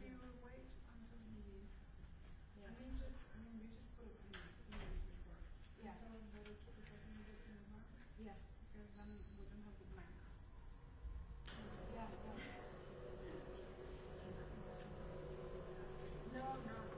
we will wait until he. Yes. I mean, just I mean, we just put it in two before. Yeah. So it's better to put it in in advance. Yeah. Because then we don't have the blank. Yeah. yeah. No, no.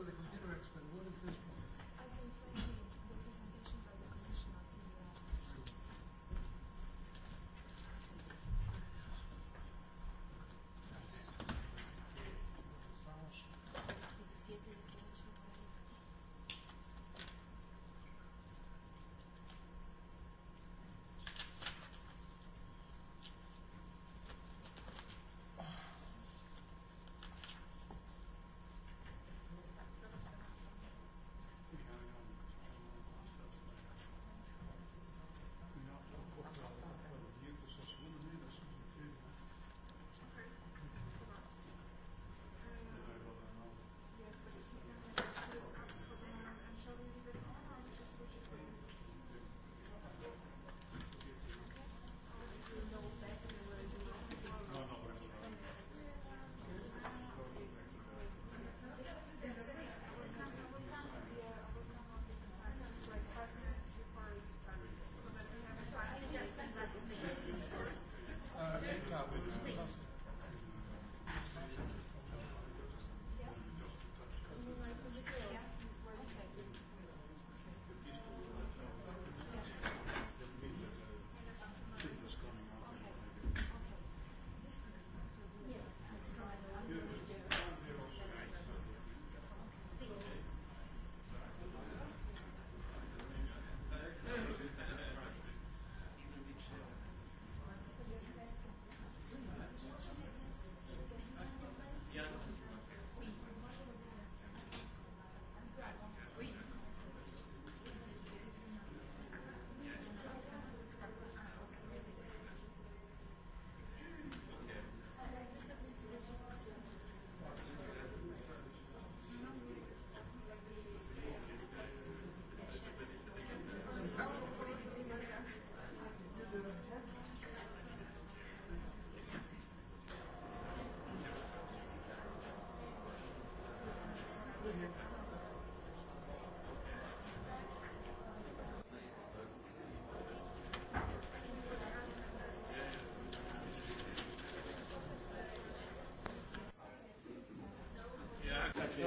so they can interact. What is this Yeah.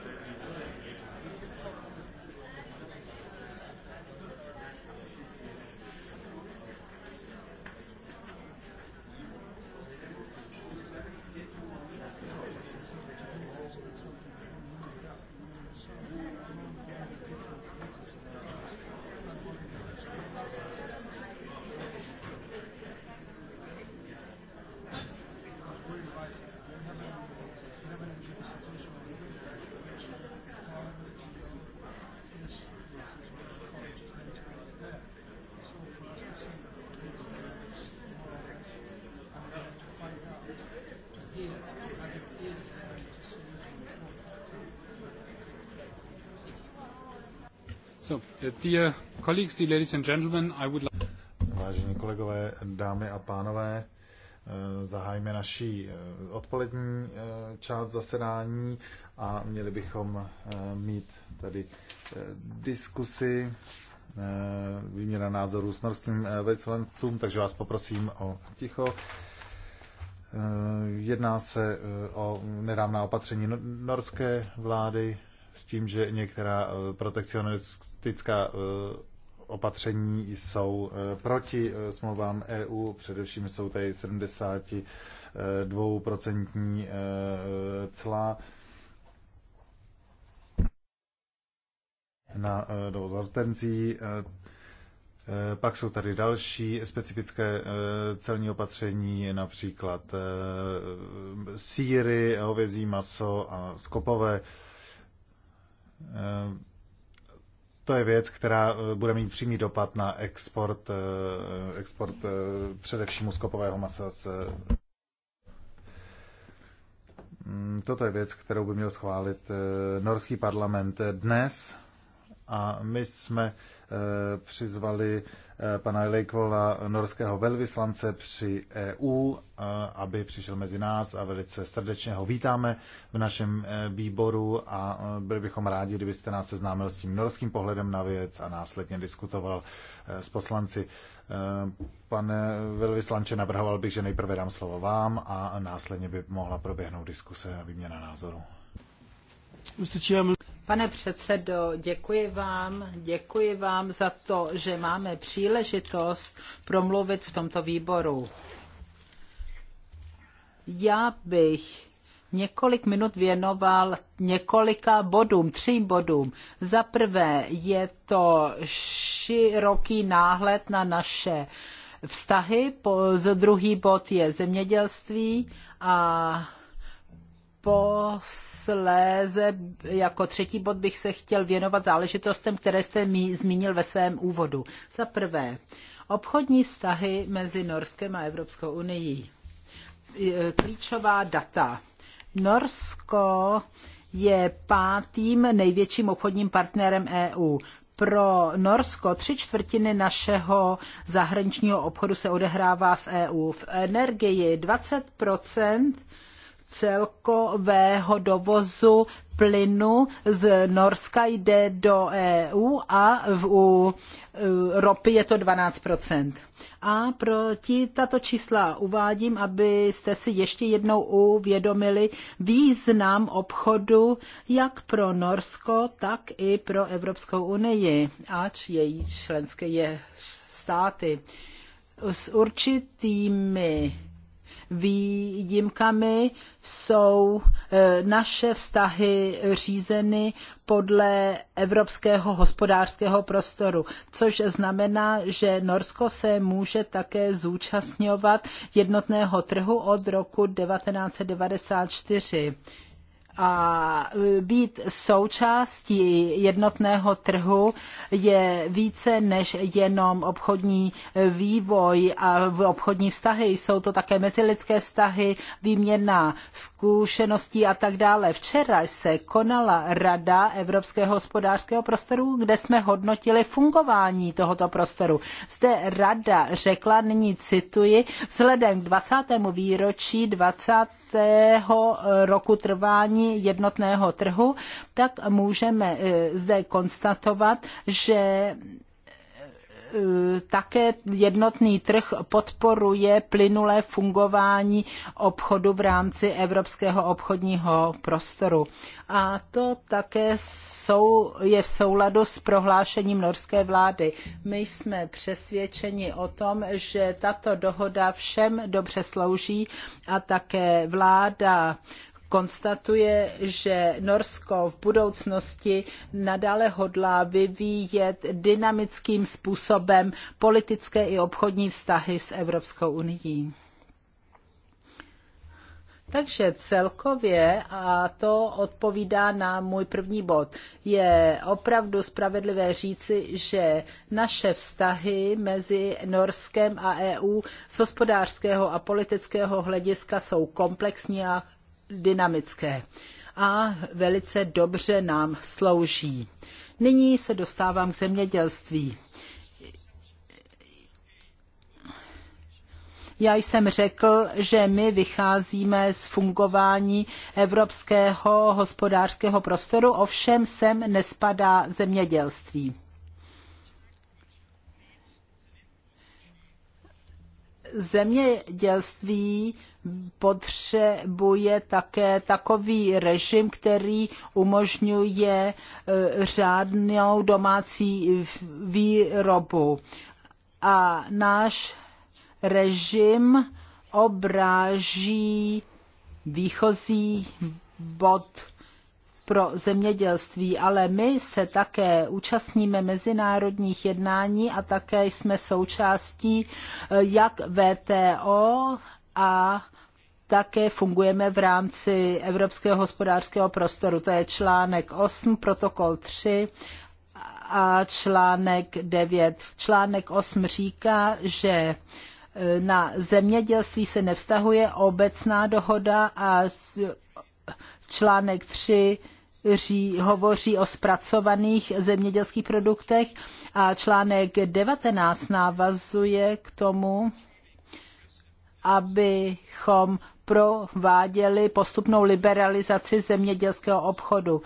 So, dear colleagues, dear ladies and gentlemen, I would like... Vážení kolegové, dámy a pánové, eh, zahájíme naší eh, odpolední eh, část zasedání a měli bychom mít tady diskusy výměna názorů s norským veslancům, takže vás poprosím o ticho. Jedná se o nedávná opatření norské vlády s tím, že některá eh, protekcionistická eh, opatření jsou eh, proti smlouvám EU, především jsou tady 72% cla na dovoz hortenzí. Pak jsou tady další specifické celní opatření, například síry, hovězí maso a skopové. Eh, to je věc, která eh, bude mít přímý dopad na export, eh, export především skopového masa z mm, Toto je věc, kterou by měl schválit norský parlament dnes a my jsme přizvali pana Lejkvola, norského velvyslance při EU, aby přišel mezi nás a velice srdečně ho vítáme v našem e, výboru a e, byli bychom rádi, kdybyste nás seznámil s tím norským pohledem na věc a následně diskutoval e, s poslanci. Pane velvyslanče, navrhoval bych, že nejprve dám slovo vám a následně by mohla proběhnout diskuse a výměna názorů. Pane předsedo, děkuji vám, děkuji vám za to, že máme příležitost promluvit v tomto výboru. Já bych několik minut věnoval několika bodům, třím bodům. Za prvé je to široký náhled na naše vztahy, po, druhý bod je zemědělství a posléze jako třetí bod bych se chtěl věnovat záležitostem, které jste mi zmínil ve svém úvodu. Za prvé, obchodní vztahy mezi Norskem a Evropskou unii. E, klíčová data. Norsko je pátým největším obchodním partnerem EU pro Norsko tři čtvrtiny našeho zahraničního obchodu se odehrává z EU. V energii 20 celkového dovozu plynu z Norska jde do EU a v, u e, ropy je to 12 A proti tato čísla uvádím, abyste si ještě jednou uvědomili význam obchodu jak pro Norsko, tak i pro Evropskou unii, ač její členské je státy. S určitými výjimkami jsou e, naše vztahy řízeny podle evropského hospodářského prostoru, což znamená, že Norsko se může také zúčastňovat jednotného trhu od roku 1994 a e, být součástí jednotného trhu je více než jenom obchodní e, vývoj a obchodní vztahy. Jsou to také mezilidské vztahy, výměna zkušeností a tak dále. Včera se konala Rada Evropského hospodářského prostoru, kde jsme hodnotili fungování tohoto prostoru. Zde Rada řekla, nyní cituji, vzhledem k 20. výročí 20. roku trvání fungování jednotného trhu, tak můžeme eh, zde konstatovat, že eh, také jednotný trh podporuje plynulé fungování obchodu v rámci evropského obchodního prostoru. A to také jsou, je v souladu s prohlášením norské vlády. My jsme přesvědčeni o tom, že tato dohoda všem dobře slouží a také vláda konstatuje, že Norsko v budoucnosti nadále hodlá vyvíjet dynamickým způsobem politické i obchodní vztahy s Evropskou unií. Takže celkově, a to odpovídá na můj první bod, je opravdu spravedlivé říci, že naše vztahy mezi Norskem a EU z hospodářského a politického hlediska jsou komplexní a dynamické a velice dobře nám slouží. Nyní se dostávám k zemědělství. Já jsem řekl, že my vycházíme z fungování evropského hospodářského prostoru, ovšem sem nespadá zemědělství. Zemědělství potřebuje také takový režim, který umožňuje e, řádnou domácí výrobu. A náš režim obráží výchozí bod pro zemědělství, ale my se také účastníme mezinárodních jednání a také jsme součástí e, jak VTO a také fungujeme v rámci Evropského hospodářského prostoru. To je článek 8, protokol 3 a článek 9. Článek 8 říká, že e, na zemědělství se nevztahuje obecná dohoda a článek 3 ří, hovoří o zpracovaných zemědělských produktech a článek 19 návazuje k tomu, abychom prováděli postupnou liberalizaci zemědělského obchodu.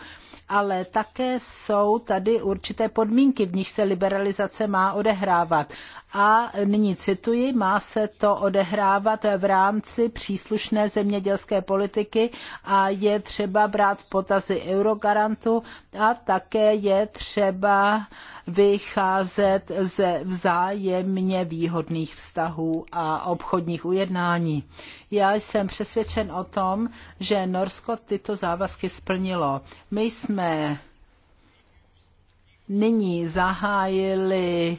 Ale také jsou tady určité podmínky, v nichž se liberalizace má odehrávat a nyní cituji, má se to odehrávat v rámci příslušné zemědělské politiky a je třeba brát potazy Eurogarantu a také je třeba vycházet ze vzájemně výhodných vztahů a obchodních ujednání. Já jsem přesvědčen o tom, že Norsko tyto závazky splnilo. My jsme nyní zahájili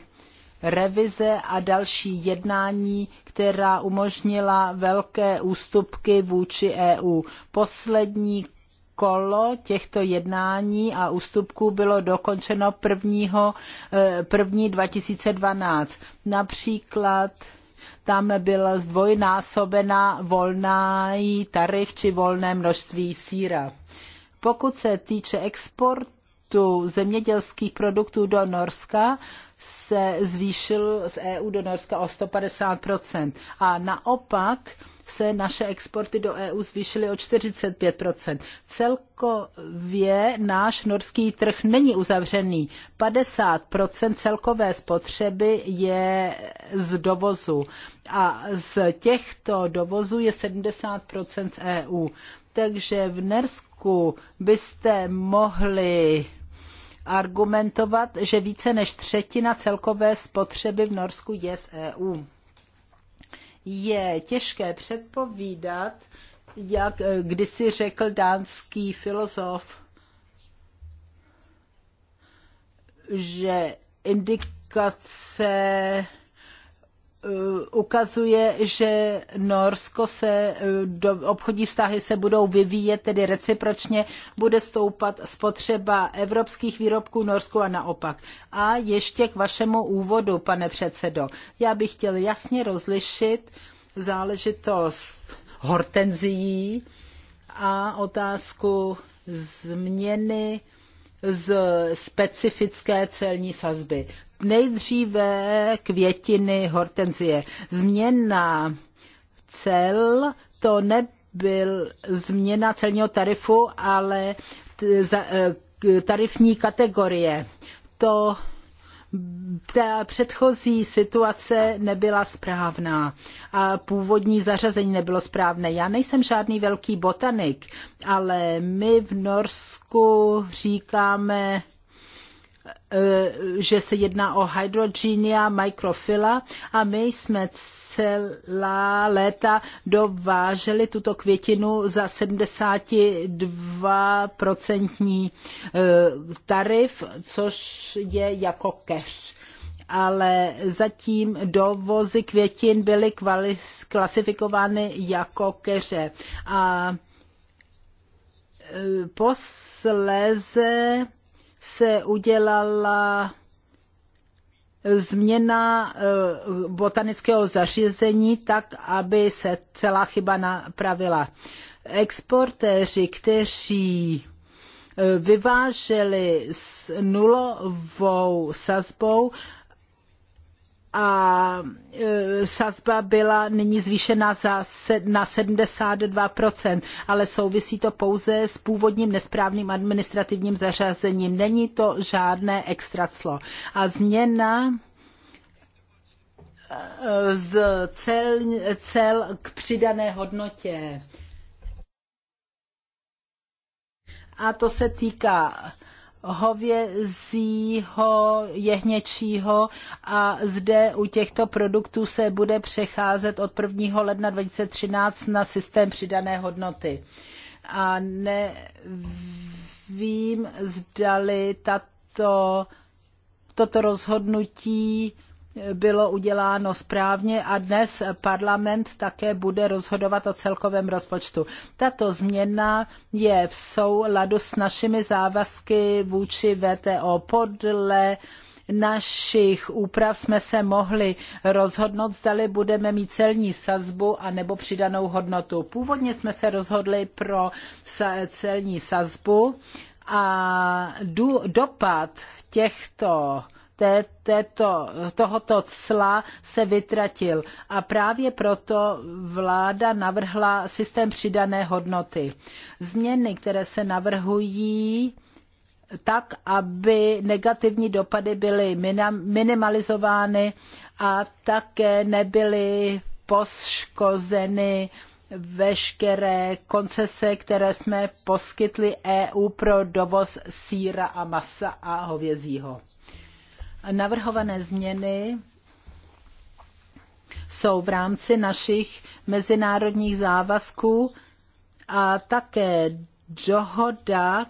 revize a další jednání, která umožnila velké ústupky vůči EU. Poslední kolo těchto jednání a ústupků bylo dokončeno 1. 1. 2012. Například tam byla zdvojnásobená volná tarif či volné množství síra. Pokud se týče exportu, exportu zemědělských produktů do Norska se zvýšil z EU do Norska o 150 A naopak se naše exporty do EU zvýšily o 45 Celkově náš norský trh není uzavřený. 50 celkové spotřeby je z dovozu a z těchto dovozů je 70 z EU. Takže v Nersku byste mohli argumentovat, že více než třetina celkové spotřeby v Norsku je z EU. Je těžké předpovídat, jak eh, kdysi řekl dánský filozof, že indikace Eh, ukazuje, že Norsko se, eh, do, obchodní vztahy se budou vyvíjet, tedy recipročně bude stoupat spotřeba evropských výrobků Norsku a naopak. A ještě k vašemu úvodu, pane předsedo. Já bych chtěl jasně rozlišit záležitost hortenzií a otázku změny z specifické celní sazby nejdříve květiny hortenzie. Změna cel to nebyl změna celního tarifu, ale e, tarifní kategorie. To ta předchozí situace nebyla správná a původní zařazení nebylo správné. Já nejsem žádný velký botanik, ale my v Norsku říkáme že se jedná o hydrogenia microfila a my jsme celá léta dováželi tuto květinu za 72% eh, tarif, což je jako cash ale zatím dovozy květin byly klasifikovány jako keře. A eh, posléze se udělala změna eh, botanického zařízení tak, aby se celá chyba napravila. Exportéři, kteří eh, vyváželi s nulovou sazbou, a e, sazba byla nyní zvýšena za na 72%, ale souvisí to pouze s původním nesprávným administrativním zařazením. Není to žádné extra clo. A změna e, z cel, cel k přidané hodnotě. A to se týká hovězího, jehněčího a zde u těchto produktů se bude přecházet od 1. ledna 2013 na systém přidané hodnoty. A nevím, zdali tato, toto rozhodnutí bylo uděláno správně a dnes parlament také bude rozhodovat o celkovém rozpočtu. Tato změna je v souladu s našimi závazky vůči VTO podle našich úprav jsme se mohli rozhodnout, zdali budeme mít celní sazbu anebo přidanou hodnotu. Původně jsme se rozhodli pro celní sazbu a dopad těchto této, tohoto cla se vytratil. A právě proto vláda navrhla systém přidané hodnoty. Změny, které se navrhují, tak, aby negativní dopady byly minimalizovány a také nebyly poškozeny veškeré koncese, které jsme poskytli EU pro dovoz síra a masa a hovězího. Navrhované změny jsou v rámci našich mezinárodních závazků a také dohoda e,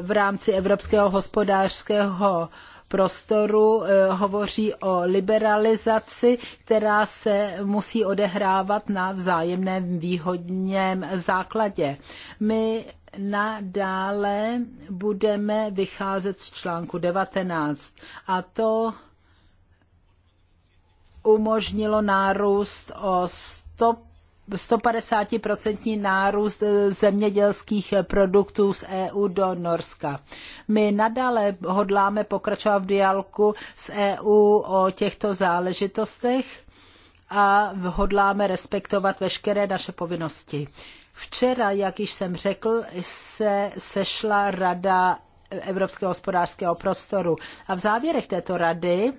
v rámci Evropského hospodářského prostoru e, hovoří o liberalizaci, která se musí odehrávat na vzájemném výhodném základě. My nadále budeme vycházet z článku 19 a to umožnilo nárůst o 100 150% nárůst zemědělských produktů z EU do Norska. My nadále hodláme pokračovat v dialku s EU o těchto záležitostech a hodláme respektovat veškeré naše povinnosti. Včera, jak již jsem řekl, se sešla Rada Evropského hospodářského prostoru a v závěrech této rady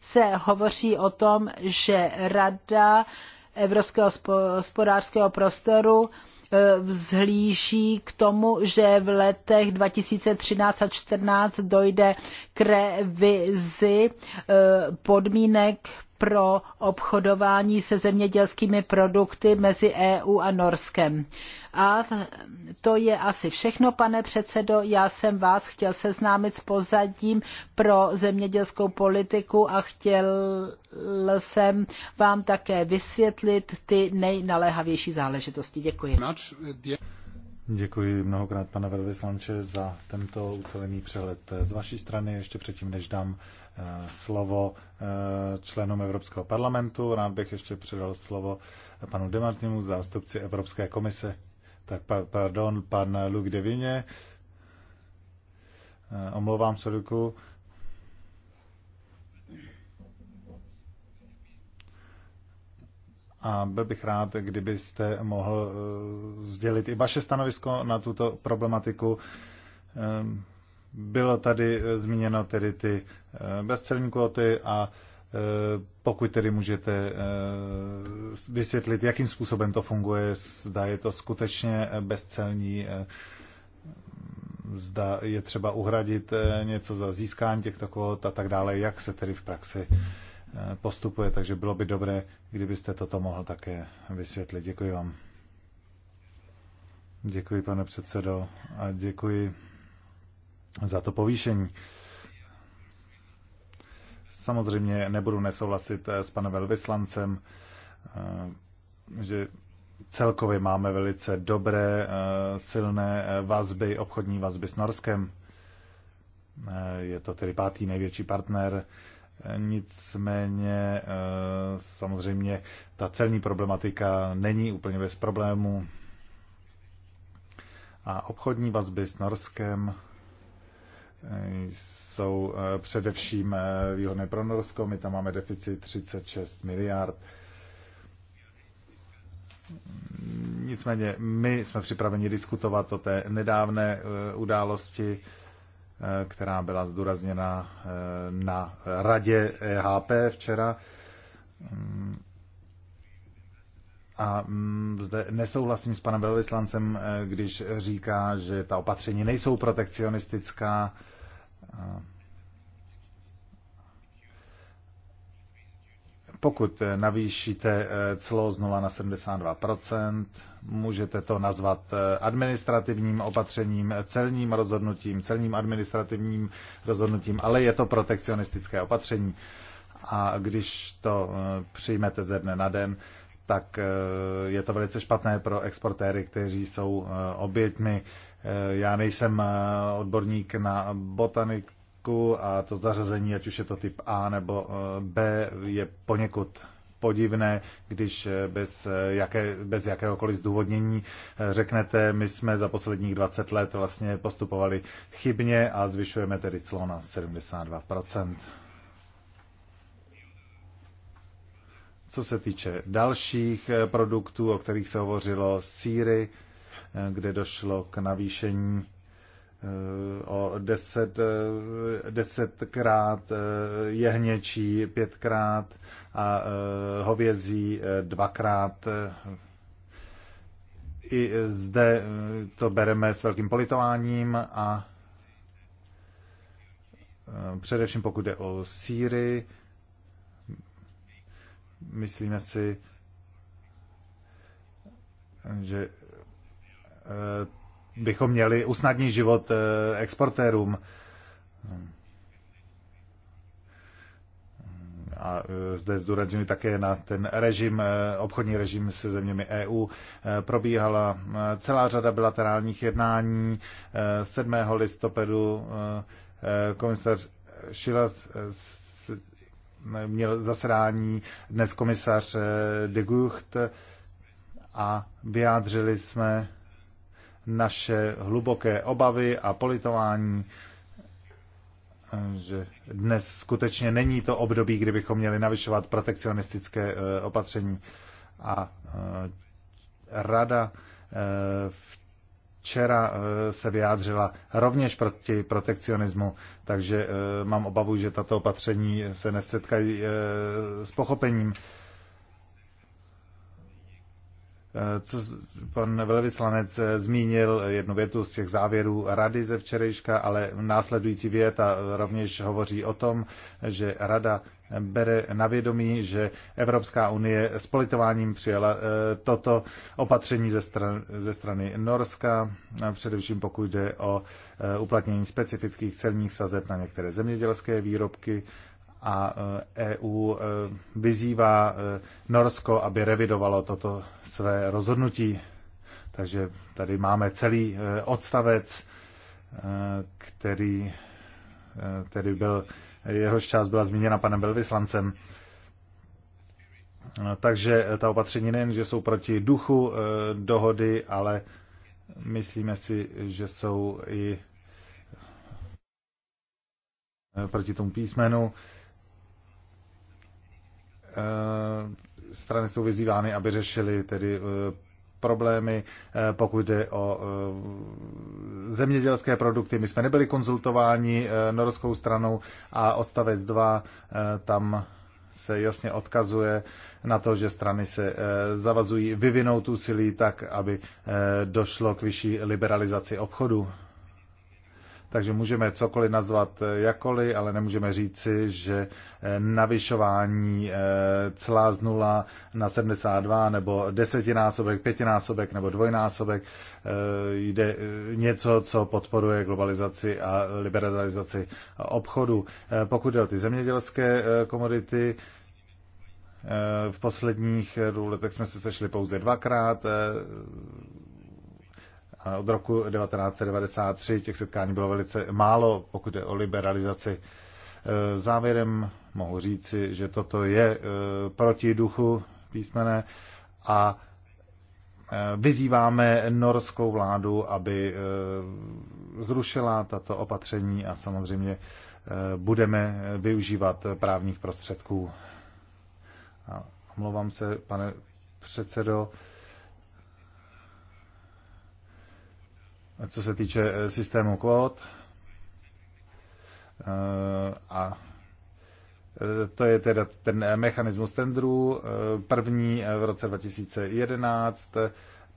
se hovoří o tom, že Rada Evropského hospodářského prostoru e, vzhlíží k tomu, že v letech 2013 a 2014 dojde k revizi e, podmínek pro obchodování se zemědělskými produkty mezi EU a Norskem. A to je asi všechno, pane předsedo. Já jsem vás chtěl seznámit s pozadím pro zemědělskou politiku a chtěl jsem vám také vysvětlit ty nejnaléhavější záležitosti. Děkuji. Děkuji mnohokrát, pane velvyslanče, za tento ucelený přehled z vaší strany. Ještě předtím, než dám slovo eh, členům Evropského parlamentu. Rád bych ještě předal slovo panu Demartinu, zástupci Evropské komise. Tak pardon, pan Luk Devině. Eh, omlouvám se, Luku. A byl bych rád, kdybyste mohl eh, sdělit i vaše stanovisko na tuto problematiku. Ehm, bylo tady zmíněno tedy ty bezcelní kvóty a e, pokud tedy můžete e, vysvětlit, jakým způsobem to funguje, zda je to skutečně bezcelní, e, zda je třeba uhradit něco za získání těchto kvót a tak dále, jak se tedy v praxi postupuje, takže bylo by dobré, kdybyste toto mohl také vysvětlit. Děkuji vám. Děkuji, pane předsedo, a děkuji za to povýšení. Samozřejmě nebudu nesouhlasit eh, s panem velvyslancem, eh, že celkově máme velice dobré, eh, silné vazby, obchodní vazby s Norskem. Je to tedy pátý největší partner. Nicméně samozřejmě ta celní problematika není úplně bez problémů. A obchodní vazby s Norskem jsou eh, především eh, výhodné pro Norsko. My tam máme deficit 36 miliard. Nicméně my jsme připraveni diskutovat o té nedávné eh, události, která byla zdůrazněna na radě EHP včera. Mm. A mm, zde nesouhlasím s panem velvyslancem, když říká, že ta opatření nejsou protekcionistická. Pokud navýšíte eh, clo znova na 72%, můžete to nazvat eh, administrativním opatřením, celním rozhodnutím, celním administrativním rozhodnutím, ale je to protekcionistické opatření. A když to eh, přijmete ze dne na den, tak je to velice špatné pro exportéry, kteří jsou oběťmi Eh, já nejsem eh, odborník na botaniku a to zařazení, ať už je to typ A nebo eh, B, je poněkud podivné, když bez, jaké, bez jakéhokoliv zdůvodnění řeknete, my jsme za posledních 20 let vlastně postupovali chybně a zvyšujeme tedy clo na 72%. Co se týče dalších produktů, o kterých se hovořilo, síry, kde došlo k navýšení eh, o deset, eh, desetkrát eh, jehněčí, pětkrát a hovězí dvakrát. I zde to bereme s velkým politováním a především pokud jde o síry, myslíme si, že Eh, bychom měli usnadnit život eh, exportérům. a eh, zde zdůrazňuji také na ten režim, obchodní režim se zeměmi EU. Probíhala celá řada bilaterálních jednání. 7. listopadu komisař Šilas měl zasedání, dnes komisař de Gucht a vyjádřili jsme naše hluboké obavy a politování, že dnes skutečně není to období, kdy bychom měli navyšovat protekcionistické eh, opatření. A eh, rada eh, včera se vyjádřila rovněž proti protekcionismu, takže mám obavu, že tato opatření se nesetkají s pochopením. Eh, co pan velvyslanec eh, zmínil eh, jednu větu z těch závěrů rady ze včerejška, ale následující věta rovněž hovoří o tom, že rada bere na vědomí, že Evropská unie s politováním přijala toto opatření ze strany, ze strany Norska, především pokud jde o uplatnění specifických celních sazeb na některé zemědělské výrobky a EU eh, e eh, vyzývá eh, Norsko, aby revidovalo toto své rozhodnutí. Takže tady máme celý odstavec, který, který byl, jehož část byla zmíněna panem velvyslancem. Takže ta opatření nejen, že jsou proti duchu dohody, ale myslíme si, že jsou i proti tomu písmenu. Eh, strany jsou vyzývány, aby řešili tedy eh, problémy, eh, pokud jde o zemědělské produkty. My jsme nebyli konzultováni norskou stranou a ostavec 2 tam se jasně odkazuje na to, že strany se zavazují vyvinout úsilí tak, aby došlo k vyšší liberalizaci obchodu takže můžeme cokoliv nazvat eh, jakoli, ale nemůžeme říci, že eh, navyšování eh, celá z nula na 72 nebo desetinásobek, pětinásobek nebo dvojnásobek jde něco, co podporuje globalizaci a liberalizaci obchodu. Pokud jde o ty zemědělské komodity, v posledních letech jsme se sešli pouze dvakrát od roku 1993 těch setkání bylo velice málo, pokud je o liberalizaci. E, závěrem mohu říci, že toto je e, proti duchu písmené a e, vyzýváme norskou vládu, aby zrušila tato opatření a samozřejmě budeme využívat právních prostředků. Omlouvám se, pane předsedo. co se týče eh, systému kvót. Eh, a eh, to je teda ten mechanismus tendrů, první v roce 2011,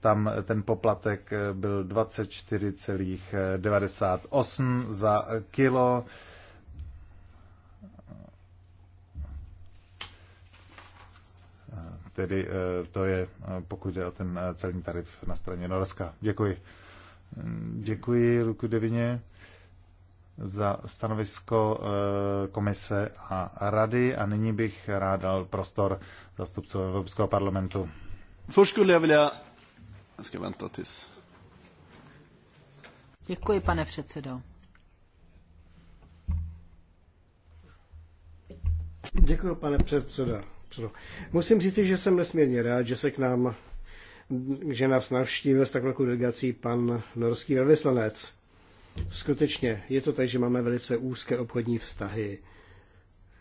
tam ten poplatek byl 24,98 za kilo. Tedy to je, pokud je o ten celní tarif na straně Norska. Děkuji. Ehm, děkuji Luku Devině za stanovisko eh, komise a rady a nyní bych rád dal prostor zastupce Evropského parlamentu. Děkuji, pane předsedo. Děkuji, pane předsedo. Musím říct, že jsem nesmírně rád, že se k nám že nás navštívil s takovou delegací pan norský velvyslanec. Skutečně je to tak, že máme velice úzké obchodní vztahy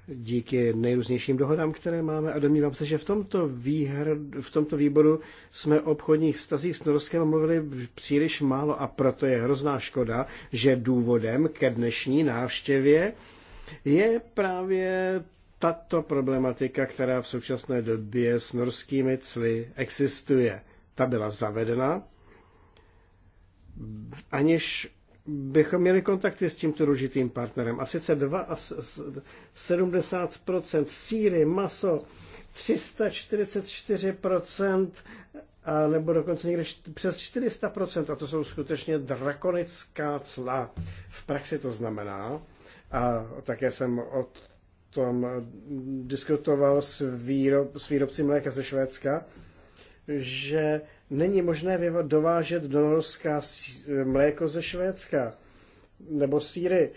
díky nejrůznějším dohodám, které máme a domnívám se, že v tomto, výhr, v tomto výboru jsme o obchodních vztazích s Norskem mluvili příliš málo a proto je hrozná škoda, že důvodem ke dnešní návštěvě je právě tato problematika, která v současné době s norskými cly existuje ta byla zavedena, aniž bychom měli kontakty s tímto důležitým partnerem. A sice 70% síry, maso, 344% a nebo dokonce někde přes 400%, a to jsou skutečně drakonická cla. V praxi to znamená, a také jsem o tom diskutoval s, výrob, s výrobci mléka ze Švédska, že není možné dovážet do Norska mléko ze Švédska nebo síry.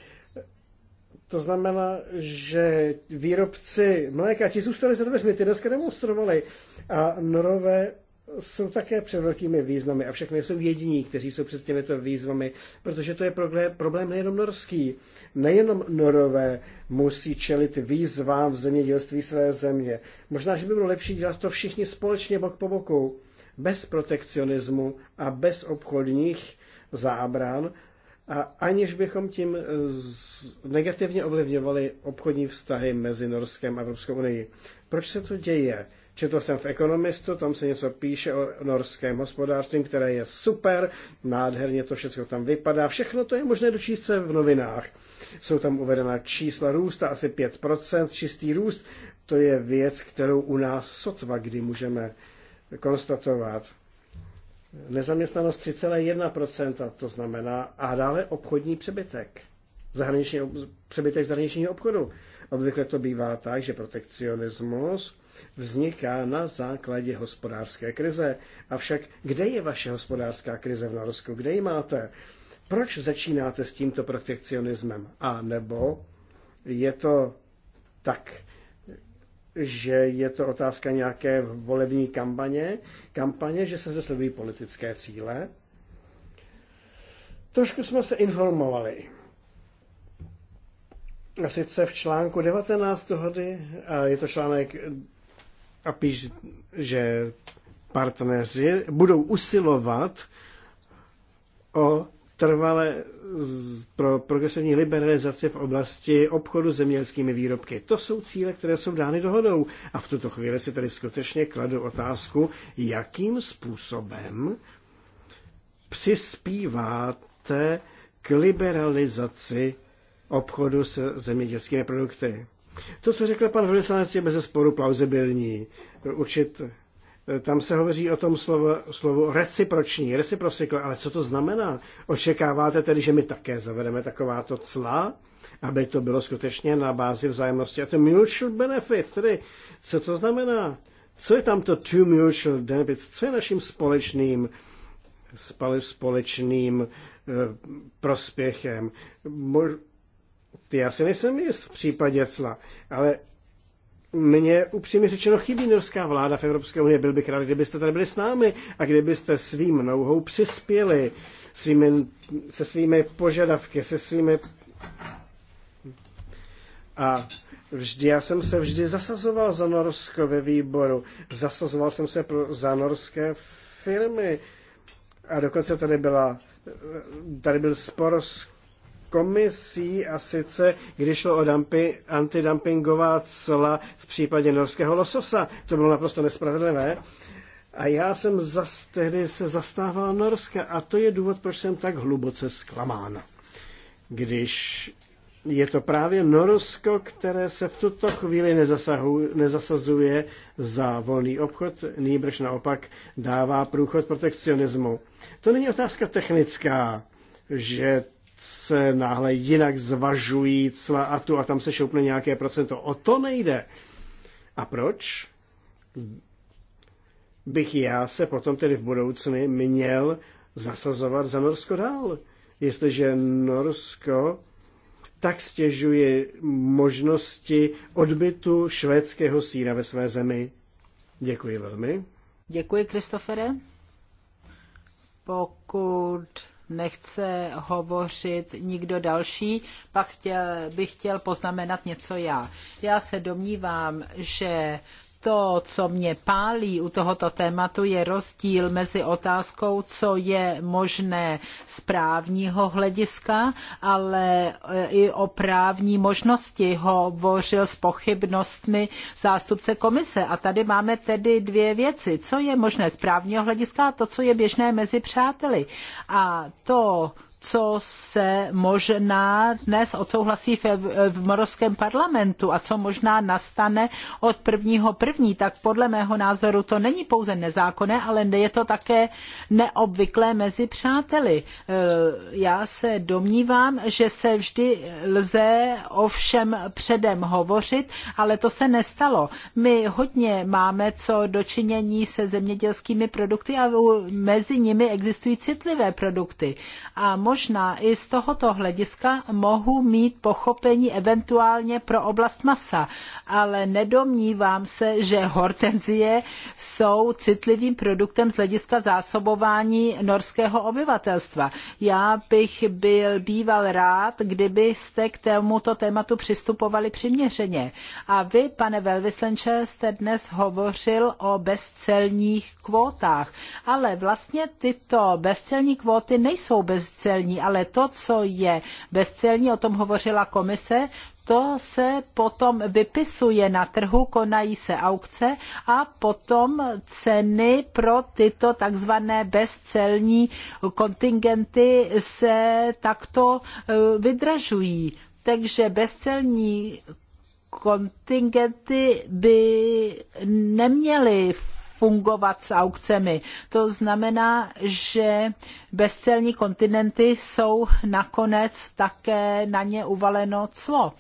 To znamená, že výrobci mléka, ti zůstali za dveřmi, ty dneska demonstrovali a norové jsou také před velkými významy a nejsou jediní, kteří jsou před těmito výzvami, protože to je problém nejenom norský. Nejenom norové musí čelit výzvám v zemědělství své země. Možná, že by bylo lepší dělat to všichni společně bok po boku, bez protekcionismu a bez obchodních zábran, a aniž bychom tím eh, negativně ovlivňovali obchodní vztahy mezi Norskem a Evropskou unii. Proč se to děje? Četl jsem v Ekonomistu, tam se něco píše o norském hospodářství, které je super, nádherně to všechno tam vypadá. Všechno to je možné dočíst se v novinách. Jsou tam uvedena čísla růsta, asi 5%, čistý růst. To je věc, kterou u nás sotva kdy můžeme konstatovat. Nezaměstnanost 3,1%, to znamená, a dále obchodní přebytek. Zahraniční, přebytek zahraničního obchodu. Obvykle to bývá tak, že protekcionismus vzniká na základě hospodářské krize. Avšak kde je vaše hospodářská krize v Norsku? Kde ji máte? Proč začínáte s tímto protekcionismem? A nebo je to tak, že je to otázka nějaké volební kampaně, kampaně, že se zesledují politické cíle. Trošku jsme se informovali. A sice v článku 19 dohody, a je to článek a píš, že partneři budou usilovat o trvalé pro progresivní liberalizaci v oblasti obchodu zemědělskými výrobky. To jsou cíle, které jsou dány dohodou. A v tuto chvíli si tady skutečně kladu otázku, jakým způsobem přispíváte k liberalizaci obchodu se zemědělskými produkty. To, co řekl pan velvyslanec, je bez sporu plauzibilní. Určit, eh, tam se hovoří o tom slovo, slovo reciproční, reciprocykl, ale co to znamená? Očekáváte tedy, že my také zavedeme takováto cla, aby to bylo skutečně na bázi vzájemnosti? A to mutual benefit, tedy co to znamená? Co je tam to two mutual benefit? Co je naším společným, společným eh, prospěchem? ty, já si nejsem jist v případě cla, ale mně upřímně řečeno chybí norská vláda v Evropské unii. Byl bych rád, kdybyste tady byli s námi a kdybyste svým nouhou přispěli svými, se svými požadavky, se svými... A vždy, já jsem se vždy zasazoval za Norsko ve výboru. Zasazoval jsem se pro, za norské firmy. A dokonce tady byla tady byl spor s komisí a sice, když šlo o dumpy, antidumpingová cla v případě norského lososa. To bylo naprosto nespravedlivé. A já jsem zas, tehdy se zastával Norska a to je důvod, proč jsem tak hluboce zklamán. Když je to právě Norsko, které se v tuto chvíli nezasazuje za volný obchod, nýbrž naopak dává průchod protekcionismu. To není otázka technická, že se náhle jinak zvažují cla a tu a tam se šoupne nějaké procento. O to nejde. A proč bych já se potom tedy v budoucnu měl zasazovat za Norsko dál? Jestliže Norsko tak stěžuje možnosti odbytu švédského síra ve své zemi. Děkuji velmi. Děkuji, Kristofere. Pokud nechce hovořit nikdo další, pak chtěl, bych chtěl poznamenat něco já. Já se domnívám, že to, co mě pálí u tohoto tématu, je rozdíl mezi otázkou, co je možné z právního hlediska, ale e, i o právní možnosti hovořil s pochybnostmi zástupce komise. A tady máme tedy dvě věci. Co je možné z právního hlediska a to, co je běžné mezi přáteli. A to, co se možná dnes odsouhlasí v, v Moravském parlamentu a co možná nastane od prvního první, tak podle mého názoru to není pouze nezákonné, ale je to také neobvyklé mezi přáteli. E, já se domnívám, že se vždy lze o všem předem hovořit, ale to se nestalo. My hodně máme co dočinění se zemědělskými produkty a mezi nimi existují citlivé produkty. A možná i z tohoto hlediska mohu mít pochopení eventuálně pro oblast masa, ale nedomnívám se, že hortenzie jsou citlivým produktem z hlediska zásobování norského obyvatelstva. Já bych byl býval rád, kdybyste k tomuto tématu přistupovali přiměřeně. A vy, pane velvyslanče, jste dnes hovořil o bezcelních kvótách, ale vlastně tyto bezcelní kvóty nejsou bezcelní bezcelní, ale to, co je bezcelní, o tom hovořila komise, to se potom vypisuje na trhu, konají se aukce a potom ceny pro tyto takzvané bezcelní kontingenty se takto e, vydražují. Takže bezcelní kontingenty by neměly fungovat s aukcemi. To znamená, že bezcelní kontinenty jsou nakonec také na ně uvaleno clo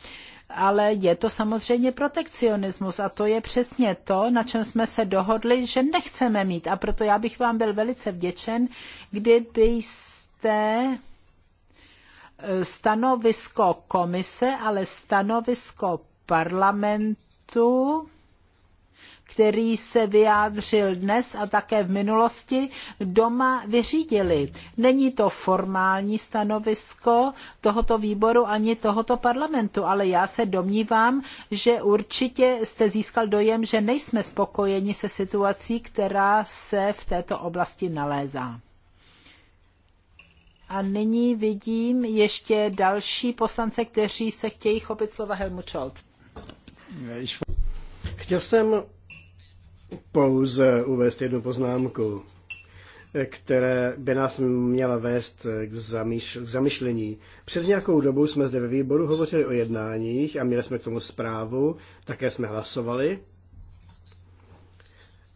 ale je to samozřejmě protekcionismus a to je přesně to, na čem jsme se dohodli, že nechceme mít. A proto já bych vám byl velice vděčen, kdybyste eh, stanovisko komise, ale stanovisko parlamentu který se vyjádřil dnes a také v minulosti, doma vyřídili. Není to formální stanovisko tohoto výboru ani tohoto parlamentu, ale já se domnívám, že určitě jste získal dojem, že nejsme spokojeni se situací, která se v této oblasti nalézá. A nyní vidím ještě další poslance, kteří se chtějí chopit slova Helmut Scholz. Chtěl jsem pouze uvést jednu poznámku, která by nás měla vést k, zamýš- k zamyšlení. Před nějakou dobou jsme zde ve výboru hovořili o jednáních a měli jsme k tomu zprávu, také jsme hlasovali.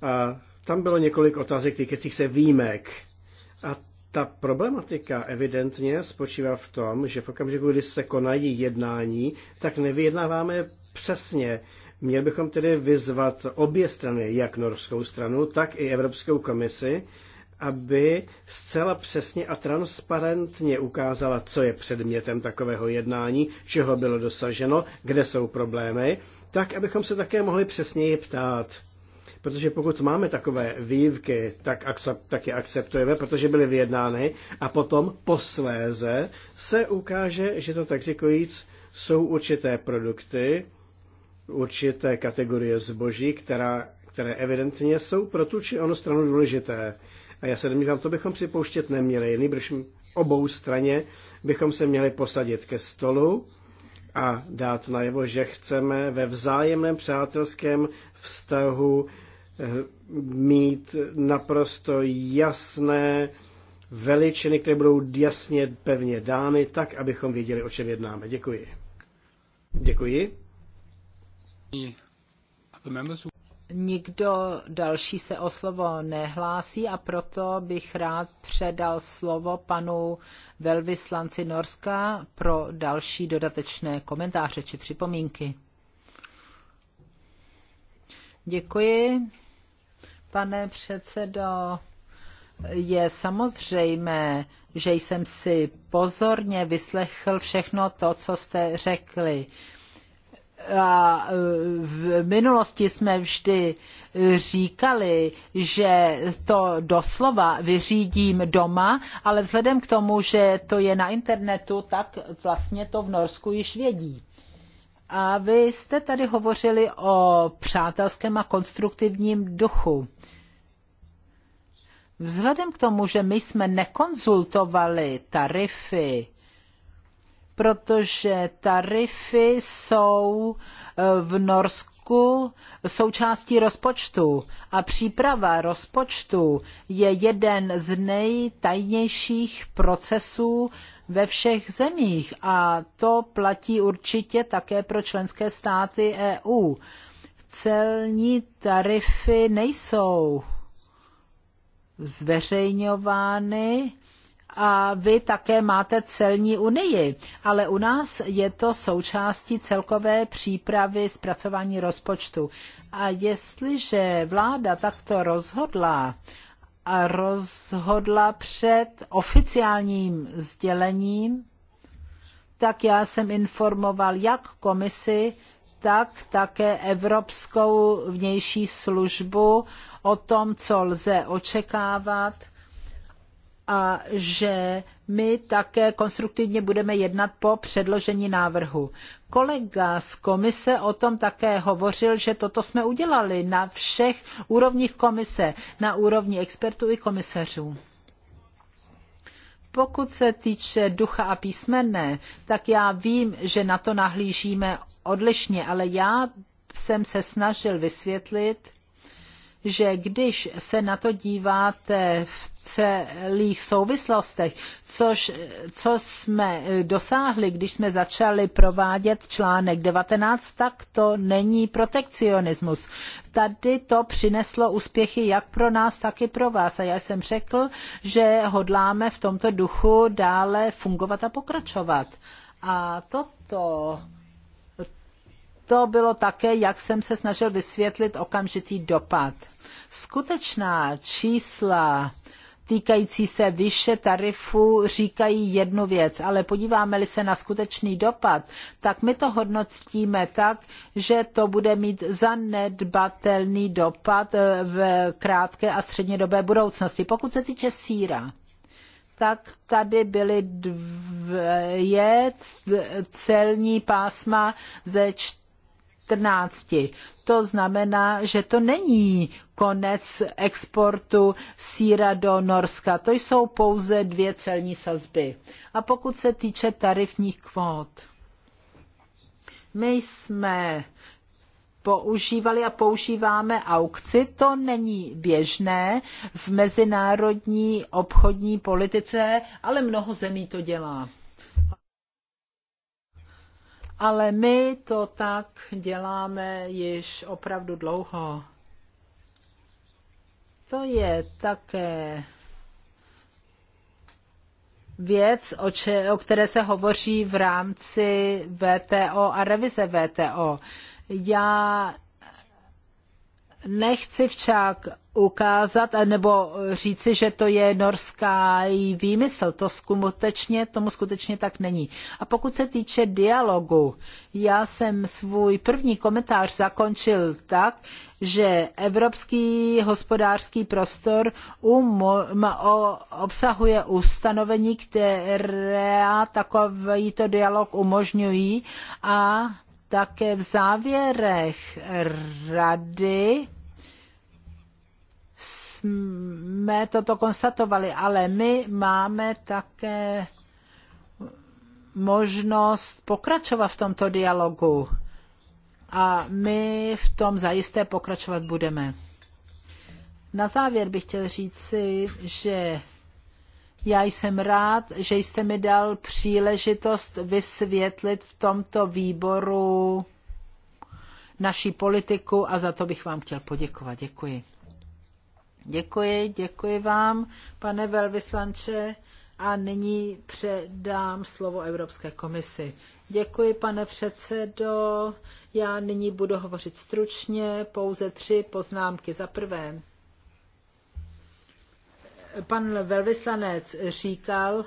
A tam bylo několik otázek týkajících se výjimek. A ta problematika evidentně spočívá v tom, že v okamžiku, kdy se konají jednání, tak nevyjednáváme přesně Měl bychom tedy vyzvat obě strany, jak norskou stranu, tak i Evropskou komisi, aby zcela přesně a transparentně ukázala, co je předmětem takového jednání, čeho bylo dosaženo, kde jsou problémy, tak abychom se také mohli přesněji ptát. Protože pokud máme takové výjivky, tak, tak je akceptujeme, protože byly vyjednány a potom posléze se ukáže, že to tak říkajíc jsou určité produkty, určité kategorie zboží, která, které evidentně jsou pro tu či onu stranu důležité. A já se domnívám, to bychom připouštět neměli, nejbrž obou straně bychom se měli posadit ke stolu a dát najevo, že chceme ve vzájemném přátelském vztahu eh, mít naprosto jasné veličiny, které budou jasně pevně dány, tak, abychom věděli, o čem jednáme. Děkuji. Děkuji. Nikdo další se o slovo nehlásí a proto bych rád předal slovo panu velvyslanci Norska pro další dodatečné komentáře či připomínky. Děkuji, pane předsedo. Je samozřejmé, že jsem si pozorně vyslechl všechno to, co jste řekli a e, v minulosti jsme vždy říkali, že to doslova vyřídím doma, ale vzhledem k tomu, že to je na internetu, tak vlastně to v Norsku již vědí. A vy jste tady hovořili o přátelském a konstruktivním duchu. Vzhledem k tomu, že my jsme nekonzultovali tarify, protože tarify jsou eh, v Norsku součástí rozpočtu a příprava rozpočtu je jeden z nejtajnějších procesů ve všech zemích a to platí určitě také pro členské státy EU. Celní tarify nejsou zveřejňovány, a vy také máte celní unii, ale u nás je to součástí celkové přípravy zpracování rozpočtu. A jestliže vláda takto rozhodla, a rozhodla před oficiálním sdělením, tak já jsem informoval jak komisi, tak také Evropskou vnější službu o tom, co lze očekávat – a že my také konstruktivně budeme jednat po předložení návrhu. Kolega z komise o tom také hovořil, že toto jsme udělali na všech úrovních komise, na úrovni expertů i komisařů. Pokud se týče ducha a písmene, tak já vím, že na to nahlížíme odlišně, ale já jsem se snažil vysvětlit, že když se na to díváte v celých souvislostech, což, co jsme dosáhli, když jsme začali provádět článek 19, tak to není protekcionismus. Tady to přineslo úspěchy jak pro nás, tak i pro vás. A já jsem řekl, že hodláme v tomto duchu dále fungovat a pokračovat. A toto to bylo také, jak jsem se snažil vysvětlit okamžitý dopad. Skutečná čísla týkající se vyše tarifu říkají jednu věc, ale podíváme-li se na skutečný dopad, tak my to hodnotíme tak, že to bude mít zanedbatelný dopad e, v krátké a střednědobé budoucnosti. Pokud se týče síra, tak tady byly dvě celní pásma ze čtyř 14. To znamená, že to není konec exportu síra do Norska. To jsou pouze dvě celní sazby. A pokud se týče tarifních kvót, my jsme používali a používáme aukci. To není běžné v mezinárodní obchodní politice, ale mnoho zemí to dělá ale my to tak děláme již opravdu dlouho. To je také věc, o, če, o které se hovoří v rámci VTO a revize VTO. Já nechci však ukázat nebo říci, že to je norská výmysl. To skutečně, tomu skutečně tak není. A pokud se týče dialogu, já jsem svůj první komentář zakončil tak, že Evropský hospodářský prostor um, obsahuje ustanovení, která takovýto dialog umožňují a také v závěrech rady jsme toto konstatovali, ale my máme také možnost pokračovat v tomto dialogu a my v tom zajisté pokračovat budeme. Na závěr bych chtěl říci, že já jsem rád, že jste mi dal příležitost vysvětlit v tomto výboru naší politiku a za to bych vám chtěl poděkovat. Děkuji. Děkuji, děkuji vám, pane velvyslanče. A nyní předám slovo Evropské komisi. Děkuji, pane předsedo. Já nyní budu hovořit stručně, pouze tři poznámky. Za prvé, pan velvyslanec říkal,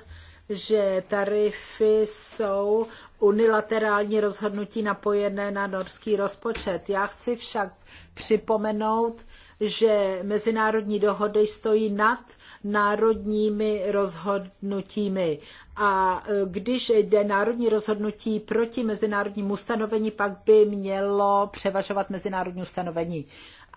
že tarify jsou unilaterální rozhodnutí napojené na norský rozpočet. Já chci však připomenout, že mezinárodní dohody stojí nad národními rozhodnutími. A e, když jde národní rozhodnutí proti mezinárodnímu ustanovení, pak by mělo převažovat mezinárodní ustanovení.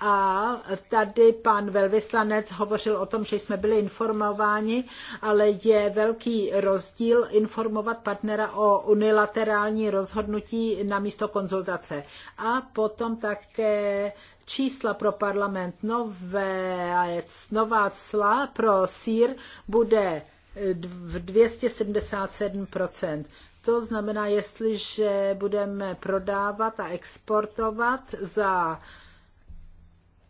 A tady pan velvyslanec hovořil o tom, že jsme byli informováni, ale je velký rozdíl informovat partnera o unilaterální rozhodnutí na místo konzultace. A potom také čísla pro parlament. Nové, nová cla pro sír bude eh, v 277%. To znamená, jestliže budeme prodávat a exportovat za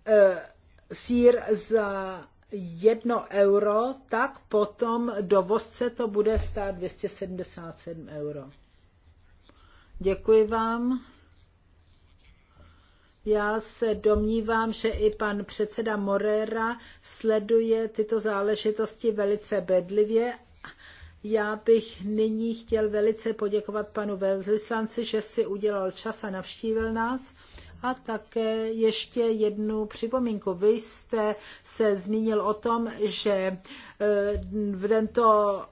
e, sír za jedno euro, tak potom dovozce to bude stát 277 euro. Děkuji vám. Já se domnívám, že i pan předseda Morera sleduje tyto záležitosti velice bedlivě. Já bych nyní chtěl velice poděkovat panu velvyslanci, že si udělal čas a navštívil nás. A také ještě jednu připomínku. Vy jste se zmínil o tom, že eh, tento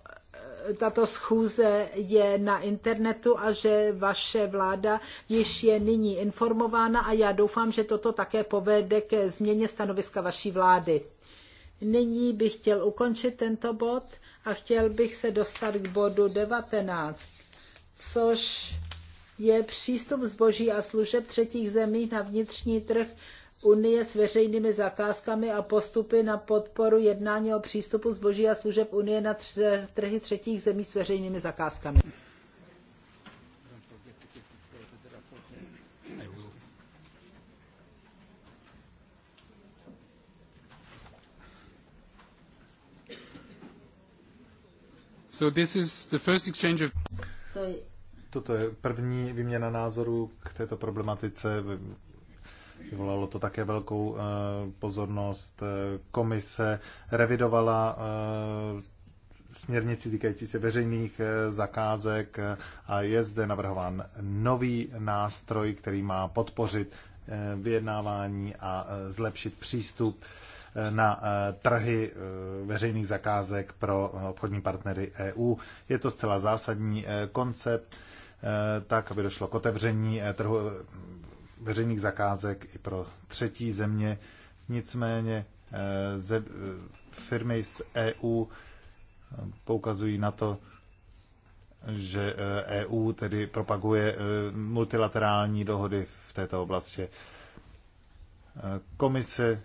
tato schůze je na internetu a že vaše vláda již je nyní informována a já doufám, že toto také povede ke změně stanoviska vaší vlády. Nyní bych chtěl ukončit tento bod a chtěl bych se dostat k bodu 19, což je přístup zboží a služeb třetích zemí na vnitřní trh Unie s veřejnými zakázkami a postupy na podporu jednání o přístupu zboží a služeb Unie na trhy třetích zemí s veřejnými zakázkami. So this is the first exchange of... Toto je první výměna názorů k této problematice Vyvolalo to také velkou eh, pozornost. Eh, komise revidovala eh, směrnici týkající se veřejných zakázek a je zde navrhován nový nástroj, který má podpořit vyjednávání a zlepšit přístup na trhy veřejných zakázek pro obchodní partnery EU. Je to zcela zásadní koncept, tak aby došlo k otevření trhu veřejných zakázek i pro třetí země. Nicméně eh, ze, eh, firmy z EU eh, poukazují na to, že EU e tedy propaguje multilaterální dohody v této oblasti. Komise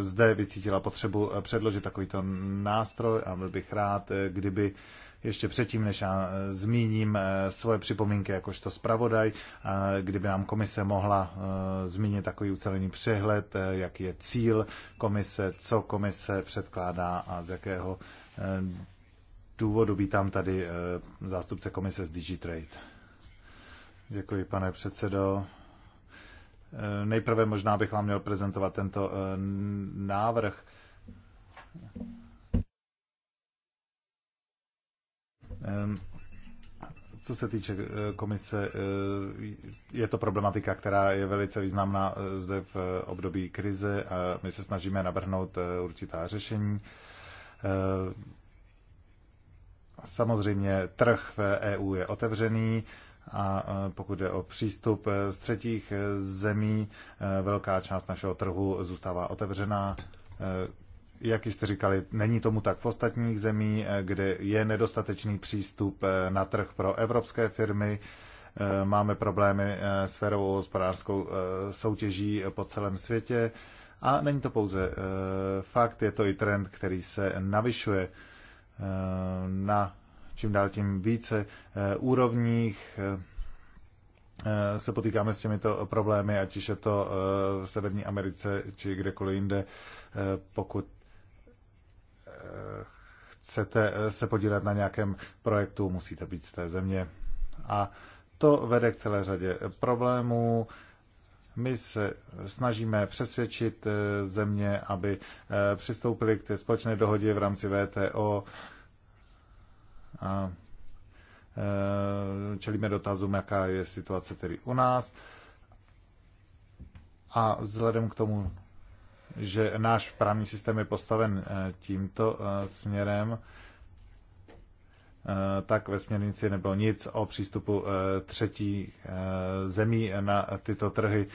zde vycítila potřebu předložit takovýto nástroj a byl bych rád, kdyby ještě předtím, než já e, zmíním e, svoje připomínky jakožto zpravodaj, e, kdyby nám komise mohla zmínit takový ucelený přehled, jaký je cíl komise, co komise předkládá a z jakého důvodu vítám tady zástupce komise z Digitrade. Děkuji, pane předsedo. Nejprve možná bych vám měl prezentovat tento návrh. Co se týče eh, komise, eh, je to problematika, která je velice významná eh, zde v období krize a my se snažíme navrhnout určitá řešení. Samozřejmě trh v EU je otevřený a pokud je o přístup z třetích zemí, velká část našeho trhu zůstává otevřená jak jste říkali, není tomu tak v ostatních zemí, eh, kde je nedostatečný přístup eh, na trh pro evropské firmy. Eh, máme problémy s férovou hospodářskou soutěží po celém světě. A není to pouze fakt, je to i trend, který se navyšuje na čím dál tím více úrovních se potýkáme s těmito problémy, ať už je to v Severní Americe či kdekoliv jinde, pokud chcete eh, se podílet na nějakém projektu, musíte být z té země. A to vede k celé řadě problémů. My se snažíme přesvědčit eh, země, aby eh, přistoupili k té společné dohodě v rámci VTO. A čelíme dotazům, jaká je situace tedy u nás. A vzhledem k tomu, že náš právní systém je postaven eh, tímto eh, směrem, eh, tak ve směrnici nebylo nic o přístupu třetí zemí na tyto trhy,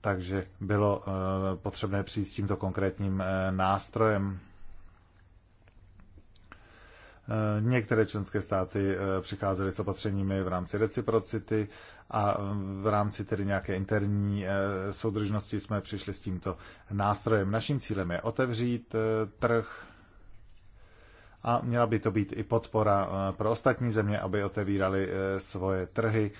takže bylo potřebné přijít s tímto konkrétním nástrojem. Některé členské státy eh, přicházely s opatřeními v rámci reciprocity a eh, v rámci tedy nějaké interní eh, soudržnosti jsme přišli s tímto nástrojem. Naším cílem je otevřít trh a měla by to být i podpora pro ostatní země, aby otevírali svoje trhy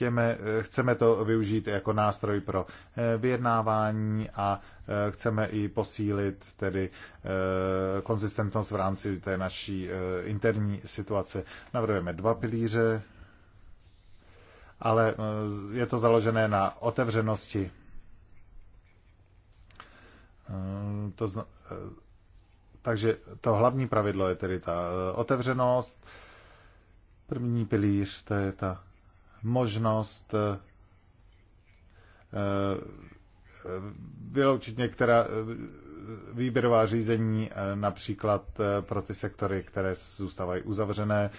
chtěme, eh, chceme to využít jako nástroj pro eh, vyjednávání a eh, chceme i posílit tedy konzistentnost v rámci té naší interní situace. Navrhujeme dva pilíře, ale je to založené na otevřenosti. To zna... Takže to hlavní pravidlo je tedy ta otevřenost. První pilíř, to je ta možnost eh, eh, vyloučit některá eh, výběrová řízení například pro ty sektory, které zůstávají uzavřené,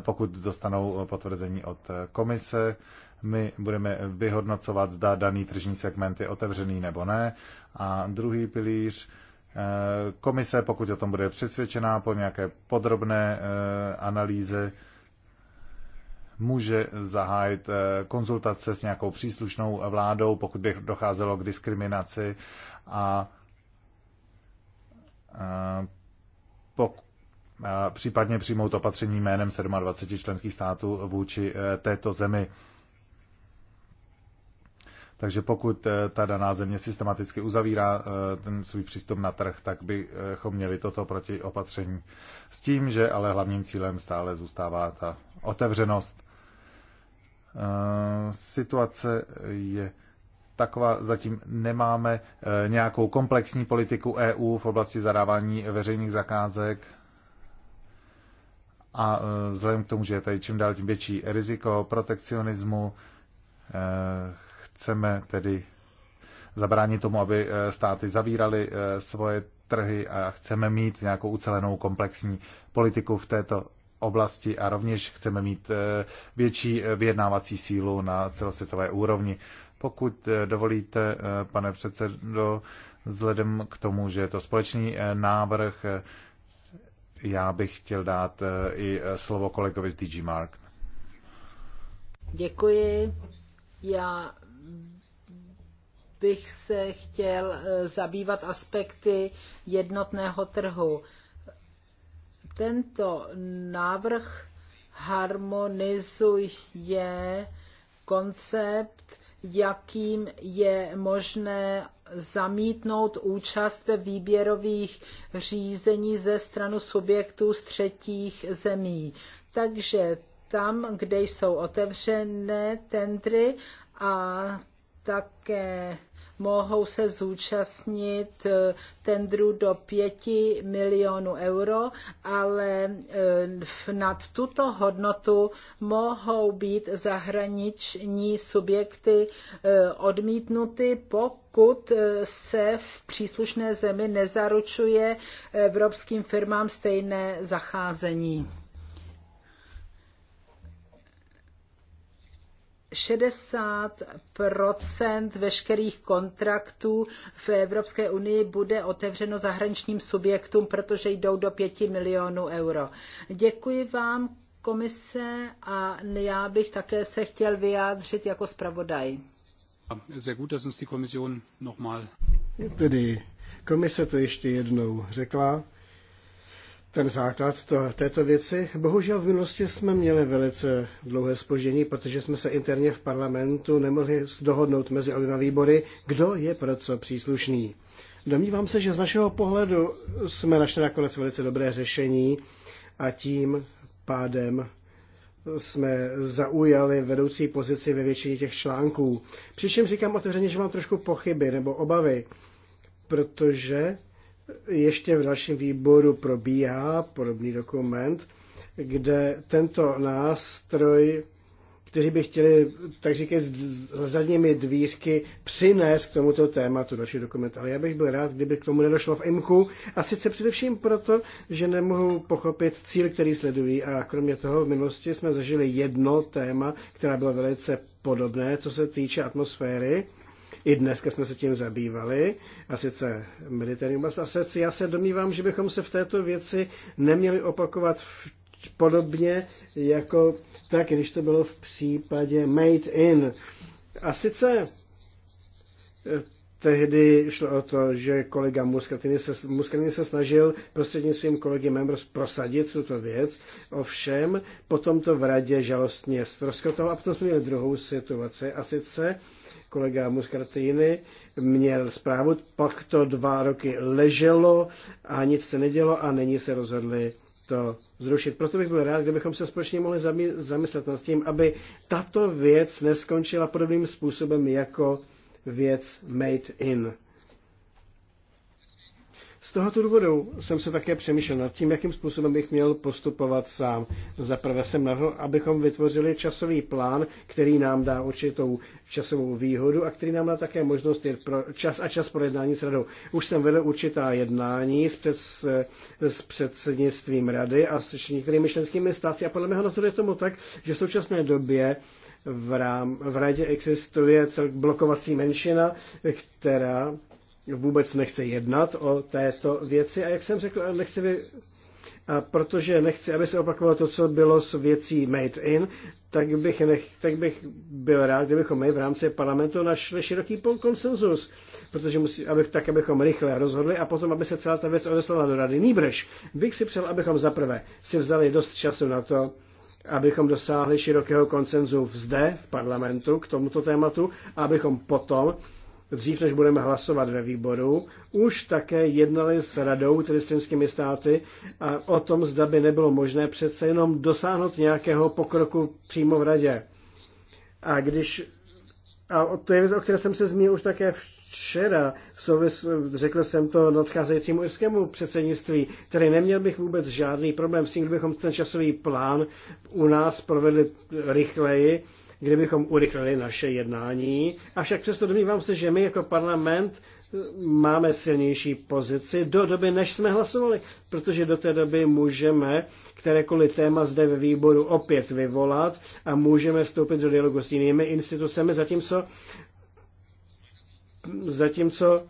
pokud dostanou potvrzení od komise. My budeme vyhodnocovat, zda daný tržní segment je otevřený nebo ne. A druhý pilíř komise, pokud o tom bude přesvědčená po nějaké podrobné analýze, může zahájit eh, konzultace s nějakou příslušnou vládou, pokud by docházelo k diskriminaci a eh, eh, případně přijmout opatření jménem 27 členských států vůči této zemi. Takže pokud ta daná země systematicky uzavírá ten svůj přístup na trh, tak bychom měli toto proti opatření. S tím, že ale hlavním cílem stále zůstává ta otevřenost. Eh, situace je taková, zatím nemáme eh, nějakou komplexní politiku EU v oblasti zadávání veřejných zakázek a eh, vzhledem k tomu, že je tady čím dál tím větší riziko protekcionismu, chceme tedy zabránit tomu, aby státy zavíraly svoje trhy a chceme mít nějakou ucelenou komplexní politiku v této oblasti a rovněž chceme mít eh, větší eh, vyjednávací sílu na celosvětové úrovni. Pokud eh, dovolíte, pane předsedo, vzhledem k tomu, že je to společný návrh, já bych chtěl dát i slovo kolegovi z DG Mark. Děkuji. Já bych se chtěl zabývat aspekty jednotného trhu. Tento návrh harmonizuje koncept, jakým je možné zamítnout účast ve výběrových řízení ze strany subjektů z třetích zemí. Takže tam, kde jsou otevřené tendry a také mohou se zúčastnit eh, tendru do 5 milionů euro, ale eh, nad tuto hodnotu mohou být zahraniční subjekty eh, odmítnuty, pokud se v příslušné zemi nezaručuje evropským firmám stejné zacházení. 60 veškerých kontraktů v Evropské unii bude otevřeno zahraničním subjektům, protože jdou do 5 milionů euro. Děkuji vám, komise, a já bych také se chtěl vyjádřit jako zpravodaj. Tedy komise to ještě jednou řekla ten základ to, této věci. Bohužel v minulosti jsme měli velice dlouhé spoždění, protože jsme se interně v parlamentu nemohli dohodnout mezi oběma výbory, kdo je pro co příslušný. Domnívám se, že z našeho pohledu jsme našli nakonec velice dobré řešení a tím pádem jsme zaujali vedoucí pozici ve většině těch článků. Přičem říkám otevřeně, že mám trošku pochyby nebo obavy, protože ještě v dalším výboru probíhá podobný dokument, kde tento nástroj, kteří by chtěli, tak říkají, s zadními dvířky přinést k tomuto tématu další dokument. Ale já bych byl rád, kdyby k tomu nedošlo v IMKU. A sice především proto, že nemohu pochopit cíl, který sledují. A kromě toho v minulosti jsme zažili jedno téma, která byla velice podobné, co se týče atmosféry i dneska jsme se tím zabývali, a sice Militarium Assets. Já se domnívám, že bychom se v této věci neměli opakovat v podobně jako tak, když to bylo v případě Made in. A sice eh, tehdy šlo o to, že kolega Muskatiny se, se snažil prostřednictvím kolegy Members prosadit tuto věc, ovšem potom to v radě žalostně ztroskotalo a potom jsme měli druhou situaci a sice kolega Muscatini měl zprávu, pak to dva roky leželo a nic se nedělo a není se rozhodli to zrušit. Proto bych byl rád, kdybychom se společně mohli zamyslet nad tím, aby tato věc neskončila podobným způsobem jako věc made in. Z tohoto důvodu jsem se také přemýšlel nad tím, jakým způsobem bych měl postupovat sám. Zaprvé jsem navrhl, abychom vytvořili časový plán, který nám dá určitou časovou výhodu a který nám dá také možnost jít pro čas a čas pro jednání s radou. Už jsem vedl určitá jednání s, před, s předsednictvím rady a s některými členskými státy a podle mého názoru je tomu tak, že v současné době v, rám, v radě existuje celk blokovací menšina, která vůbec nechce jednat o této věci a jak jsem řekl, nechci vy... A protože nechci, aby se opakovalo to, co bylo s věcí Made in, tak bych, nech, tak bych byl rád, kdybychom my v rámci parlamentu našli široký konsenzus, protože musí, aby, tak, abychom rychle rozhodli a potom, aby se celá ta věc odeslala do rady. Nýbrž bych si přál, abychom zaprvé si vzali dost času na to, abychom dosáhli širokého koncenzu zde v parlamentu k tomuto tématu abychom potom dřív než budeme hlasovat ve výboru, už také jednali s radou, tedy s členskými státy, a o tom, zda by nebylo možné přece jenom dosáhnout nějakého pokroku přímo v radě. A když a to je věc, o které jsem se zmínil už také včera, v souvis, řekl jsem to nadcházejícímu irskému předsednictví, který neměl bych vůbec žádný problém s tím, kdybychom ten časový plán u nás provedli rychleji, kdybychom urychlili naše jednání. Avšak přesto domnívám se, že my jako parlament máme silnější pozici do doby, než jsme hlasovali, protože do té doby můžeme kterékoliv téma zde ve výboru opět vyvolat a můžeme vstoupit do dialogu s jinými institucemi, zatímco, zatímco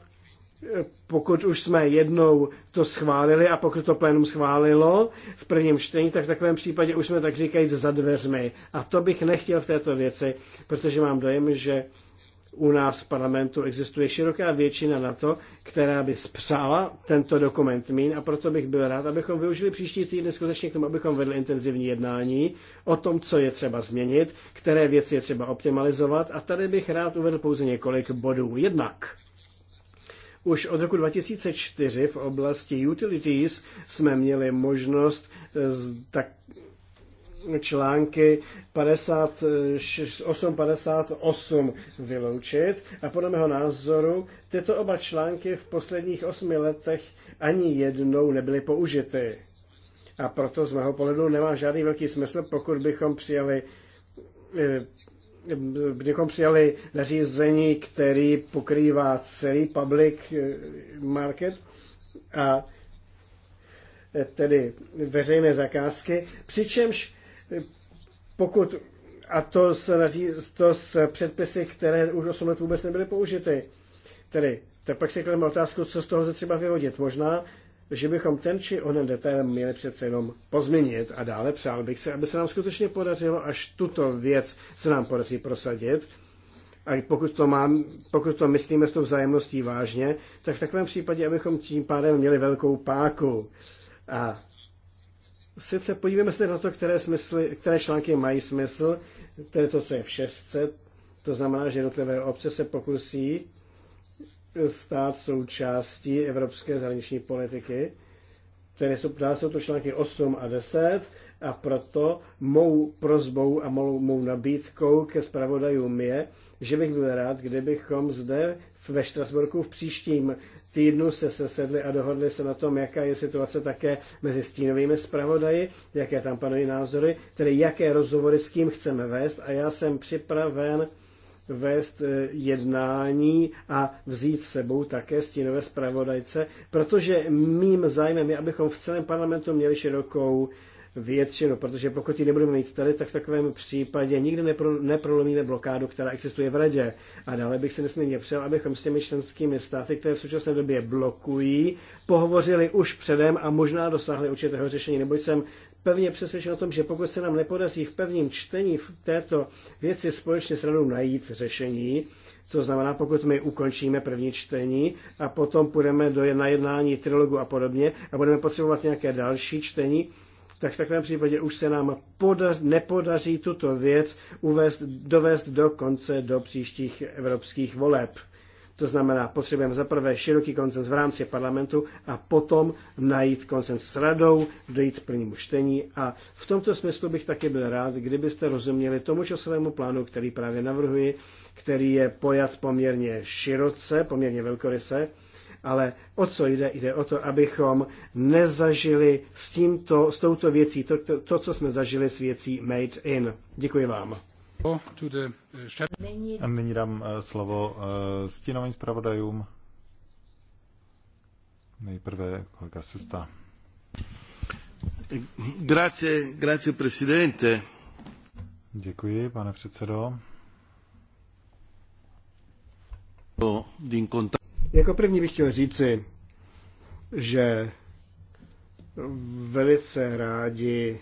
pokud už jsme jednou to schválili a pokud to plénum schválilo v prvním čtení, tak v takovém případě už jsme tak říkajíc za dveřmi. A to bych nechtěl v této věci, protože mám dojem, že u nás v parlamentu existuje široká většina na to, která by spřála tento dokument mín a proto bych byl rád, abychom využili příští týden skutečně k tomu, abychom vedli intenzivní jednání o tom, co je třeba změnit, které věci je třeba optimalizovat a tady bych rád uvedl pouze několik bodů. Jednak už od roku 2004 v oblasti utilities jsme měli možnost eh, tak články 858 vyloučit a podle mého názoru tyto oba články v posledních osmi letech ani jednou nebyly použity. A proto z mého pohledu nemá žádný velký smysl, pokud bychom přijali eh, kdybychom přijali nařízení, který pokrývá celý public eh, market a eh, tedy veřejné zakázky, přičemž eh, pokud a to s, to s předpisy, které už 8 let vůbec nebyly použity. Tedy, tak pak si klademe otázku, co z toho se třeba vyvodit. Možná, že bychom ten či onen detail měli přece jenom pozměnit a dále přál bych se, aby se nám skutečně podařilo, až tuto věc se nám podaří prosadit, a pokud to, mám, pokud to myslíme s tou vzájemností vážně, tak v takovém případě, abychom tím pádem měli velkou páku. A sice podívejme se na to, které, smysly, které články mají smysl, je to, co je v šestce, to znamená, že jednotlivé obce se pokusí stát součástí evropské zahraniční politiky, které jsou, dále jsou to články 8 a 10, a proto mou prozbou a mou, mou nabídkou ke zpravodajům je, že bych byl rád, kdybychom zde ve Štrasburku v příštím týdnu se sesedli a dohodli se na tom, jaká je situace také mezi stínovými zpravodaji, jaké tam panují názory, tedy jaké rozhovory s kým chceme vést a já jsem připraven vést eh, jednání a vzít sebou také stínové zpravodajce, protože mým zájmem je, abychom v celém parlamentu měli širokou většinu, protože pokud ji nebudeme mít tady, tak v takovém případě nikdy nepro, neprolomíme blokádu, která existuje v radě. A dále bych si nesmírně přál, abychom s těmi členskými státy, které v současné době blokují, pohovořili už předem a možná dosáhli určitého řešení. Neboť jsem pevně přesvědčen o tom, že pokud se nám nepodaří v pevním čtení v této věci společně s radou najít řešení, to znamená, pokud my ukončíme první čtení a potom půjdeme do na jednání trilogu a podobně a budeme potřebovat nějaké další čtení, tak v takovém případě už se nám podař, nepodaří tuto věc uvést, dovést do konce do příštích evropských voleb. To znamená, potřebujeme zaprvé široký koncens v rámci parlamentu a potom najít koncens s radou, dojít k prvnímu čtení. A v tomto smyslu bych taky byl rád, kdybyste rozuměli tomu časovému plánu, který právě navrhuji, který je pojat poměrně široce, poměrně velkoryse, ale o co jde? Jde o to, abychom nezažili s, tímto, s touto věcí to, to, to, co jsme zažili s věcí Made in. Děkuji vám nyní dám eh, slovo eh, stínovým zpravodajům. Nejprve kolega Susta. Grazie, grazie presidente. Děkuji, pane předsedo. Jako první bych chtěl říci, že velice rádi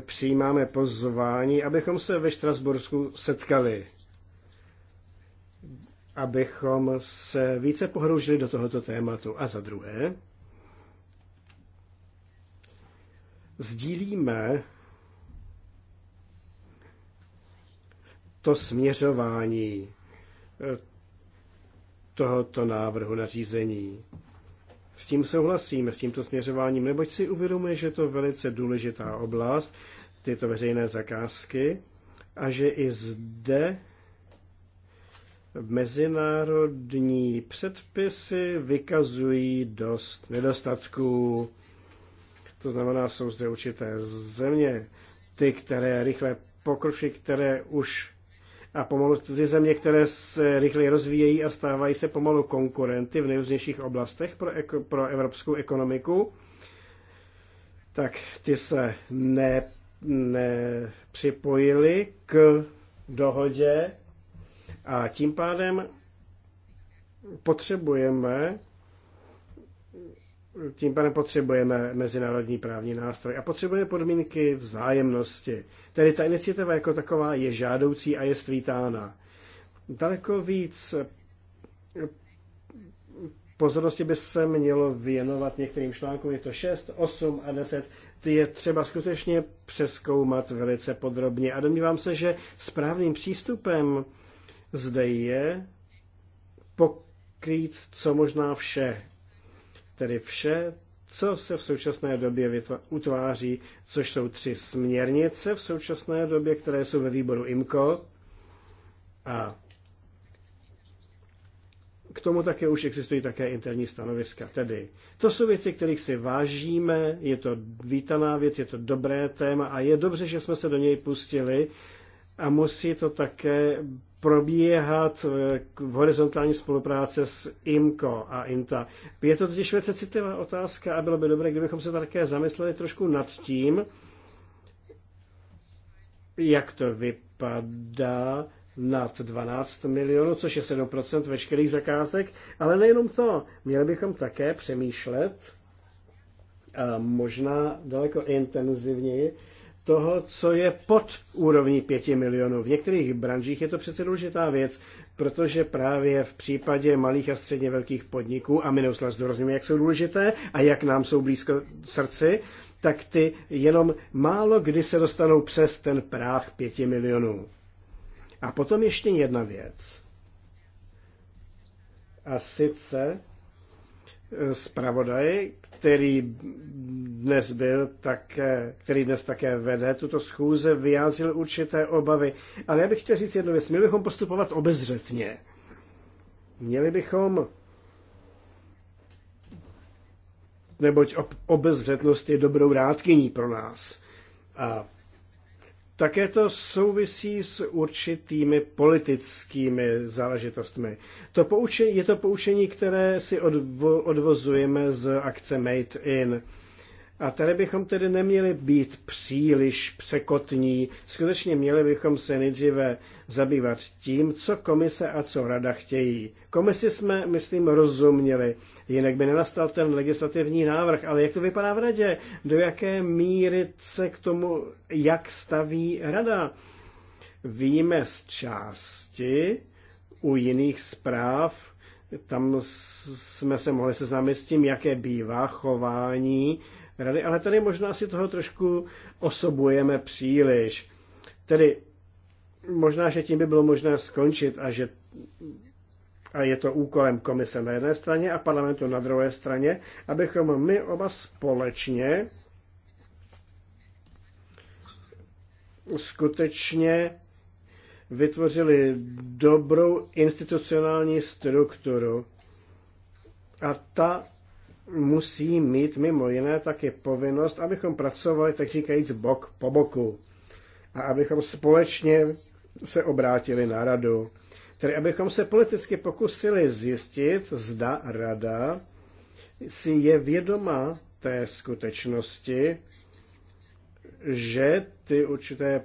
přijímáme pozvání, abychom se ve Štrasbursku setkali, abychom se více pohroužili do tohoto tématu. A za druhé, sdílíme to směřování eh, tohoto návrhu nařízení. S tím souhlasíme, s tímto směřováním, neboť si uvědomuje, že to velice důležitá oblast, tyto veřejné zakázky, a že i zde mezinárodní předpisy vykazují dost nedostatků. To znamená, jsou zde určité země, ty, které rychle pokročí, které už a pomalu ty země, které se rychleji rozvíjejí a stávají se pomalu konkurenty v nejrůznějších oblastech pro, pro evropskou ekonomiku, tak ty se ne, nepřipojili k dohodě a tím pádem potřebujeme tím pádem potřebujeme mezinárodní právní nástroj a potřebujeme podmínky vzájemnosti. Tedy ta iniciativa jako taková je žádoucí a je stvítána. Daleko víc pozornosti by se mělo věnovat některým článkům, je to 6, 8 a 10, ty je třeba skutečně přeskoumat velice podrobně. A domnívám se, že správným přístupem zde je pokrýt co možná vše, tedy vše, co se v současné době utváří, což jsou tři směrnice v současné době, které jsou ve výboru IMCO. A k tomu také už existují také interní stanoviska. Tedy to jsou věci, kterých si vážíme, je to vítaná věc, je to dobré téma a je dobře, že jsme se do něj pustili a musí to také probíhat eh, v horizontální spolupráce s IMCO a INTA. Je to totiž velice citlivá otázka a bylo by dobré, kdybychom se také zamysleli trošku nad tím, jak to vypadá nad 12 milionů, což je 7% veškerých zakázek, ale nejenom to, měli bychom také přemýšlet, možná daleko intenzivněji, toho, co je pod úrovní 5 milionů. V některých branžích je to přece důležitá věc, protože právě v případě malých a středně velkých podniků, a my neustále zdorozňujeme, jak jsou důležité a jak nám jsou blízko srdci, tak ty jenom málo kdy se dostanou přes ten práh 5 milionů. A potom ještě jedna věc. A sice eh, zpravodaj, který dnes byl, tak, který dnes také vede tuto schůze, vyjádřil určité obavy. Ale já bych chtěl říct jednu věc. Měli bychom postupovat obezřetně. Měli bychom neboť obezřetnost je dobrou rádkyní pro nás. A také to souvisí s určitými politickými záležitostmi. To poučení, je to poučení, které si odvo, odvozujeme z akce Made in. A tady bychom tedy neměli být příliš překotní. Skutečně měli bychom se nejdříve zabývat tím, co komise a co rada chtějí. Komisi jsme, myslím, rozuměli. Jinak by nenastal ten legislativní návrh. Ale jak to vypadá v radě? Do jaké míry se k tomu, jak staví rada? Víme z části u jiných zpráv, tam jsme se mohli seznámit s tím, jaké bývá chování rady, ale tady možná si toho trošku osobujeme příliš. Tedy možná, že tím by bylo možné skončit a že a je to úkolem komise na jedné straně a parlamentu na druhé straně, abychom my oba společně skutečně vytvořili dobrou institucionální strukturu. A ta musí mít mimo jiné také povinnost, abychom pracovali, tak říkajíc, bok po boku. A abychom společně se obrátili na radu. Tedy abychom se politicky pokusili zjistit, zda rada si je vědoma té skutečnosti, že ty určité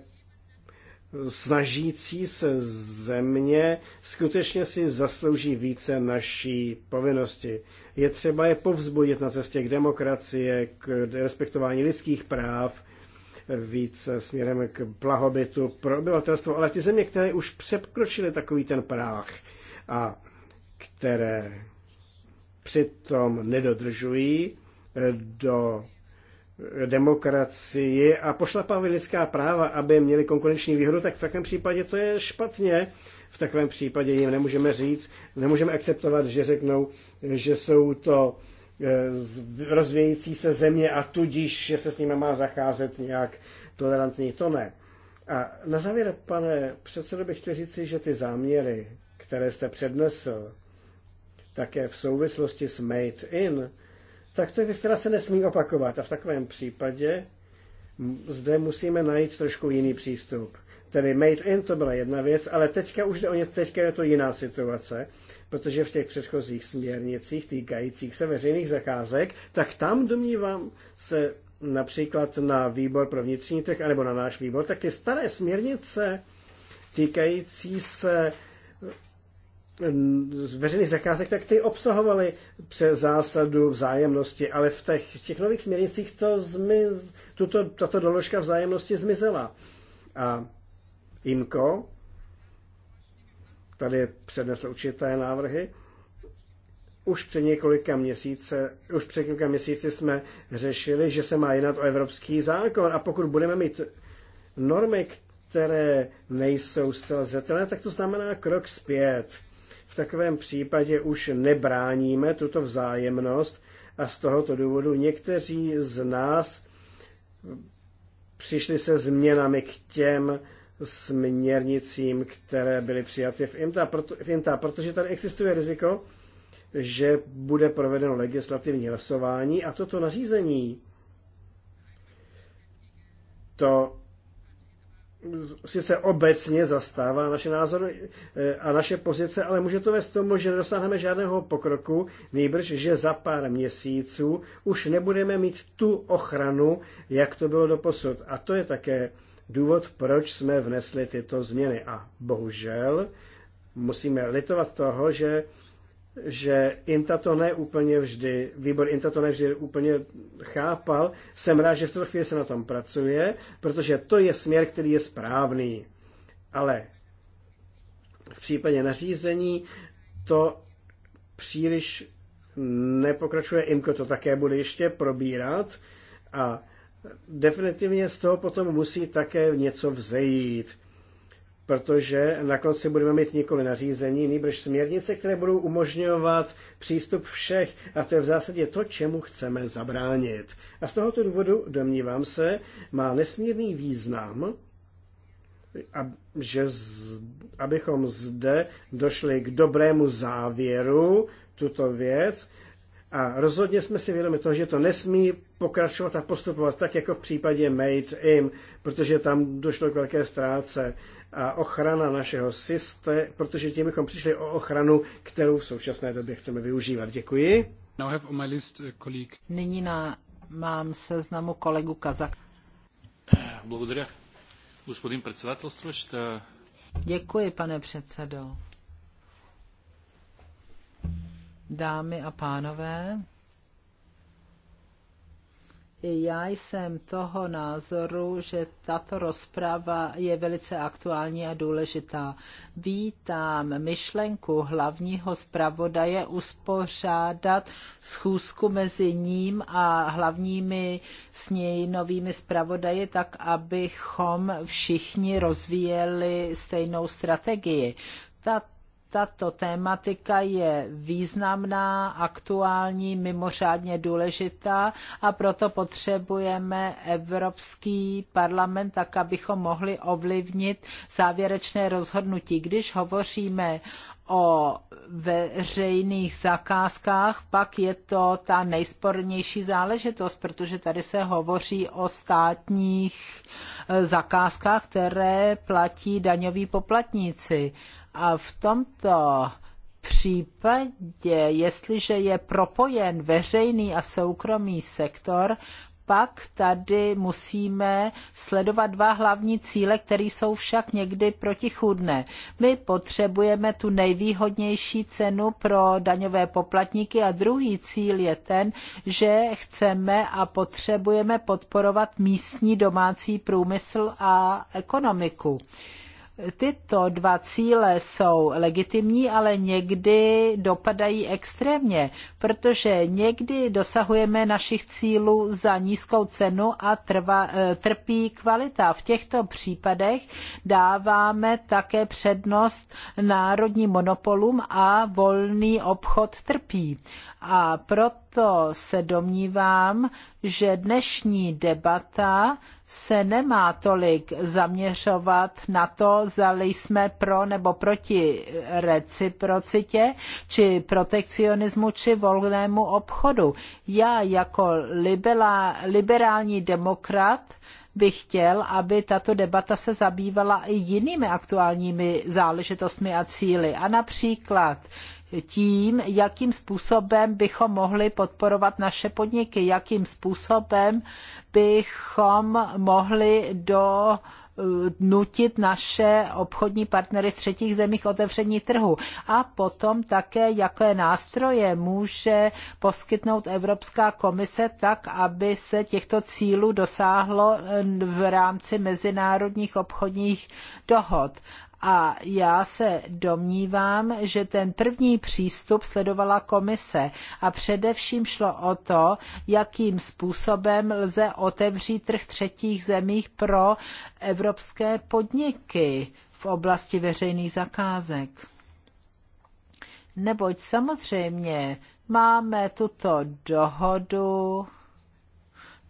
snažící se země skutečně si zaslouží více naší povinnosti. Je třeba je povzbudit na cestě k demokracie, k respektování lidských práv, více směrem k blahobytu pro obyvatelstvo, ale ty země, které už překročily takový ten práh a které přitom nedodržují eh, do demokracii a pošlapávají lidská práva, aby měli konkurenční výhodu, tak v takovém případě to je špatně. V takovém případě jim nemůžeme říct, nemůžeme akceptovat, že řeknou, že jsou to eh, rozvějící se země a tudíž, že se s nimi má zacházet nějak tolerantní. To ne. A na závěr, pane předsedo, bych chtěl říct, že ty záměry, které jste přednesl, také v souvislosti s Made In, tak to je věc, která se nesmí opakovat. A v takovém případě zde musíme najít trošku jiný přístup. Tedy made in to byla jedna věc, ale teďka už jde o ně, teďka je to jiná situace, protože v těch předchozích směrnicích týkajících se veřejných zakázek, tak tam domnívám se například na výbor pro vnitřní trh, anebo na náš výbor, tak ty staré směrnice týkající se z veřejných zakázek, tak ty obsahovaly přes zásadu vzájemnosti, ale v těch, v těch nových směrnicích to zmiz, tuto, tato doložka vzájemnosti zmizela. A IMCO tady přednesl určité návrhy. Už před několika měsíce, už před několika měsíci jsme řešili, že se má jednat o evropský zákon a pokud budeme mít normy, které nejsou zcela zřetelné, tak to znamená krok zpět v takovém případě už nebráníme tuto vzájemnost a z tohoto důvodu někteří z nás přišli se změnami k těm směrnicím, které byly přijaty v IMTA, proto, v IMTA protože tady existuje riziko, že bude provedeno legislativní hlasování a toto nařízení to sice obecně zastává naše názory eh, a naše pozice, ale může to vést tomu, že nedosáhneme žádného pokroku, nejbrž, že za pár měsíců už nebudeme mít tu ochranu, jak to bylo doposud. A to je také důvod, proč jsme vnesli tyto změny. A bohužel musíme litovat toho, že že Inta to ne úplně vždy, výbor Inta to ne vždy úplně chápal. Jsem rád, že v tuto chvíli se na tom pracuje, protože to je směr, který je správný. Ale v případě nařízení to příliš nepokračuje. Imko to také bude ještě probírat a definitivně z toho potom musí také něco vzejít protože na konci budeme mít nikoli nařízení, nýbrž směrnice, které budou umožňovat přístup všech a to je v zásadě to, čemu chceme zabránit. A z tohoto důvodu, domnívám se, má nesmírný význam, že z, abychom zde došli k dobrému závěru tuto věc a rozhodně jsme si vědomi toho, že to nesmí pokračovat a postupovat tak, jako v případě Made in, protože tam došlo k velké ztráce. A ochrana našeho systému, protože tím bychom přišli o ochranu, kterou v současné době chceme využívat. Děkuji. Now have on my list eh, Nyní na, mám seznamu kolegu Kazak. Děkuji, pane předsedo. Dámy a pánové, já jsem toho názoru, že tato rozprava je velice aktuální a důležitá. Vítám myšlenku hlavního zpravodaje uspořádat schůzku mezi ním a hlavními s něj novými zpravodaji, tak abychom všichni rozvíjeli stejnou strategii. Tato tato tématika je významná, aktuální, mimořádně důležitá a proto potřebujeme Evropský parlament tak, abychom mohli ovlivnit závěrečné rozhodnutí. Když hovoříme o veřejných zakázkách, pak je to ta nejspornější záležitost, protože tady se hovoří o státních zakázkách, které platí daňoví poplatníci. A v tomto případě, jestliže je propojen veřejný a soukromý sektor, pak tady musíme sledovat dva hlavní cíle, které jsou však někdy protichůdné. My potřebujeme tu nejvýhodnější cenu pro daňové poplatníky a druhý cíl je ten, že chceme a potřebujeme podporovat místní domácí průmysl a ekonomiku. Tyto dva cíle jsou legitimní, ale někdy dopadají extrémně, protože někdy dosahujeme našich cílů za nízkou cenu a trva, e, trpí kvalita. V těchto případech dáváme také přednost národním monopolům a volný obchod trpí. A proto proto se domnívám, že dnešní debata se nemá tolik zaměřovat na to, zdali jsme pro nebo proti reciprocitě, či protekcionismu, či volnému obchodu. Já jako liberální demokrat bych chtěl, aby tato debata se zabývala i jinými aktuálními záležitostmi a cíly. A například tím, jakým způsobem bychom mohli podporovat naše podniky, jakým způsobem bychom mohli do nutit naše obchodní partnery v třetích zemích otevření trhu. A potom také, jaké nástroje může poskytnout Evropská komise tak, aby se těchto cílů dosáhlo v rámci mezinárodních obchodních dohod. A já se domnívám, že ten první přístup sledovala komise a především šlo o to, jakým způsobem lze otevřít trh třetích zemích pro evropské podniky v oblasti veřejných zakázek. Neboť samozřejmě máme tuto dohodu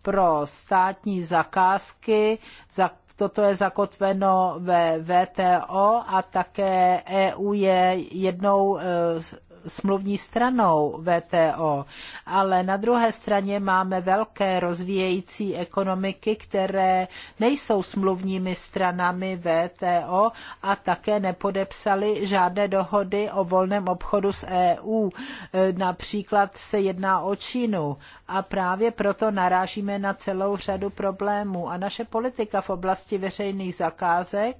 pro státní zakázky, za Toto je zakotveno ve VTO a také EU je jednou eh, smluvní stranou VTO, ale na druhé straně máme velké rozvíjející ekonomiky, které nejsou smluvními stranami VTO a také nepodepsali žádné dohody o volném obchodu s EU. Například se jedná o Čínu a právě proto narážíme na celou řadu problémů a naše politika v oblasti veřejných zakázek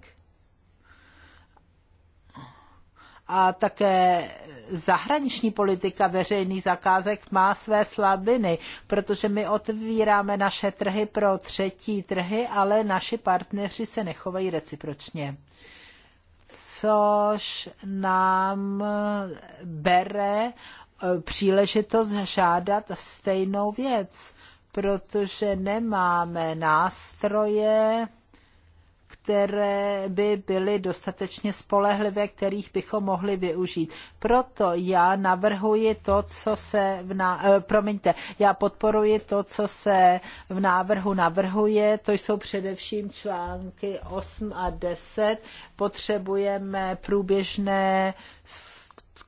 a také zahraniční politika veřejných zakázek má své slabiny, protože my otvíráme naše trhy pro třetí trhy, ale naši partneři se nechovají recipročně což nám bere eh, příležitost žádat stejnou věc, protože nemáme nástroje, které by byly dostatečně spolehlivé, kterých bychom mohli využít. Proto já navrhuji to, co se v ná... Eh, promiňte, já podporuji to, co se v návrhu navrhuje, to jsou především články 8 a 10. Potřebujeme průběžné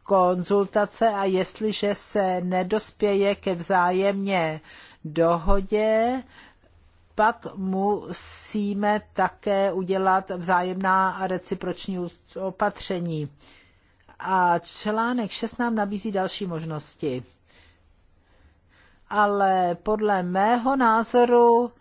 konzultace a jestliže se nedospěje ke vzájemně dohodě, pak musíme také udělat vzájemná a reciproční opatření. A článek 6 nám nabízí další možnosti. Ale podle mého názoru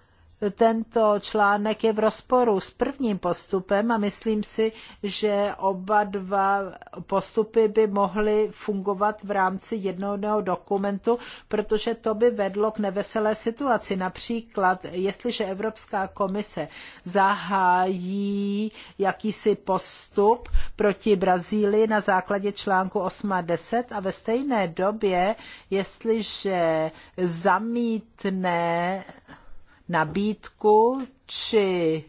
tento článek je v rozporu s prvním postupem a myslím si, že oba dva postupy by mohly fungovat v rámci jednoho dokumentu, protože to by vedlo k neveselé situaci. Například, jestliže Evropská komise zahájí jakýsi postup proti Brazílii na základě článku 8 a 10 a ve stejné době, jestliže zamítne nabídku či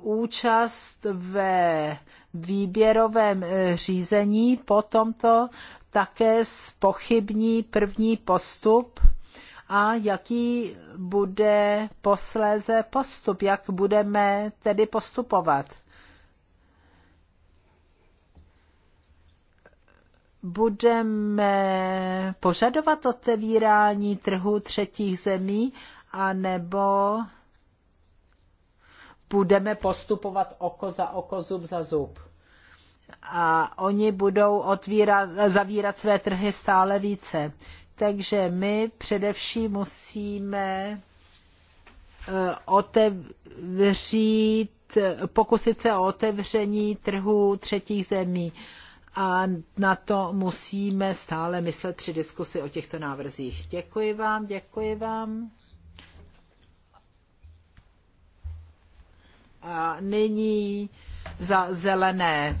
účast ve výběrovém eh, řízení, potom to také spochybní první postup a jaký bude posléze postup, jak budeme tedy postupovat. Budeme požadovat otevírání trhu třetích zemí a nebo budeme postupovat oko za oko, zub za zub. A oni budou otvírat, zavírat své trhy stále více. Takže my především musíme eh, otevřít, pokusit se o otevření trhu třetích zemí. A na to musíme stále myslet při diskusi o těchto návrzích. Děkuji vám, děkuji vám. nyní za zelené.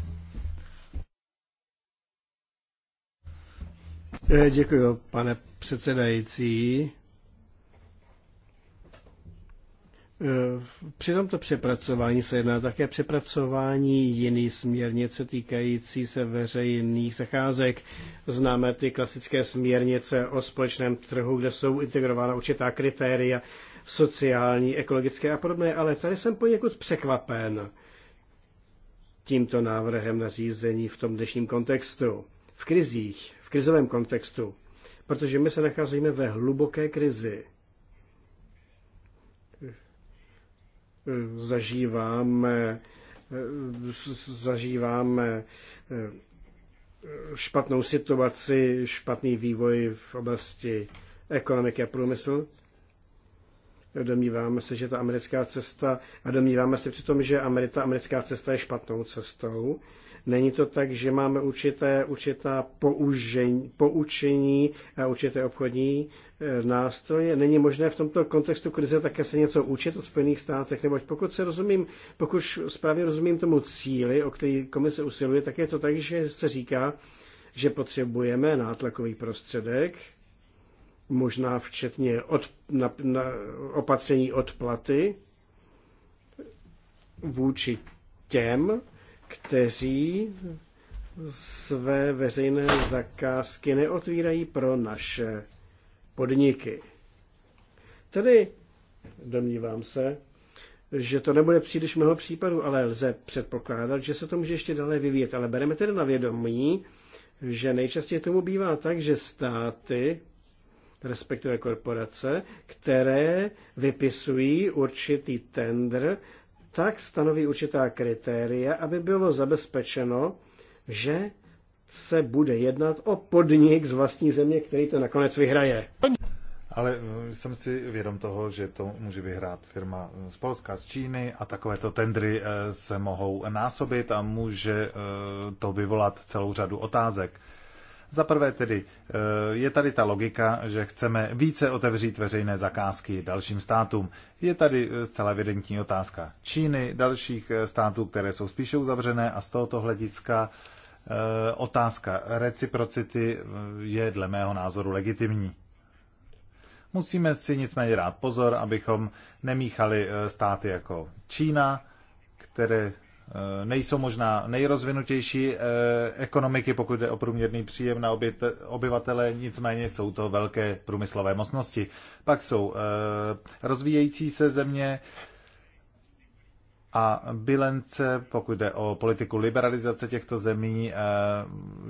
E, děkuji, pane předsedající. E, při tomto přepracování se jedná také přepracování jiný směrnice týkající se veřejných zacházek. Známe ty klasické směrnice o společném trhu, kde jsou integrována určitá kritéria sociální, ekologické a podobné, ale tady jsem poněkud překvapen tímto návrhem na řízení v tom dnešním kontextu, v krizích, v krizovém kontextu, protože my se nacházíme ve hluboké krizi. Zažíváme, zažíváme špatnou situaci, špatný vývoj v oblasti ekonomiky a průmysl, Domníváme se, že ta americká cesta, a domníváme se přitom, že ta americká cesta je špatnou cestou. Není to tak, že máme určité, určitá použení, poučení a určité obchodní e, nástroje. Není možné v tomto kontextu krize také se něco učit od Spojených státech, neboť pokud se rozumím, pokud správně rozumím tomu cíli, o který komise usiluje, tak je to tak, že se říká, že potřebujeme nátlakový prostředek, možná včetně od, na, na, opatření odplaty vůči těm, kteří své veřejné zakázky neotvírají pro naše podniky. Tedy domnívám se, že to nebude příliš mnoho případů, ale lze předpokládat, že se to může ještě dále vyvíjet. Ale bereme tedy na vědomí, že nejčastěji tomu bývá tak, že státy respektive korporace, které vypisují určitý tender, tak stanoví určitá kritéria, aby bylo zabezpečeno, že se bude jednat o podnik z vlastní země, který to nakonec vyhraje. Ale eh, jsem si vědom toho, že to může vyhrát firma z Polska, z Číny a takovéto tendry eh, se mohou násobit a může eh, to vyvolat celou řadu otázek. Za prvé tedy eh, je tady ta logika, že chceme více otevřít veřejné zakázky dalším státům. Je tady eh, zcela evidentní otázka Číny, dalších eh, států, které jsou spíše uzavřené a z tohoto hlediska otázka reciprocity je dle mého názoru legitimní. Musíme si nicméně dát pozor, abychom nemíchali státy jako Čína, které Eh, nejsou možná nejrozvinutější eh, ekonomiky, pokud jde o průměrný příjem na obyvatele, nicméně jsou to velké průmyslové mocnosti. Pak jsou eh, rozvíjející se země a bilence, pokud jde o politiku liberalizace těchto zemí,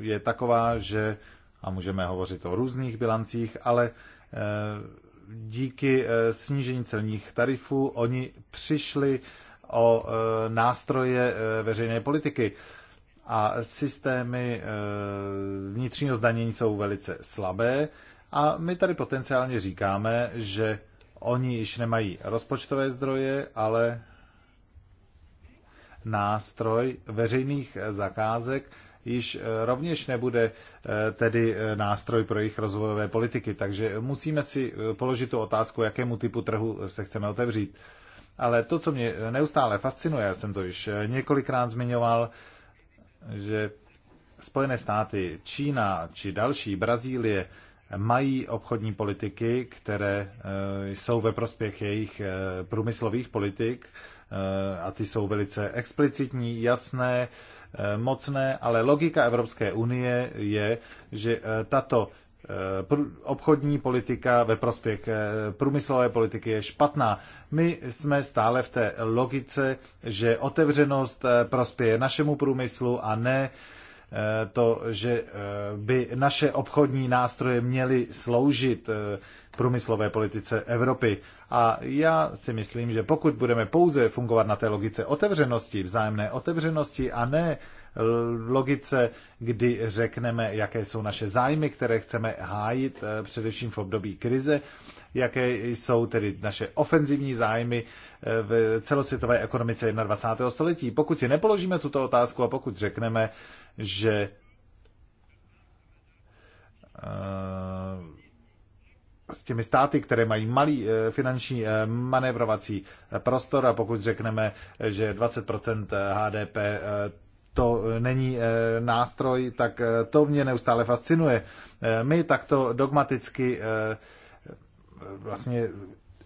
je taková, že, a můžeme hovořit o různých bilancích, ale díky snížení celních tarifů oni přišli o e, nástroje e, veřejné politiky. A systémy e, vnitřního zdanění jsou velice slabé a my tady potenciálně říkáme, že oni již nemají rozpočtové zdroje, ale nástroj veřejných zakázek již rovněž nebude tedy nástroj pro jejich rozvojové politiky. Takže musíme si položit tu otázku, jakému typu trhu se chceme otevřít. Ale to, co mě neustále fascinuje, já jsem to již několikrát zmiňoval, že Spojené státy, Čína či další, Brazílie, mají obchodní politiky, které eh, jsou ve prospěch jejich eh, průmyslových politik eh, a ty jsou velice explicitní, jasné, mocné, ale logika Evropské unie je, že tato Eh, obchodní politika ve prospěch eh, průmyslové politiky je špatná. My jsme stále v té logice, že otevřenost eh, prospěje našemu průmyslu a ne to, že by naše obchodní nástroje měly sloužit průmyslové politice Evropy. A já si myslím, že pokud budeme pouze fungovat na té logice otevřenosti, vzájemné otevřenosti a ne logice, kdy řekneme, jaké jsou naše zájmy, které chceme hájit eh, především v období krize, jaké jsou tedy naše ofenzivní zájmy eh, v celosvětové ekonomice 21. století. Pokud si nepoložíme tuto otázku a pokud řekneme, že eh, s těmi státy, které mají malý finanční manévrovací prostor a pokud řekneme, že 20% HDP to eh, není eh, nástroj, tak eh, to mě neustále fascinuje. My takto dogmaticky vlastně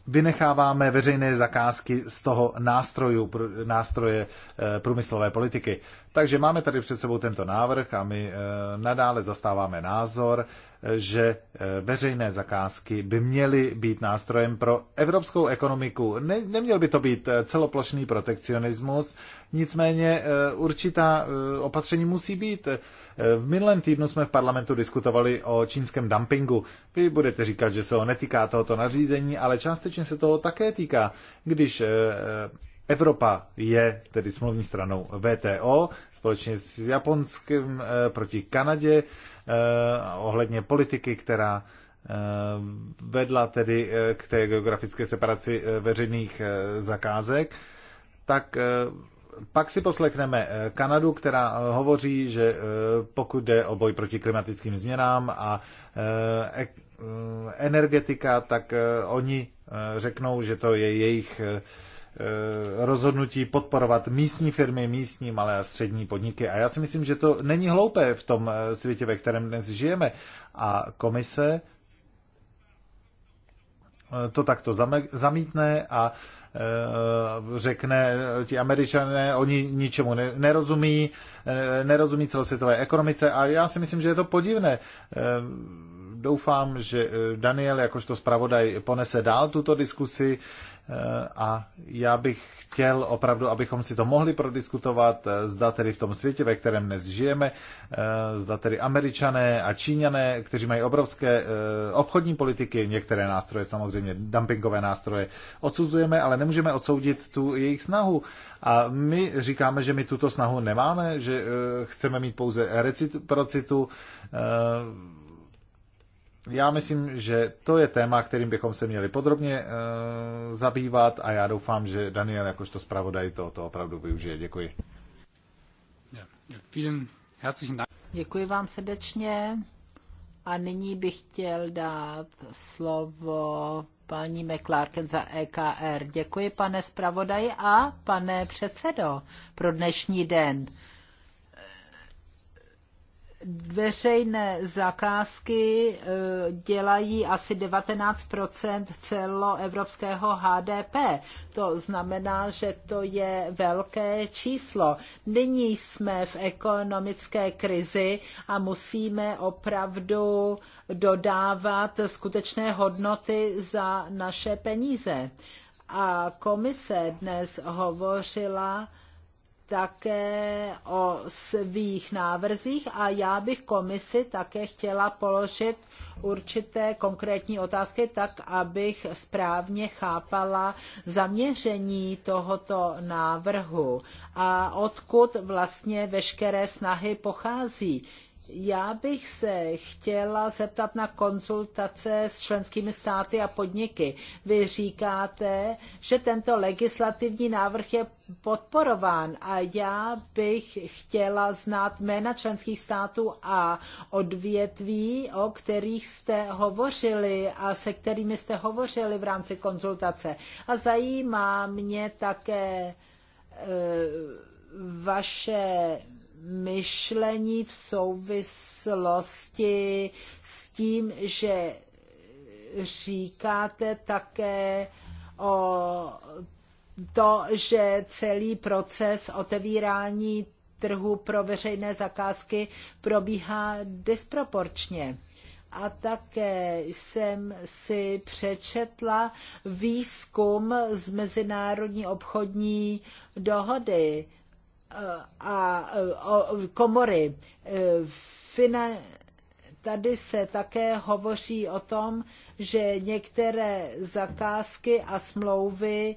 vynecháváme veřejné zakázky z toho nástroju, nástroje průmyslové politiky. Takže máme tady před sebou tento návrh a my nadále zastáváme názor, že eh, veřejné zakázky by měly být nástrojem pro evropskou ekonomiku. Ne, neměl by to být eh, celoplošný protekcionismus, nicméně eh, určitá opatření musí být. V minulém týdnu jsme v parlamentu diskutovali o čínském dumpingu. Vy budete říkat, že se ho netýká tohoto nařízení, ale částečně se toho také týká. Když Evropa je tedy smluvní stranou VTO společně s japonským eh, proti Kanadě eh, ohledně politiky, která eh, vedla tedy k té geografické separaci veřejných zakázek, tak pak si poslechneme Kanadu, která hovoří, že pokud jde o boj proti klimatickým změnám a energetika, tak oni řeknou, že to je jejich Eh, rozhodnutí podporovat místní firmy, místní malé a střední podniky. A já si myslím, že to není hloupé v tom eh, světě, ve kterém dnes žijeme. A komise eh, to takto zamítne a řekne ti američané, oni ničemu nerozumí, nerozumí celosvětové ekonomice a já si myslím, že je to podivné. Doufám, že Daniel jakožto zpravodaj ponese dál tuto diskusi Eh, a já bych chtěl opravdu, abychom si to mohli prodiskutovat, eh, zda tedy v tom světě, ve kterém dnes žijeme, eh, zda tedy američané a číňané, kteří mají obrovské obchodní politiky, některé nástroje samozřejmě, dumpingové nástroje, odsuzujeme, ale nemůžeme odsoudit tu jejich snahu. A my říkáme, že my tuto snahu nemáme, že chceme mít pouze reciprocitu, já myslím, že to je téma, kterým bychom se měli podrobně e, zabývat a já doufám, že Daniel jakožto zpravodaj to, to opravdu využije. Děkuji. Děkuji vám srdečně a nyní bych chtěl dát slovo paní McClarken za EKR. Děkuji, pane zpravodaji a pane předsedo, pro dnešní den veřejné zakázky eh, dělají asi 19 celoevropského HDP. To znamená, že to je velké číslo. Nyní jsme v ekonomické krizi a musíme opravdu dodávat skutečné hodnoty za naše peníze. A komise dnes hovořila také o svých návrzích a já bych komisi také chtěla položit určité konkrétní otázky, tak abych správně chápala zaměření tohoto návrhu a odkud vlastně veškeré snahy pochází. Já bych se chtěla zeptat na konzultace s členskými státy a podniky. Vy říkáte, že tento legislativní návrh je podporován a já bych chtěla znát jména členských států a odvětví, o kterých jste hovořili a se kterými jste hovořili v rámci konzultace. A zajímá mě také e, vaše myšlení v souvislosti s tím, že říkáte také o to, že celý proces otevírání trhu pro veřejné zakázky probíhá disproporčně. A také jsem si přečetla výzkum z Mezinárodní obchodní dohody a komory. E, tady se také hovoří o tom, že některé zakázky a smlouvy e,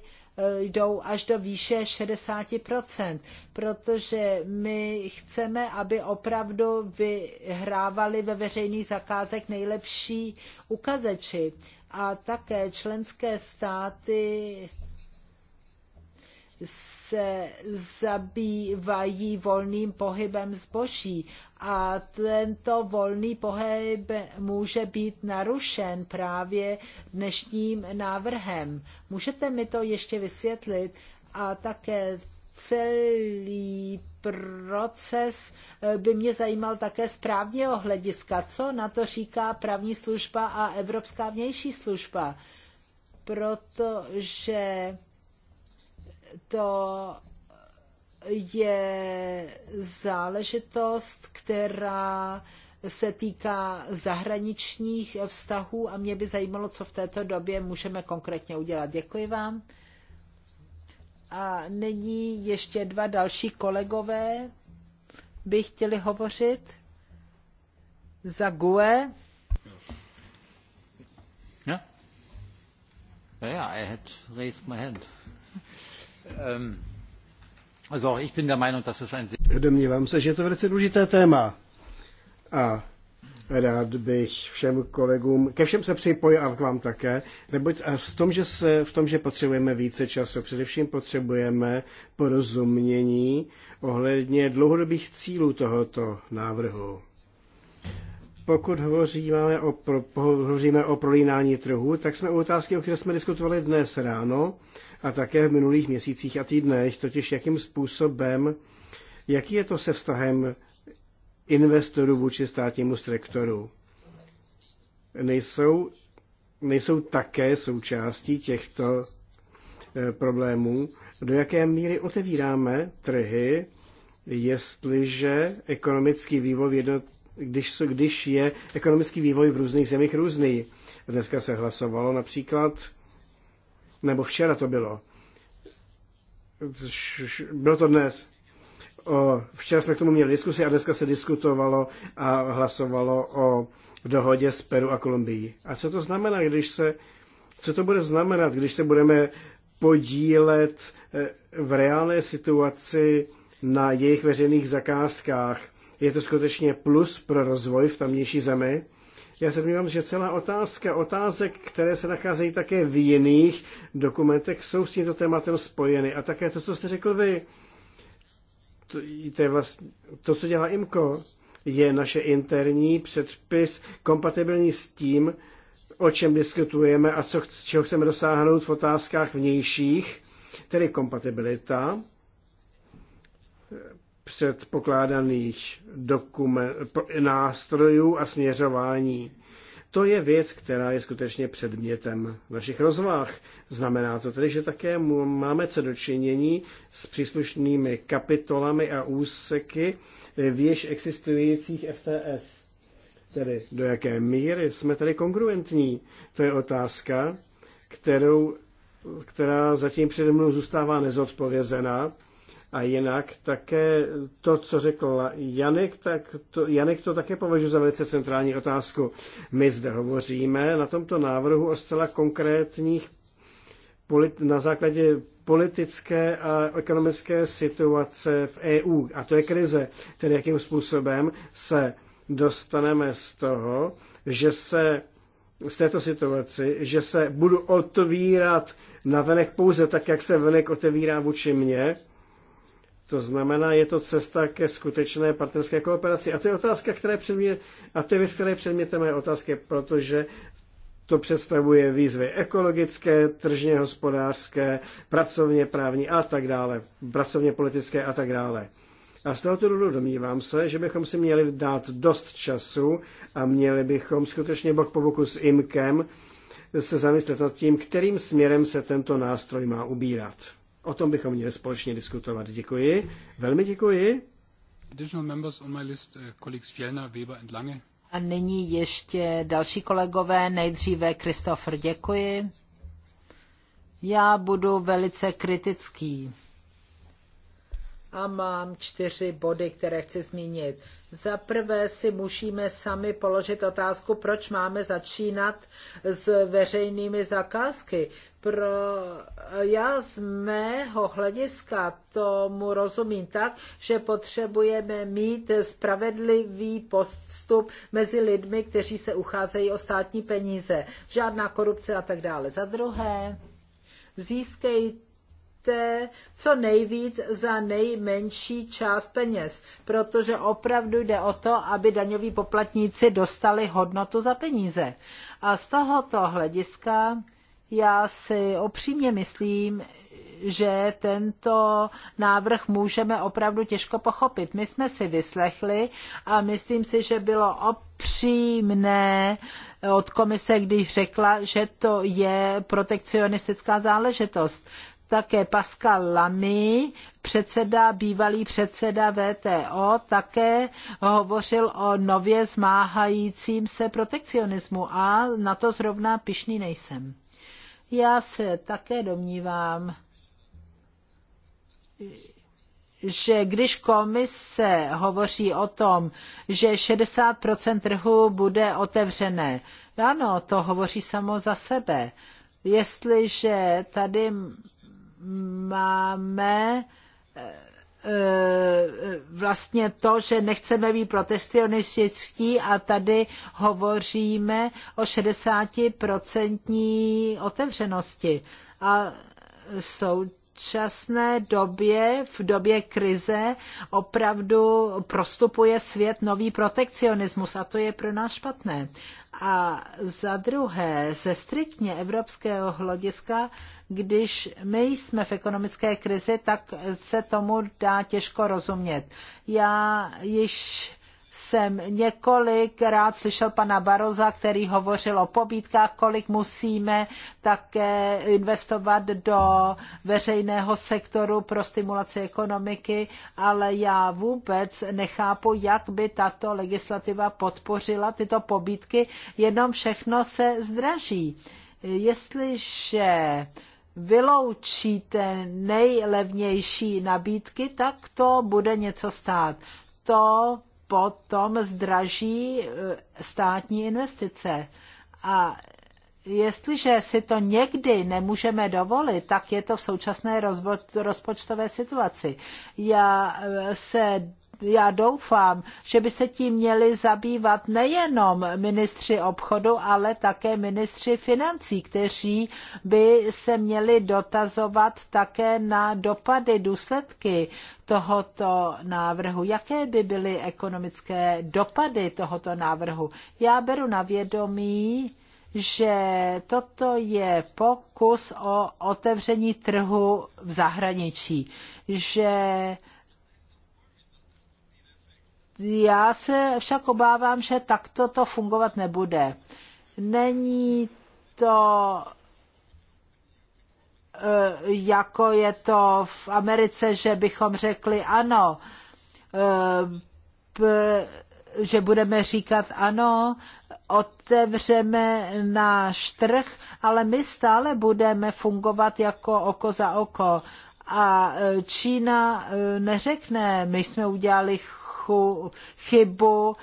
jdou až do výše 60%, protože my chceme, aby opravdu vyhrávali ve veřejných zakázek nejlepší ukazeči. A také členské státy se zabývají volným pohybem zboží a tento volný pohyb může být narušen právě dnešním návrhem. Můžete mi to ještě vysvětlit a také celý proces eh, by mě zajímal také z právního hlediska. Co na to říká právní služba a Evropská vnější služba? Protože to je záležitost, která se týká zahraničních vztahů a mě by zajímalo, co v této době můžeme konkrétně udělat. Děkuji vám. A nyní ještě dva další kolegové by chtěli hovořit. Za GUE. Yeah. Yeah, I had raised my hand. Ehm, Domnívám se, že je to velice důležité téma. A rád bych všem kolegům, ke všem se připojil a k vám také, neboť v, tom, že se, v tom, že potřebujeme více času, především potřebujeme porozumění ohledně dlouhodobých cílů tohoto návrhu. Pokud hovoříme o, pro, hovoříme o prolínání trhu, tak jsme u otázky, o které jsme diskutovali dnes ráno, a také v minulých měsících a týdnech, totiž jakým způsobem, jaký je to se vztahem investorů vůči státnímu sektoru. Nejsou, nejsou také součástí těchto eh, problémů, do jaké míry otevíráme trhy, jestliže ekonomický vývoj jednot, když, když je ekonomický vývoj v různých zemích různý. Dneska se hlasovalo například nebo včera to bylo, bylo to dnes, o, včera jsme k tomu měli diskusi a dneska se diskutovalo a hlasovalo o dohodě s Peru a Kolumbií. A co to znamená, když se, co to bude znamenat, když se budeme podílet eh, v reálné situaci na jejich veřejných zakázkách? Je to skutečně plus pro rozvoj v tamnější zemi? Já se domnívám, že celá otázka otázek, které se nacházejí také v jiných dokumentech, jsou s tímto tématem spojeny. A také to, co jste řekl vy, to, to, je vlastně, to co dělá IMCO, je naše interní předpis kompatibilní s tím, o čem diskutujeme a co, čeho chceme dosáhnout v otázkách vnějších, tedy kompatibilita předpokládaných dokument, nástrojů a směřování. To je věc, která je skutečně předmětem našich rozvah. Znamená to tedy, že také máme co dočinění s příslušnými kapitolami a úseky v již existujících FTS. Tedy do jaké míry jsme tedy kongruentní? To je otázka, kterou, která zatím přede mnou zůstává nezodpovězená a jinak také to, co řekl Janek, tak to, Janek to také považuji za velice centrální otázku. My zde hovoříme na tomto návrhu o zcela konkrétních polit, na základě politické a ekonomické situace v EU. A to je krize, tedy jakým způsobem se dostaneme z toho, že se z této situaci, že se budu otvírat na venek pouze tak, jak se venek otevírá vůči mně, to znamená, je to cesta ke skutečné partnerské kooperaci. A to je otázka, která je předmět, a to je věc, která je předmětem mé otázky, protože to představuje výzvy ekologické, tržně hospodářské, pracovně právní a tak dále, pracovně politické a tak dále. A z tohoto důvodu domnívám se, že bychom si měli dát dost času a měli bychom skutečně bok po boku s IMKem se zamyslet nad tím, kterým směrem se tento nástroj má ubírat. O tom bychom měli společně diskutovat. Děkuji. Velmi děkuji. Eh, A nyní ještě další kolegové, nejdříve Kristofr, děkuji. Já budu velice kritický. A mám čtyři body, které chci zmínit. Za prvé si musíme sami položit otázku, proč máme začínat s veřejnými zakázky pro, já z mého hlediska tomu rozumím tak, že potřebujeme mít spravedlivý postup mezi lidmi, kteří se ucházejí o státní peníze. Žádná korupce a tak dále. Za druhé, získejte co nejvíc za nejmenší část peněz, protože opravdu jde o to, aby daňoví poplatníci dostali hodnotu za peníze. A z tohoto hlediska já si opřímně myslím, že tento návrh můžeme opravdu těžko pochopit. My jsme si vyslechli a myslím si, že bylo opřímné od komise, když řekla, že to je protekcionistická záležitost. Také Pascal Lamy, předseda, bývalý předseda VTO, také hovořil o nově zmáhajícím se protekcionismu a na to zrovna pišný nejsem. Já se také domnívám, že když komise hovoří o tom, že 60% trhu bude otevřené, ano, to hovoří samo za sebe. Jestliže tady máme Eh, vlastně to, že nechceme být protekcionističtí a tady hovoříme o 60% otevřenosti. A současné době, v době krize, opravdu prostupuje svět nový protekcionismus a to je pro nás špatné. A za druhé, ze striktně evropského hlediska, když my jsme v ekonomické krizi, tak se tomu dá těžko rozumět. Já již jsem několikrát slyšel pana Baroza, který hovořil o pobídkách, kolik musíme také investovat do veřejného sektoru pro stimulaci ekonomiky, ale já vůbec nechápu, jak by tato legislativa podpořila tyto pobídky, jenom všechno se zdraží. Jestliže vyloučíte nejlevnější nabídky, tak to bude něco stát. To potom zdraží eh, státní investice. A jestliže si to někdy nemůžeme dovolit, tak je to v současné rozpočtové situaci. Já eh, se já doufám, že by se tím měli zabývat nejenom ministři obchodu, ale také ministři financí, kteří by se měli dotazovat také na dopady, důsledky tohoto návrhu. Jaké by byly ekonomické dopady tohoto návrhu? Já beru na vědomí, že toto je pokus o otevření trhu v zahraničí, že já se však obávám, že takto to fungovat nebude. Není to eh, jako je to v Americe, že bychom řekli ano, eh, že budeme říkat ano, otevřeme náš trh, ale my stále budeme fungovat jako oko za oko. A eh, Čína neřekne, my jsme udělali trochu chybu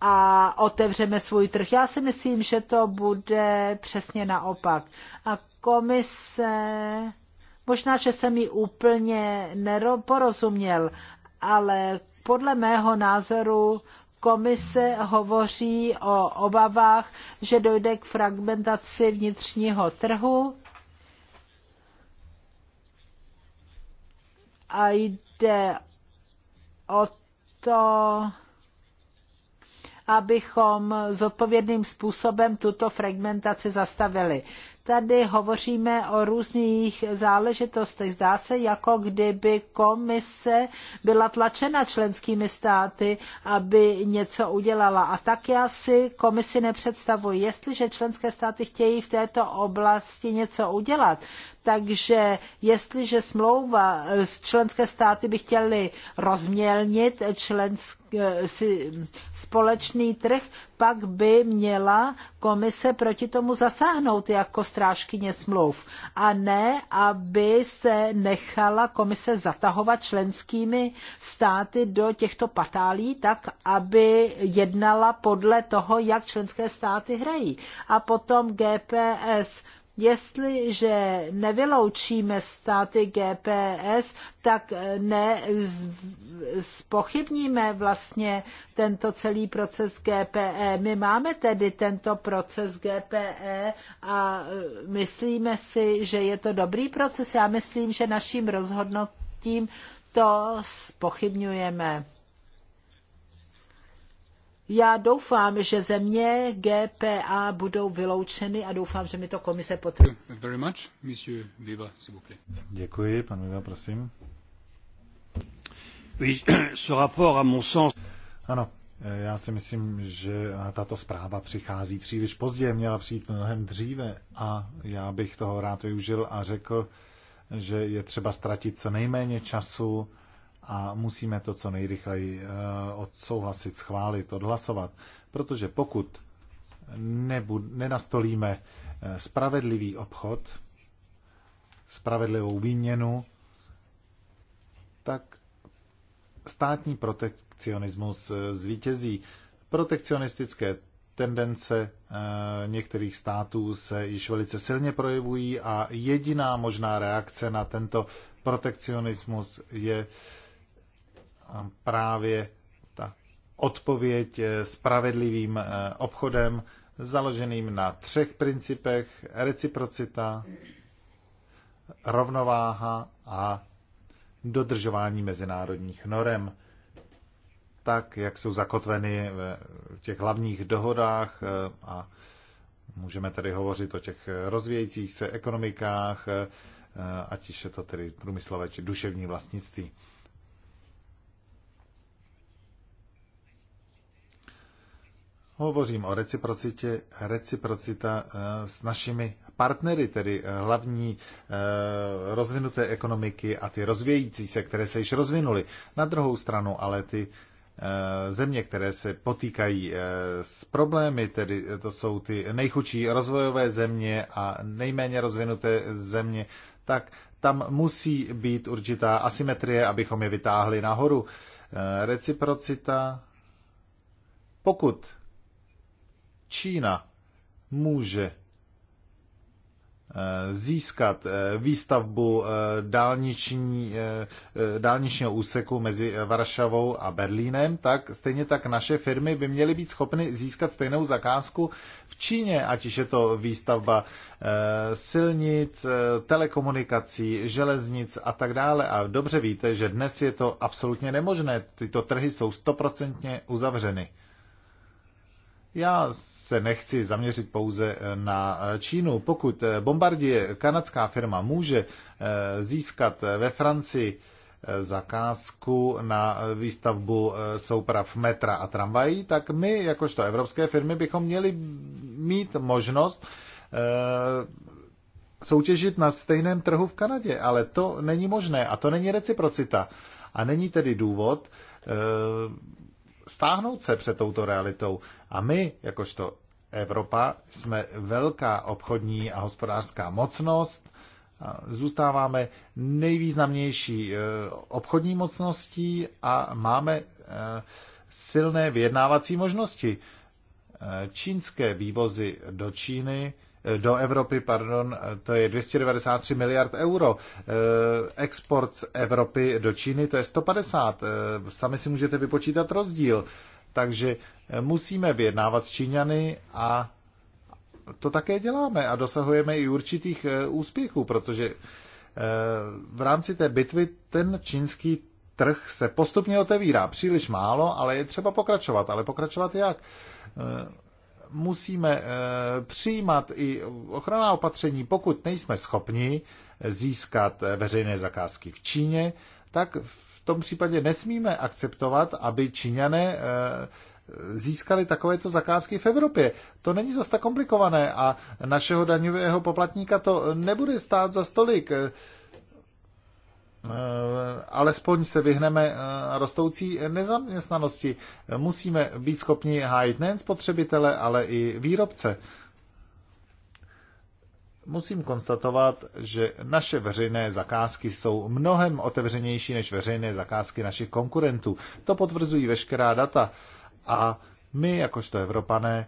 a otevřeme svůj trh. Já si myslím, že to bude přesně naopak. A komise, možná, že jsem ji úplně neporozuměl, ale podle mého názoru komise hovoří o obavách, že dojde k fragmentaci vnitřního trhu a jde o to, abychom zodpovědným způsobem tuto fragmentaci zastavili tady hovoříme o různých záležitostech. Zdá se, jako kdyby komise byla tlačena členskými státy, aby něco udělala. A tak já si komisi nepředstavuji. Jestliže členské státy chtějí v této oblasti něco udělat, takže jestliže smlouva z eh, členské státy by chtěly rozmělnit členský eh, společný trh, pak by měla komise proti tomu zasáhnout jako strážkyně smluv a ne, aby se nechala komise zatahovat členskými státy do těchto patálí, tak aby jednala podle toho, jak členské státy hrají. A potom GPS Jestliže nevyloučíme státy GPS, tak eh, ne spochybníme vlastně tento celý proces GPE. My máme tedy tento proces GPE a eh, myslíme si, že je to dobrý proces. Já myslím, že naším rozhodnutím to spochybňujeme. Já doufám, že země GPA budou vyloučeny a doufám, že mi to komise potvrdí. Děkuji, pan Viva, prosím. Ano, eh, já si myslím, že tato zpráva přichází příliš pozdě, měla přijít mnohem dříve a já bych toho rád využil a řekl, že je třeba ztratit co nejméně času a musíme to co nejrychleji eh, odsouhlasit, schválit, odhlasovat. Protože pokud nebu- nenastolíme eh, spravedlivý obchod, spravedlivou výměnu, tak státní protekcionismus eh, zvítězí. Protekcionistické tendence některých států se již velice silně projevují a jediná možná reakce na tento protekcionismus je právě ta odpověď spravedlivým eh, obchodem založeným na třech principech reciprocita, rovnováha a dodržování mezinárodních norem, tak jak jsou zakotveny v těch hlavních dohodách eh, a můžeme tady hovořit o těch rozvíjejících se ekonomikách, eh, ať již je to tedy průmyslové či duševní vlastnictví. Hovořím o reciprocitě, reciprocita eh, s našimi partnery, tedy eh, hlavní eh, rozvinuté ekonomiky a ty rozvějící se, které se již rozvinuly. Na druhou stranu ale ty země, které se potýkají s problémy, tedy to jsou ty nejchučší rozvojové země a nejméně rozvinuté země, tak tam musí být určitá asymetrie, abychom je vytáhli nahoru. Reciprocita, pokud Čína může eh, získat eh, výstavbu eh, dálniční, dálničního úseku mezi Varšavou a Berlínem, tak stejně tak naše firmy by měly být schopny získat stejnou zakázku v Číně, ať je to výstavba silnic, telekomunikací, železnic a tak dále. A dobře víte, že dnes je to absolutně nemožné. Tyto trhy jsou stoprocentně uzavřeny. Já se nechci zaměřit pouze eh, na eh, Čínu. Pokud eh, Bombardier, kanadská firma, může získat ve Francii zakázku na výstavbu souprav metra a tramvají, tak my, jakožto evropské firmy, bychom měli mít možnost soutěžit na stejném trhu v Kanadě, ale to není možné a to není reciprocita. A není tedy důvod stáhnout se před touto realitou. A my, jakožto Evropa, jsme velká obchodní a hospodářská mocnost, zůstáváme nejvýznamnější e, obchodní mocností a máme e, silné vyjednávací možnosti. E, čínské vývozy do Číny, do Evropy, pardon, to je 293 miliard euro. Export z Evropy do Číny, to je 150. Sami si můžete vypočítat rozdíl. Takže eh, musíme vyjednávat s Číňany a to také děláme a dosahujeme i určitých eh, úspěchů, protože eh, v rámci té bitvy ten čínský trh se postupně otevírá. Příliš málo, ale je třeba pokračovat. Ale pokračovat jak? Musíme přijímat i ochranná opatření, pokud nejsme schopni získat veřejné zakázky v Číně, tak v tom případě nesmíme akceptovat, aby Číňané eh, získali takovéto zakázky v Evropě. To není zas tak komplikované a našeho daňového poplatníka to nebude stát za stolik. Eh, alespoň se vyhneme eh, rostoucí nezaměstnanosti. Musíme být schopni hájit nejen spotřebitele, ale i výrobce musím konstatovat, že naše veřejné zakázky jsou mnohem otevřenější než veřejné zakázky našich konkurentů. To potvrzují veškerá data. A my, jakožto Evropané,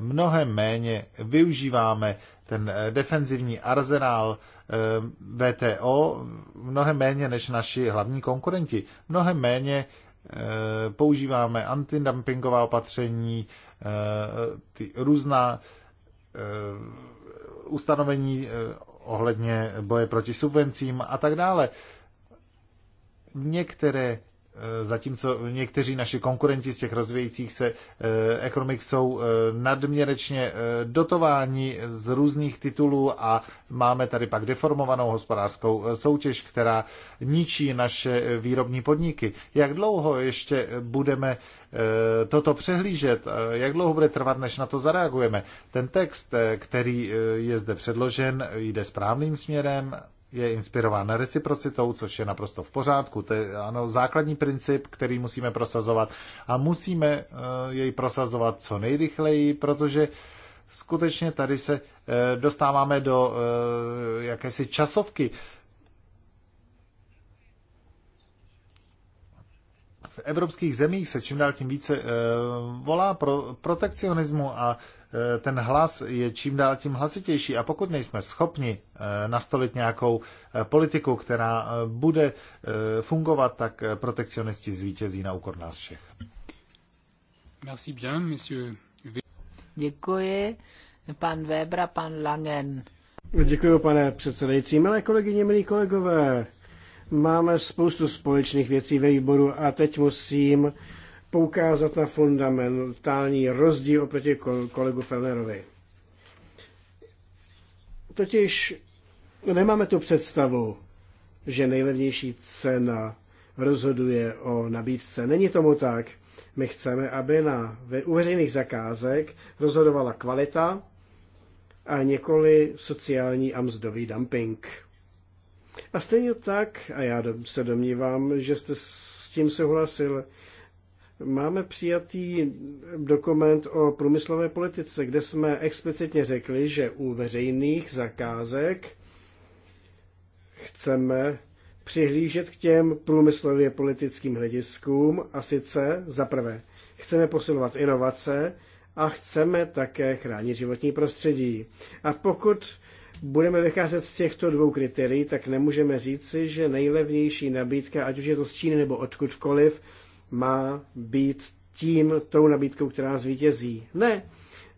mnohem méně využíváme ten eh, defenzivní arzenál eh, VTO, mnohem méně než naši hlavní konkurenti. Mnohem méně eh, používáme antidumpingová opatření, ty různá ustanovení eh, ohledně boje proti subvencím a tak dále. Některé Eh, zatímco někteří naši konkurenti z těch rozvíjejících se eh, ekonomik jsou eh, nadměrečně dotováni z různých titulů a máme tady pak deformovanou hospodářskou soutěž, která ničí naše výrobní podniky. Jak dlouho ještě budeme toto přehlížet, jak dlouho bude trvat, než na to zareagujeme. Ten text, který je zde předložen, jde správným směrem, je inspirována reciprocitou, což je naprosto v pořádku. To je ano, základní princip, který musíme prosazovat a musíme eh, jej prosazovat co nejrychleji, protože skutečně tady se eh, dostáváme do eh, jakési časovky. V evropských zemích se čím dál tím více volá pro protekcionismu a Eh, ten hlas je čím dál tím hlasitější a pokud nejsme schopni eh, nastolit nějakou eh, politiku, která bude fungovat, tak protekcionisti zvítězí na úkor nás všech. Merci bien, monsieur. Děkuji. Pan Weber a pan Langen. Děkuji, pane předsedající. Milé kolegyně, milí kolegové, máme spoustu společných věcí ve výboru a teď musím poukázat na fundamentální rozdíl oproti kolegu Fellnerovi. Totiž nemáme tu představu, že nejlevnější cena rozhoduje o nabídce. Není tomu tak. My chceme, aby na u veřejných zakázek rozhodovala kvalita a nikoli sociální a mzdový dumping. A stejně tak, a já se domnívám, že jste s tím souhlasil, Máme přijatý dokument o průmyslové politice, kde jsme explicitně řekli, že u veřejných zakázek chceme přihlížet k těm průmyslově politickým hlediskům a sice za prvé chceme posilovat inovace a chceme také chránit životní prostředí. A pokud budeme vycházet z těchto dvou kritérií, tak nemůžeme říci, že nejlevnější nabídka, ať už je to z Číny nebo odkudkoliv, má být tím, tou nabídkou, která zvítězí. Ne,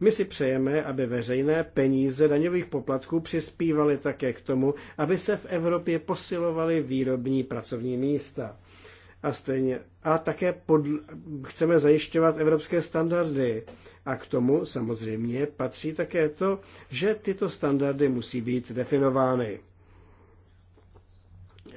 my si přejeme, aby veřejné peníze daňových poplatků přispívaly také k tomu, aby se v Evropě posilovaly výrobní pracovní místa. A, stejně, a také pod, chceme zajišťovat evropské standardy. A k tomu samozřejmě patří také to, že tyto standardy musí být definovány.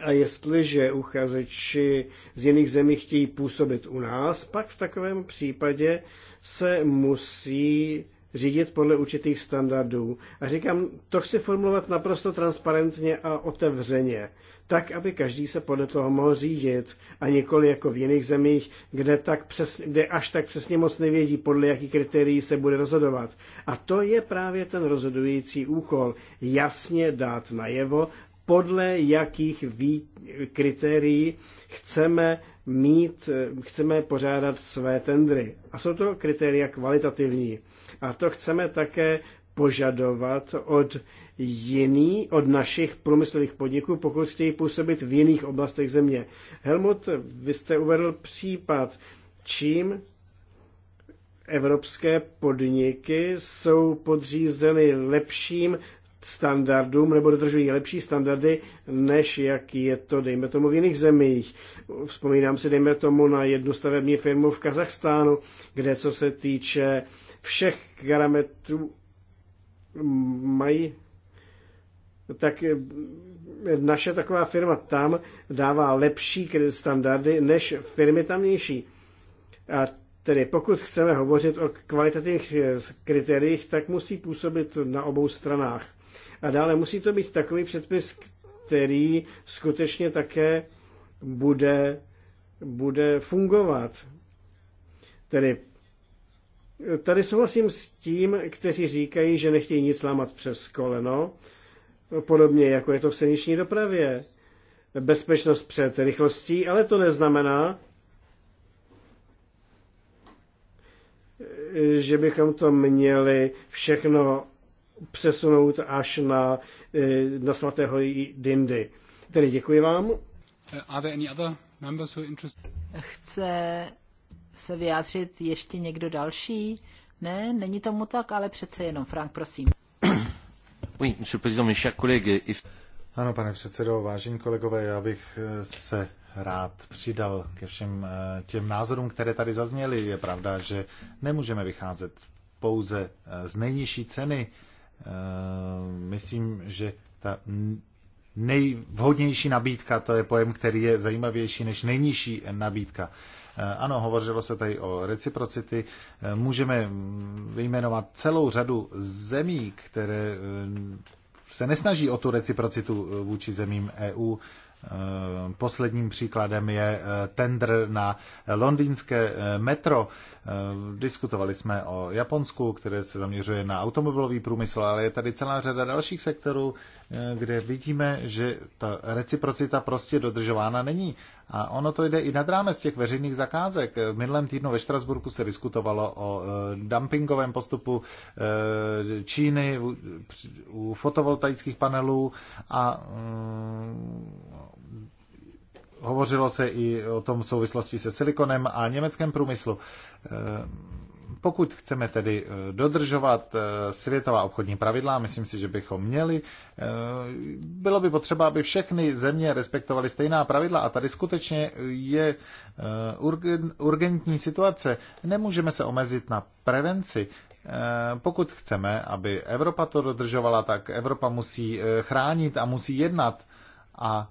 A jestliže uchazeči z jiných zemí chtějí působit u nás, pak v takovém případě se musí řídit podle určitých standardů. A říkám, to chci formulovat naprosto transparentně a otevřeně, tak, aby každý se podle toho mohl řídit a nikoli jako v jiných zemích, kde, tak přes, kde až tak přesně moc nevědí, podle jakých kritérií se bude rozhodovat. A to je právě ten rozhodující úkol, jasně dát najevo podle jakých kritérií chceme mít, chceme pořádat své tendry. A jsou to kritéria kvalitativní. A to chceme také požadovat od jiný, od našich průmyslových podniků, pokud chtějí působit v jiných oblastech země. Helmut, vy jste uvedl případ, čím evropské podniky jsou podřízeny lepším standardům nebo dodržují lepší standardy, než jak je to, dejme tomu, v jiných zemích. Vzpomínám si, dejme tomu, na jednu stavební firmu v Kazachstánu, kde co se týče všech parametrů mají tak naše taková firma tam dává lepší standardy než firmy tamnější. A tedy pokud chceme hovořit o kvalitativních eh, kritériích, tak musí působit na obou stranách. A dále musí to být takový předpis, který skutečně také bude, bude fungovat. Tedy tady souhlasím s tím, kteří říkají, že nechtějí nic lámat přes koleno, podobně jako je to v silniční dopravě. Bezpečnost před rychlostí, ale to neznamená, že bychom to měli všechno přesunout až na, eh, na svatého Dindy. Tedy děkuji vám. Eh, Chce se vyjádřit ještě někdo další? Ne, není tomu tak, ale přece jenom. Frank, prosím. Oui, monsieur le président, mes chers collègues, if... Ano, pane předsedo, vážení kolegové, já bych eh, se rád přidal ke všem těm názorům, které tady zazněly. Je pravda, že nemůžeme vycházet pouze z nejnižší ceny Eh, myslím, že ta nejvhodnější nabídka, to je pojem, který je zajímavější než nejnižší nabídka. Eh, ano, hovořilo se tady o reciprocity. Eh, můžeme mm, vyjmenovat celou řadu zemí, které se nesnaží o tu reciprocitu vůči zemím EU. Posledním příkladem je tender na londýnské metro, Eh, diskutovali jsme o Japonsku, které se zaměřuje na automobilový průmysl, ale je tady celá řada dalších sektorů, eh, kde vidíme, že ta reciprocita prostě dodržována není. A ono to jde i nad rámec těch veřejných zakázek. Eh, v minulém týdnu ve Štrasburku se diskutovalo o dumpingovém postupu Číny u fotovoltaických panelů a mm, Hovořilo se i o tom v souvislosti se silikonem a německém průmyslu. E, pokud chceme tedy e, dodržovat e, světová obchodní pravidla, myslím si, že bychom měli, bylo by potřeba, aby všechny země respektovaly stejná pravidla a tady skutečně je urgentní situace. Nemůžeme se omezit na prevenci. Pokud chceme, aby Evropa to dodržovala, tak Evropa musí chránit a musí jednat. A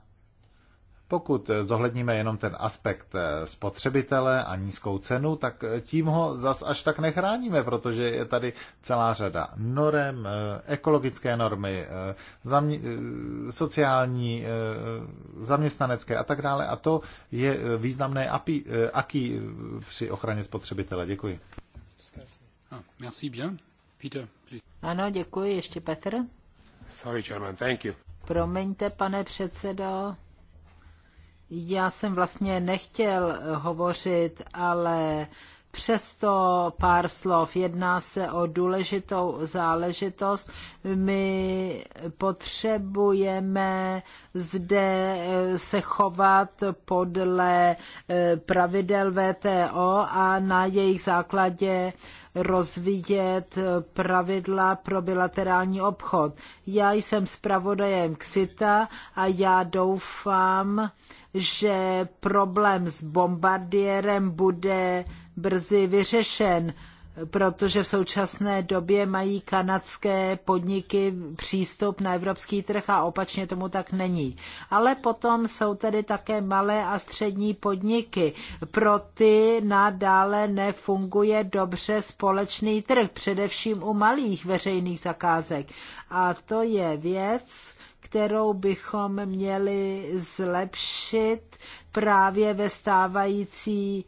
pokud zohledníme jenom ten aspekt eh, spotřebitele a nízkou cenu, tak eh, tím ho zas až tak nechráníme, protože je tady celá řada norem, eh, ekologické normy, zamě- sociální, zaměstnanecké a tak dále. A to je významné api, aký při ochraně spotřebitele. Děkuji. Ah, merci bien. Peter, Ano, děkuji. Ještě Petr. Sorry, German, thank you. Promiňte, pane předsedo. Já jsem vlastně nechtěl hovořit, ale Přesto pár slov. Jedná se o důležitou záležitost. My potřebujeme zde eh, se chovat podle eh, pravidel VTO a na jejich základě rozvíjet eh, pravidla pro bilaterální obchod. Já jsem zpravodajem XITA a já doufám, že problém s bombardierem bude brzy vyřešen, protože v současné době mají kanadské podniky přístup na evropský trh a opačně tomu tak není. Ale potom jsou tady také malé a střední podniky. Pro ty nadále nefunguje dobře společný trh, především u malých veřejných zakázek. A to je věc, kterou bychom měli zlepšit právě ve stávající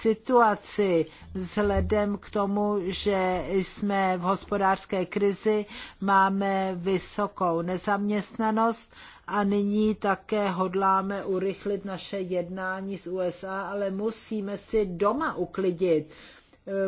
situaci vzhledem k tomu, že jsme v hospodářské krizi, máme vysokou nezaměstnanost a nyní také hodláme urychlit naše jednání s USA, ale musíme si doma uklidit.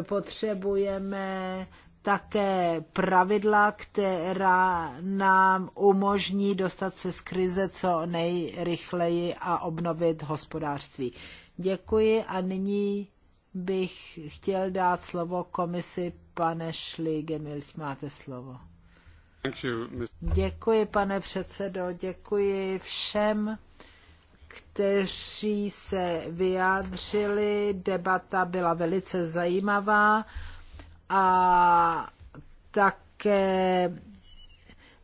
Potřebujeme také pravidla, která nám umožní dostat se z krize co nejrychleji a obnovit hospodářství. Děkuji a nyní bych chtěl dát slovo komisi. Pane Šlígemilch, máte slovo. Děkuji, pane předsedo, děkuji všem, kteří se vyjádřili. Debata byla velice zajímavá a také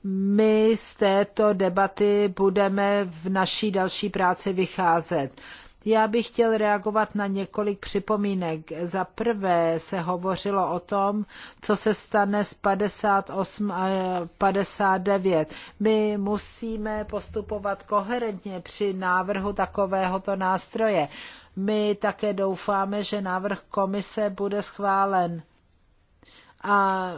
my z této debaty budeme v naší další práci vycházet. Já bych chtěl reagovat na několik připomínek. Za prvé se hovořilo o tom, co se stane z 58 a 59. My musíme postupovat koherentně při návrhu takovéhoto nástroje. My také doufáme, že návrh komise bude schválen a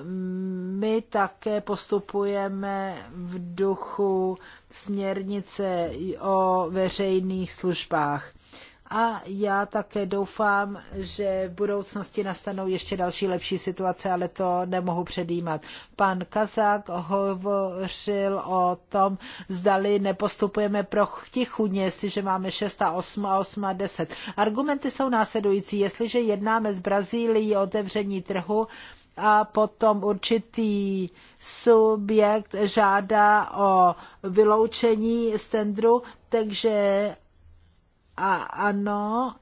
my také postupujeme v duchu směrnice o veřejných službách a já také doufám, že v budoucnosti nastanou ještě další lepší situace, ale to nemohu předjímat. Pan Kazak hovořil o tom, zdali nepostupujeme protichudně, jestliže máme 6 a 8 a 8 a 10. Argumenty jsou následující. Jestliže jednáme s Brazílií o otevření trhu, a potom určitý subjekt žádá o vyloučení z tendru, takže a ano,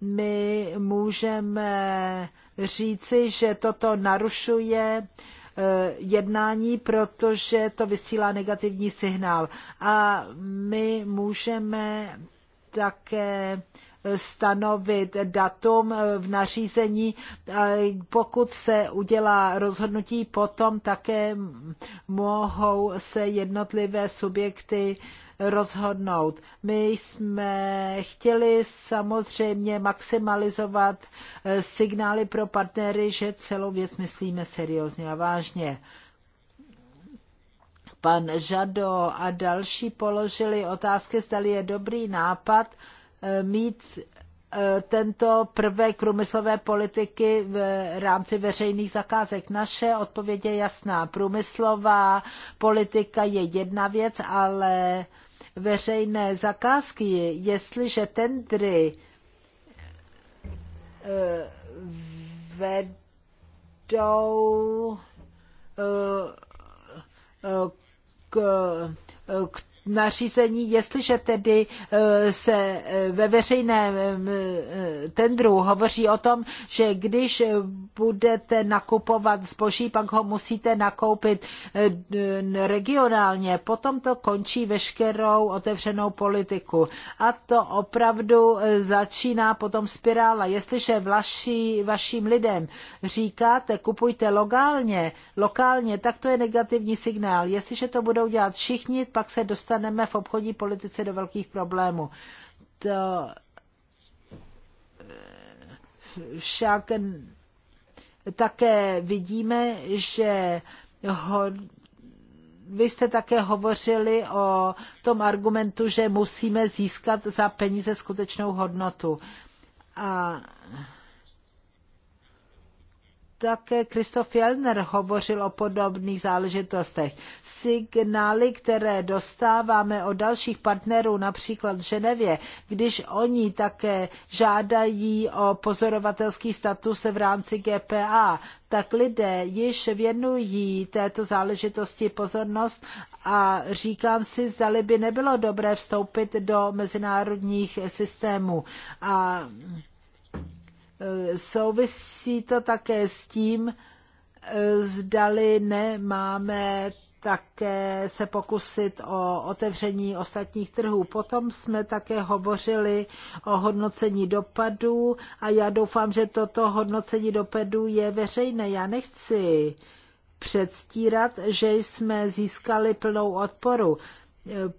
my můžeme říci, že toto narušuje eh, jednání, protože to vysílá negativní signál. A my můžeme také eh, stanovit datum eh, v nařízení. Pokud se udělá rozhodnutí, potom také mohou se jednotlivé subjekty rozhodnout. My jsme chtěli samozřejmě maximalizovat eh, signály pro partnery, že celou věc myslíme seriózně a vážně pan Žado a další položili otázky, zda je dobrý nápad eh, mít eh, tento prvek průmyslové politiky v rámci veřejných zakázek. Naše odpověď je jasná. Průmyslová politika je jedna věc, ale veřejné zakázky, jestliže tendry eh, vedou eh, eh, k, k nařízení, jestliže tedy eh, se eh, ve veřejném eh, tendru hovoří o tom, že když budete nakupovat zboží, pak ho musíte nakoupit regionálně, potom to končí veškerou otevřenou politiku. A to opravdu začíná potom spirála. Jestliže vaši, vašim lidem říkáte, kupujte lokálně, lokálně, tak to je negativní signál. Jestliže to budou dělat všichni, pak se dostane dostaneme v obchodní politice do velkých problémů. To eh, však také vidíme, že ho, vy jste také hovořili o tom argumentu, že musíme získat za peníze skutečnou hodnotu. A také Kristof Jelner hovořil o podobných záležitostech. Signály, které dostáváme od dalších partnerů, například v Ženevě, když oni také žádají o pozorovatelský status v rámci GPA, tak lidé již věnují této záležitosti pozornost a říkám si, zdali by nebylo dobré vstoupit do mezinárodních systémů. A Souvisí to také s tím, eh, zdali nemáme také se pokusit o otevření ostatních trhů. Potom jsme také hovořili o hodnocení dopadů a já doufám, že toto hodnocení dopadů je veřejné. Já nechci předstírat, že jsme získali plnou odporu. Eh,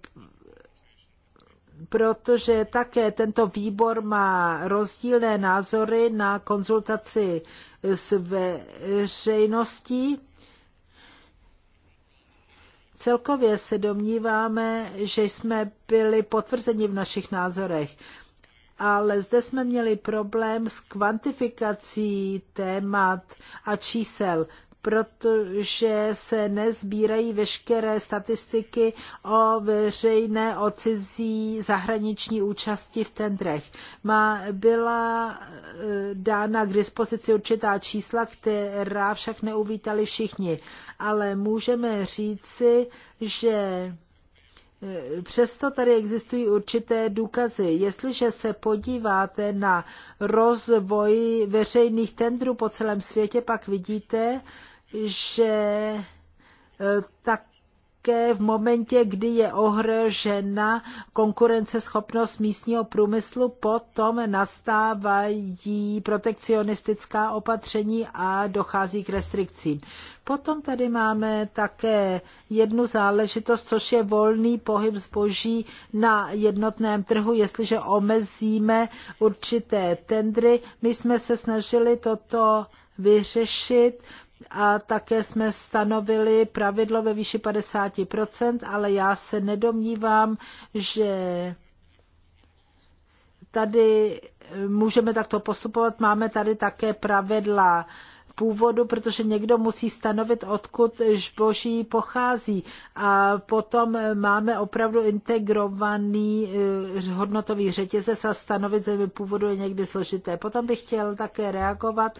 protože také tento výbor má rozdílné názory na konzultaci s veřejností. Celkově se domníváme, že jsme byli potvrzeni v našich názorech, ale zde jsme měli problém s kvantifikací témat a čísel protože se nezbírají veškeré statistiky o veřejné o cizí zahraniční účasti v tendrech. Má, byla eh, dána k dispozici určitá čísla, která však neuvítali všichni, ale můžeme říci, že eh, Přesto tady existují určité důkazy. Jestliže se podíváte na rozvoj veřejných tendrů po celém světě, pak vidíte, že e, také v momentě, kdy je ohrožena konkurenceschopnost místního průmyslu, potom nastávají protekcionistická opatření a dochází k restrikcím. Potom tady máme také jednu záležitost, což je volný pohyb zboží na jednotném trhu, jestliže omezíme určité tendry. My jsme se snažili toto vyřešit a také jsme stanovili pravidlo ve výši 50%, ale já se nedomnívám, že tady můžeme takto postupovat. Máme tady také pravidla původu, protože někdo musí stanovit, odkud zboží pochází. A potom máme opravdu integrovaný eh, hodnotový řetězec a stanovit zemi původu je někdy složité. Potom bych chtěl také reagovat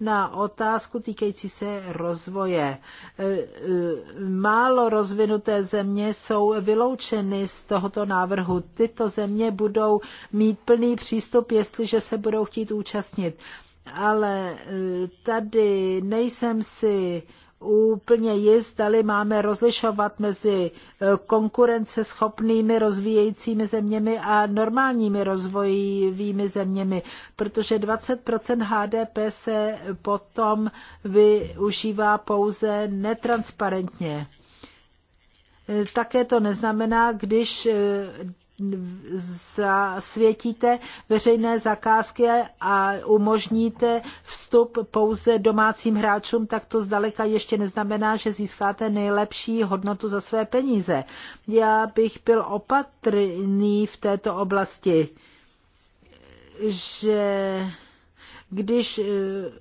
na otázku týkající se rozvoje. Eh, eh, málo rozvinuté země jsou vyloučeny z tohoto návrhu. Tyto země budou mít plný přístup, jestliže se budou chtít účastnit ale eh, tady nejsem si úplně jist, dali máme rozlišovat mezi eh, konkurenceschopnými rozvíjejícími zeměmi a normálními rozvojovými zeměmi, protože 20% HDP se potom využívá pouze netransparentně. Eh, také to neznamená, když zasvětíte veřejné zakázky a umožníte vstup pouze domácím hráčům, tak to zdaleka ještě neznamená, že získáte nejlepší hodnotu za své peníze. Já bych byl opatrný v této oblasti, že když eh,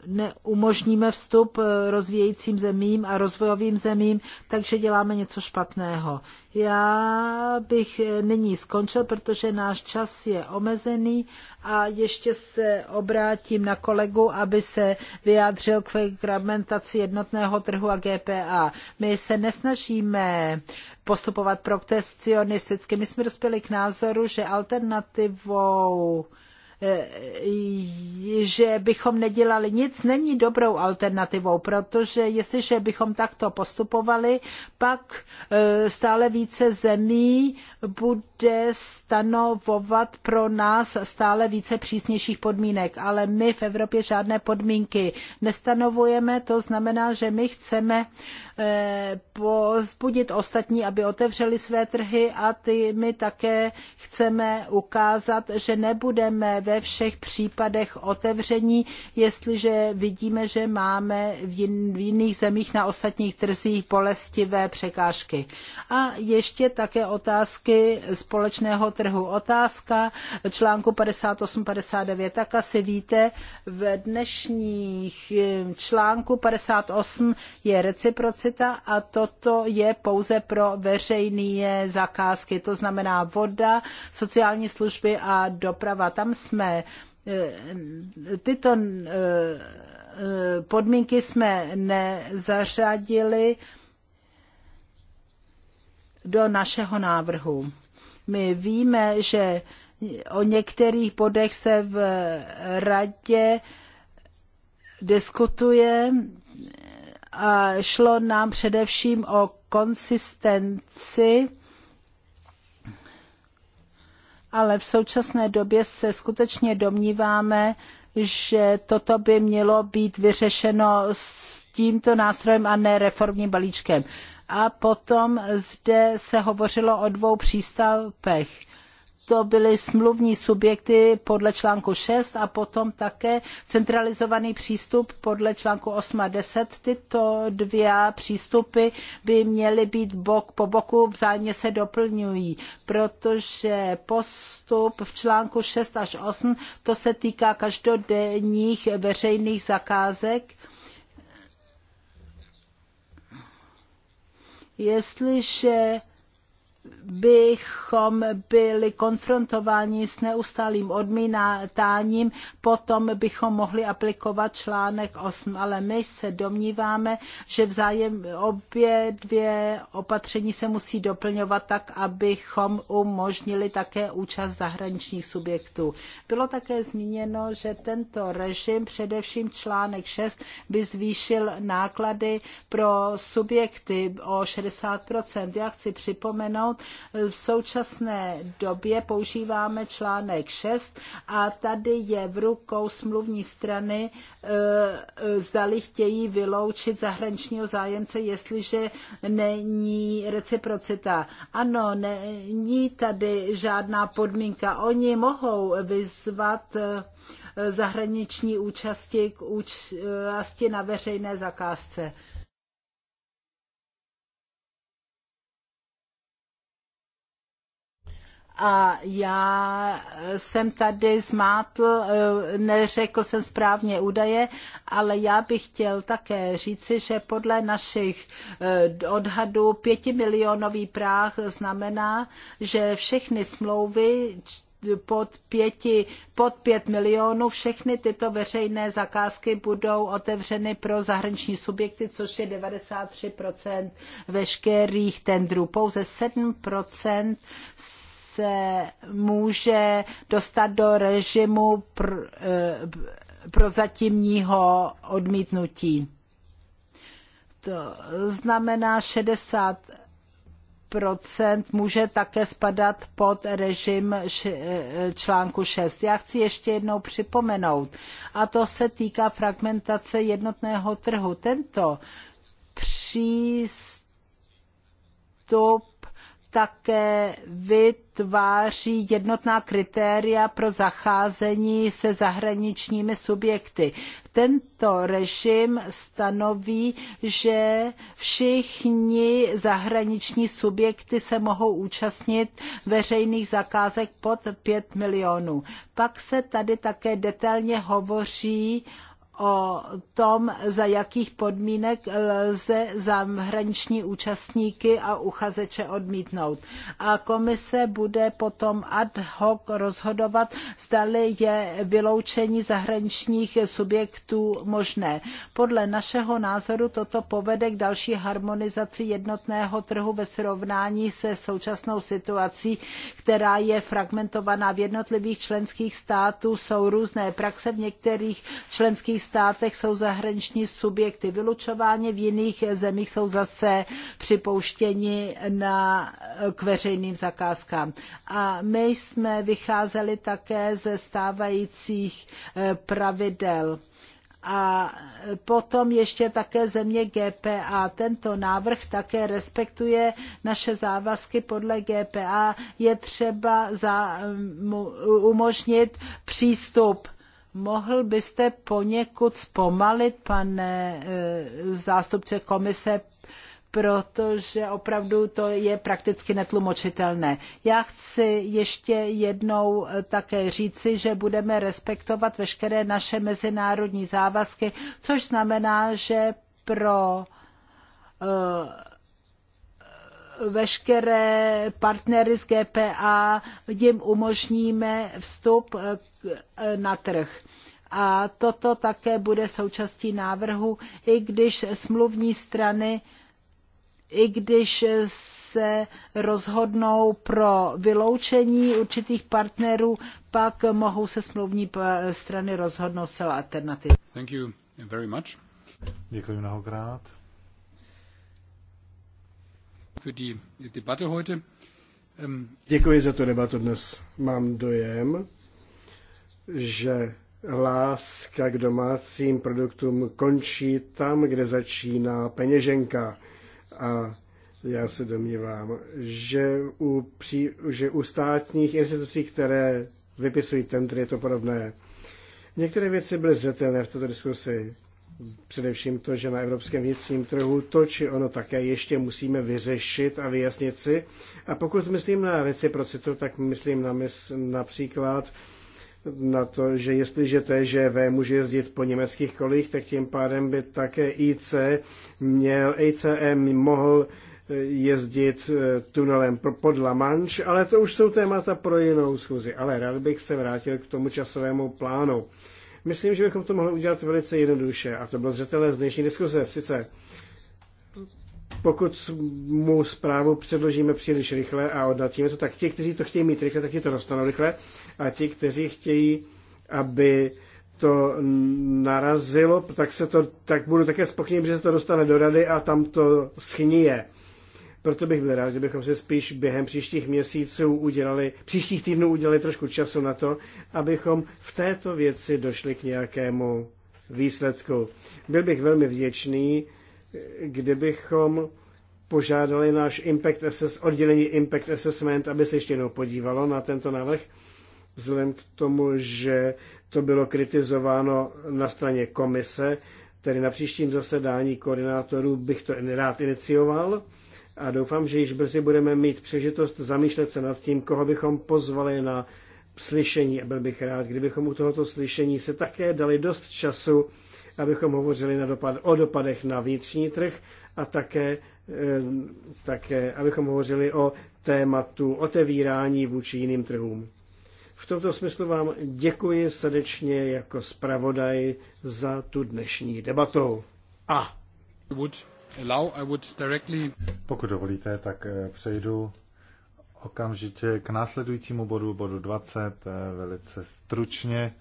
neumožníme vstup eh, rozvíjejícím zemím a rozvojovým zemím, takže děláme něco špatného. Já bych eh, nyní skončil, protože náš čas je omezený a ještě se obrátím na kolegu, aby se vyjádřil k fragmentaci jednotného trhu a GPA. My se nesnažíme postupovat protekcionisticky. My jsme dospěli k názoru, že alternativou Eh, že bychom nedělali nic, není dobrou alternativou, protože jestliže bychom takto postupovali, pak eh, stále více zemí bude stanovovat pro nás stále více přísnějších podmínek, ale my v Evropě žádné podmínky nestanovujeme, to znamená, že my chceme pozbudit ostatní, aby otevřeli své trhy a ty my také chceme ukázat, že nebudeme ve všech případech otevření, jestliže vidíme, že máme v jiných zemích na ostatních trzích bolestivé překážky. A ještě také otázky společného trhu. Otázka článku 58-59. Tak asi víte, v dnešních eh, článku 58 je reciprocita kapacita a toto je pouze pro veřejné zakázky, to znamená voda, sociální služby a doprava. Tam jsme eh, tyto eh, eh, podmínky jsme nezařadili do našeho návrhu. My víme, že o některých bodech se v radě diskutuje šlo nám především o konsistenci, ale v současné době se skutečně domníváme, že toto by mělo být vyřešeno s tímto nástrojem a ne reformním balíčkem. A potom zde se hovořilo o dvou přístavech to byly smluvní subjekty podle článku 6 a potom také centralizovaný přístup podle článku 8 a 10. Tyto dvě přístupy by měly být bok po boku, vzájemně se doplňují, protože postup v článku 6 až 8, to se týká každodenních veřejných zakázek, jestliže bychom byli konfrontováni s neustálým odmítáním, potom bychom mohli aplikovat článek 8, ale my se domníváme, že vzájem obě dvě opatření se musí doplňovat tak, abychom umožnili také účast zahraničních subjektů. Bylo také zmíněno, že tento režim, především článek 6, by zvýšil náklady pro subjekty o 60%. Já chci připomenout, v současné době používáme článek 6 a tady je v rukou smluvní strany, e, e, zdali chtějí vyloučit zahraničního zájemce, jestliže není reciprocita. Ano, není tady žádná podmínka. Oni mohou vyzvat e, zahraniční účasti k účasti na veřejné zakázce. a já eh, jsem tady zmátl, eh, neřekl jsem správně údaje, ale já bych chtěl také říci, že podle našich eh, odhadů pětimilionový práh znamená, že všechny smlouvy pod, pěti, pod pět milionů. Všechny tyto veřejné zakázky budou otevřeny pro zahraniční subjekty, což je 93% veškerých tendrů. Pouze 7% se může dostat do režimu pr, eh, prozatímního odmítnutí. To znamená 60 může také spadat pod režim eh, článku 6. Já chci ještě jednou připomenout, a to se týká fragmentace jednotného trhu. Tento přístup také vytváří jednotná kritéria pro zacházení se zahraničními subjekty. Tento režim stanoví, že všichni zahraniční subjekty se mohou účastnit veřejných zakázek pod 5 milionů. Pak se tady také detailně hovoří o tom, za jakých podmínek lze zahraniční účastníky a uchazeče odmítnout. A komise bude potom ad hoc rozhodovat, zdali je vyloučení zahraničních subjektů možné. Podle našeho názoru toto povede k další harmonizaci jednotného trhu ve srovnání se současnou situací, která je fragmentovaná v jednotlivých členských států. Jsou různé praxe v některých členských státech jsou zahraniční subjekty vylučováni, v jiných zemích jsou zase připouštěni na, k veřejným zakázkám. A my jsme vycházeli také ze stávajících eh, pravidel a potom ještě také země GPA. Tento návrh také respektuje naše závazky podle GPA. Je třeba za, mm, umožnit přístup Mohl byste poněkud zpomalit, pane eh, zástupce komise, protože opravdu to je prakticky netlumočitelné. Já chci ještě jednou eh, také říci, že budeme respektovat veškeré naše mezinárodní závazky, což znamená, že pro uh, veškeré partnery z GPA jim umožníme vstup eh, na trh. A toto také bude součástí návrhu, i když smluvní strany i když se rozhodnou pro vyloučení určitých partnerů, pak mohou se smluvní eh, strany rozhodnout celá alternativy. Děkuji mnohokrát. Ähm, Děkuji za tu debatu dnes. Mám dojem, že láska k domácím produktům končí tam, kde začíná peněženka. A já se domnívám, že u, při, že u státních institucí, které vypisují tendry, je to podobné. Některé věci byly zřetelné v této diskusi především to, že na evropském vnitřním trhu to či ono také ještě musíme vyřešit a vyjasnit si. A pokud myslím na reciprocitu, tak myslím na mys, například na to, že jestliže TGV může jezdit po německých kolích, tak tím pádem by také IC měl, ICM e mohl eh, jezdit eh, tunelem pod La Manche, ale to už jsou témata pro jinou schůzi. Ale rád bych se vrátil k tomu časovému plánu. Myslím, že bychom to mohli udělat velice jednoduše a to bylo zřetelné z dnešní diskuze. Sice pokud mu zprávu předložíme příliš rychle a odnatíme to, tak ti, kteří to chtějí mít rychle, tak ti to dostanou rychle a ti, kteří chtějí, aby to narazilo, tak se to, tak budu také spokněn, že se to dostane do rady a tam to schníje. Proto bych byl rád, kdybychom se spíš během příštích měsíců udělali, příštích týdnů udělali trošku času na to, abychom v této věci došli k nějakému výsledku. Byl bych velmi vděčný, kdybychom požádali náš Impact Assess, oddělení Impact Assessment, aby se ještě jednou podívalo na tento návrh, vzhledem k tomu, že to bylo kritizováno na straně komise, tedy na příštím zasedání koordinátorů bych to rád inicioval a doufám, že již brzy budeme mít přežitost zamýšlet se nad tím, koho bychom pozvali na slyšení a byl bych rád, kdybychom u tohoto slyšení se také dali dost času, abychom hovořili na dopad, o dopadech na vnitřní trh a také, eh, také, abychom hovořili o tématu otevírání vůči jiným trhům. V tomto smyslu vám děkuji srdečně jako zpravodaj za tu dnešní debatou. A. Pokud dovolíte, tak eh, přejdu okamžitě k následujícímu bodu, bodu 20, eh, velice stručně.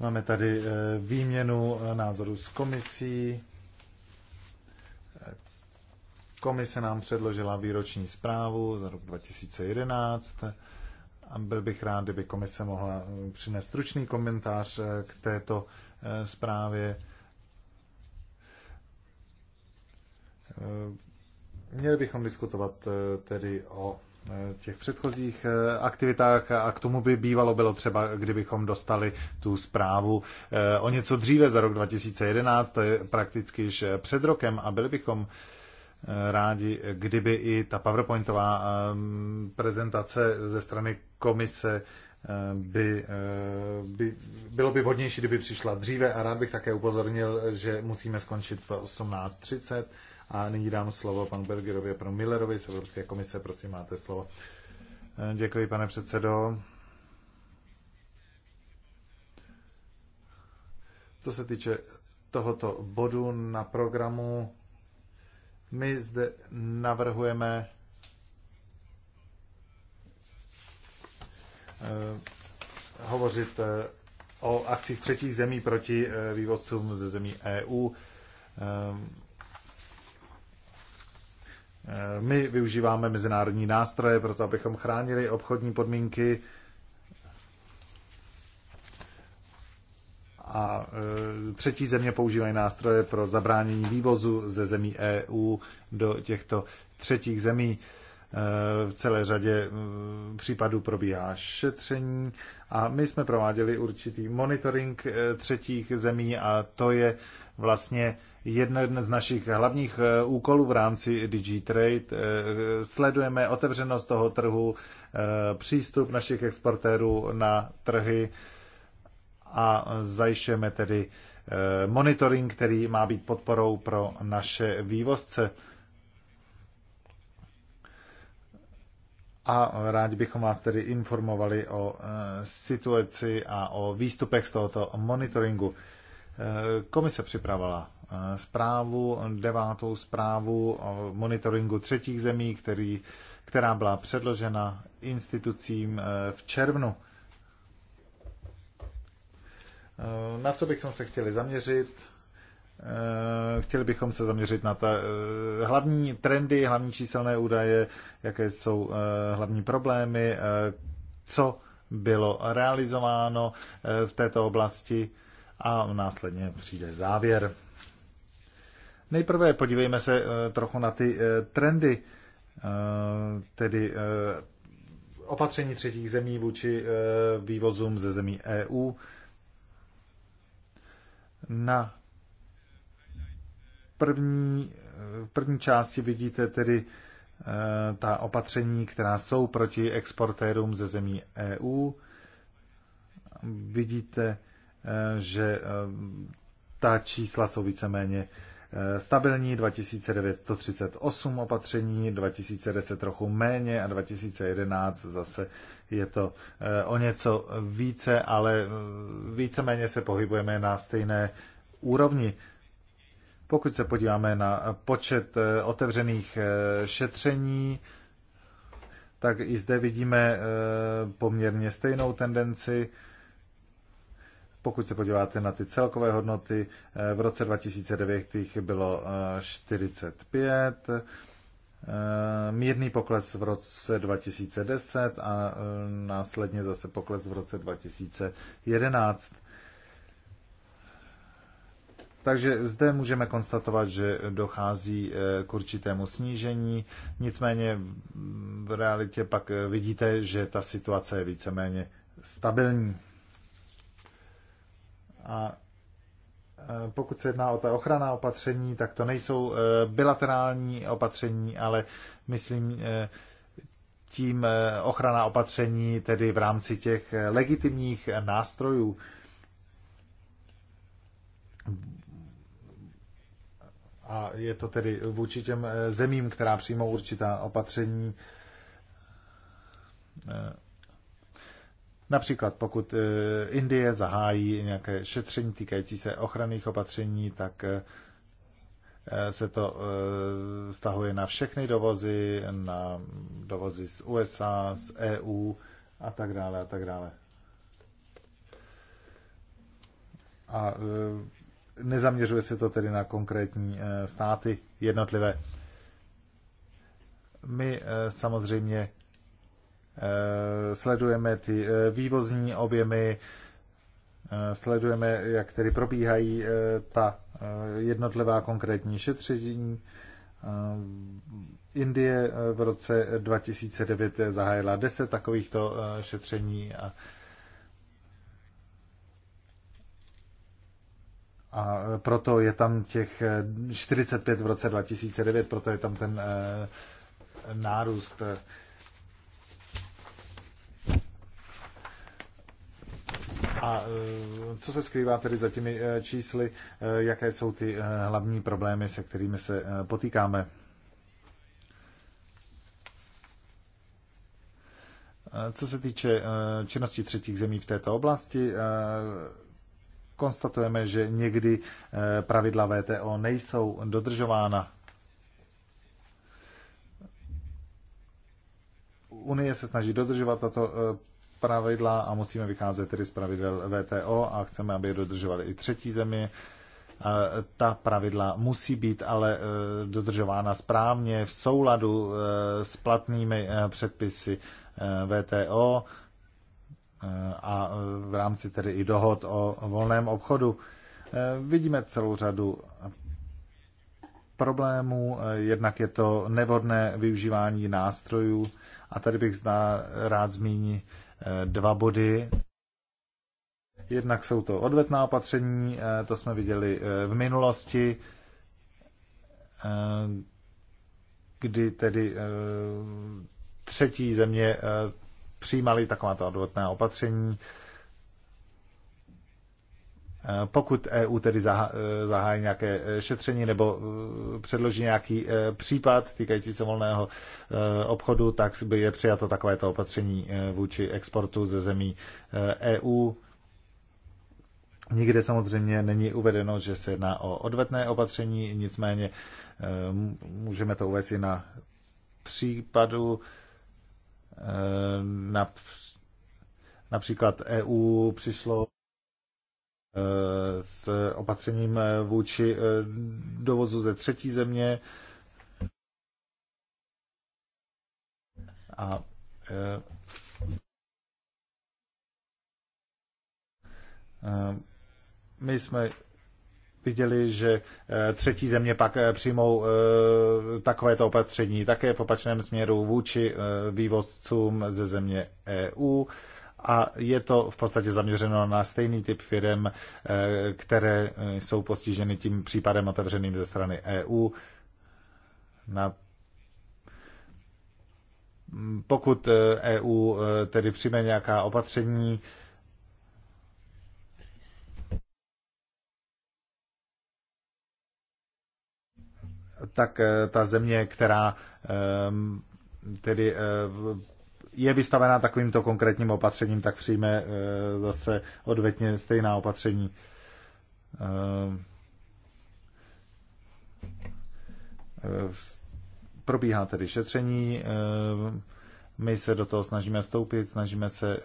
Máme tady eh, výměnu názorů s komisí. Komise nám předložila výroční zprávu za rok 2011 a byl bych rád, kdyby komise mohla přinést stručný komentář k této zprávě Eh, měli bychom diskutovat eh, tedy o eh, těch předchozích aktivitách a k tomu by bývalo bylo třeba, kdybychom dostali tu zprávu o něco dříve za rok 2011, to je prakticky již před rokem a byli bychom rádi, kdyby i ta PowerPointová prezentace ze strany komise by, by, bylo by vhodnější, kdyby přišla dříve a rád bych také upozornil, že musíme skončit v 18.30 a nyní dám slovo panu Bergerovi a panu Millerovi z Evropské komise. Prosím, máte slovo. Eh, děkuji, pane předsedo. Co se týče tohoto bodu na programu, my zde navrhujeme eh, hovořit eh, o akcích třetích zemí proti vývozcům ze zemí EU. Eh, my využíváme mezinárodní nástroje pro to, abychom chránili obchodní podmínky a eh, třetí země používají nástroje pro zabránění vývozu ze zemí EU do těchto třetích zemí. Eh, v celé řadě případů probíhá šetření a my jsme prováděli určitý monitoring třetích zemí a to je vlastně jeden z našich hlavních eh, úkolů v rámci DigiTrade. Eh, sledujeme otevřenost toho trhu, eh, přístup našich exportérů na trhy a zajišťujeme tedy monitoring, který má být podporou pro naše vývozce. A rádi bychom vás tedy informovali o situaci a o výstupech z tohoto monitoringu. Komise připravila zprávu, devátou zprávu o monitoringu třetích zemí, který, která byla předložena institucím eh, v červnu. Eh, na co bychom se chtěli zaměřit? Eh, chtěli bychom se zaměřit na ta hlavní trendy, hlavní číselné údaje, jaké jsou hlavní problémy, co bylo realizováno v této oblasti a následně přijde závěr. Nejprve podívejme se eh, trochu na ty eh, trendy, eh, tedy opatření třetích zemí vůči vývozům ze zemí EU. Na první, v první části vidíte tedy ta opatření, která jsou proti exportérům ze zemí EU. Vidíte, že ta čísla jsou víceméně Eh, stabilní, 2938 opatření, 2010 trochu méně a 2011 zase je to eh, o něco více, ale mm, víceméně se pohybujeme na stejné úrovni. Pokud se podíváme na počet eh, otevřených šetření, tak i zde vidíme poměrně stejnou tendenci. Pokud se podíváte na ty celkové hodnoty, eh, v roce 2009 jich bylo 45, eh, eh, mírný pokles v roce 2010 a následně zase pokles v roce 2011. Takže zde můžeme konstatovat, že dochází k určitému snížení, nicméně mm, v realitě pak vidíte, že ta situace je víceméně stabilní. A e, pokud se jedná o ta ochrana opatření, tak to nejsou e, bilaterální opatření, ale myslím e, tím ochrana opatření tedy v rámci těch legitimních nástrojů. A je to tedy vůči těm zemím, která přijmou určitá opatření Například pokud e, Indie zahájí nějaké šetření týkající se ochranných opatření, tak e, se to stahuje e, na všechny dovozy, na dovozy z USA, z EU a tak dále a tak dále. A nezaměřuje se to tedy na konkrétní státy jednotlivé. My samozřejmě Eh, sledujeme ty eh, vývozní objemy, eh, sledujeme, jak tedy probíhají ta jednotlivá konkrétní šetření. Indie v roce 2009 zahájila 10 takovýchto šetření a A proto je tam těch 45 v roce 2009, proto je tam ten nárůst. A e, co se skrývá tedy za těmi e, čísly? E, jaké jsou ty hlavní problémy, se kterými se potýkáme? Co se týče činnosti třetích zemí v této oblasti, konstatujeme, že někdy pravidla VTO nejsou dodržována. Unie se snaží dodržovat tato pravidla a musíme vycházet tedy z pravidel VTO a chceme, aby je dodržovali i třetí země. Ta pravidla musí být ale e, dodržována správně v souladu e, s platnými e, předpisy VTO a v rámci tedy i dohod o volném obchodu. Vidíme celou řadu problémů, jednak je to nevodné využívání nástrojů a tady bych zná, rád zmínil Eh, dva body. Jednak jsou to odvetná opatření, eh, to jsme viděli eh, v minulosti, kdy tedy třetí země přijímaly takováto odvetná opatření Eh, pokud EU tedy eh, zahájí nějaké eh, šetření nebo předloží nějaký případ týkající se volného obchodu, tak by je přijato takovéto opatření vůči exportu ze zemí EU. E Nikde samozřejmě není uvedeno, že se jedná o odvetné opatření, nicméně můžeme to uvést i na případu na, například EU přišlo Eh, s opatřením eh, vůči eh, dovozu ze třetí země. A my jsme viděli, že třetí země pak přijmou takovéto opatření také v opačném směru vůči vývozcům ze země EU a je to v podstatě zaměřeno na stejný typ firm, eh, které eh, jsou postiženy tím případem otevřeným ze strany EU. Na pokud EU eh, e tedy přijme nějaká opatření, tak ta země, která ehm, tedy je vystavená takovýmto konkrétním opatřením, tak přijme eh, zase odvetně stejná opatření. Eh, probíhá tedy šetření, eh, my se do toho snažíme vstoupit, snažíme se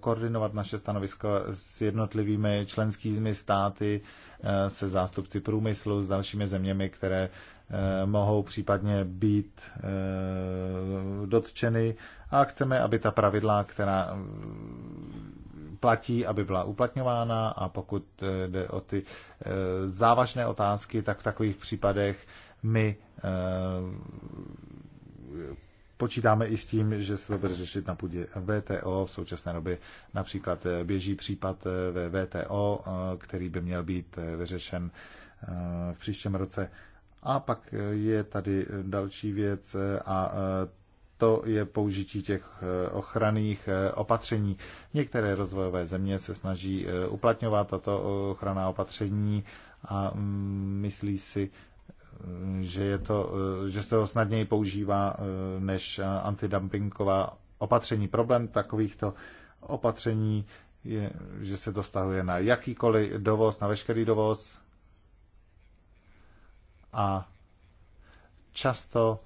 koordinovat naše stanovisko s jednotlivými členskými státy, se zástupci průmyslu, s dalšími zeměmi, které Eh, mohou případně být eh, dotčeny a chceme, aby ta pravidla, která eh, platí, aby byla uplatňována a pokud jde o ty závažné otázky, tak v takových případech my počítáme i s tím, že se to bude řešit na půdě VTO. V současné době například běží případ ve VTO, který by měl být vyřešen v příštím roce. A pak eh, je tady eh, další věc eh, a to je použití těch ochranných opatření. Některé rozvojové země se snaží uplatňovat tato ochranná opatření a mm, myslí si, že, je to, že se to snadněji používá než antidumpingová opatření. Problém takovýchto opatření je, že se dostahuje na jakýkoliv dovoz, na veškerý dovoz, a často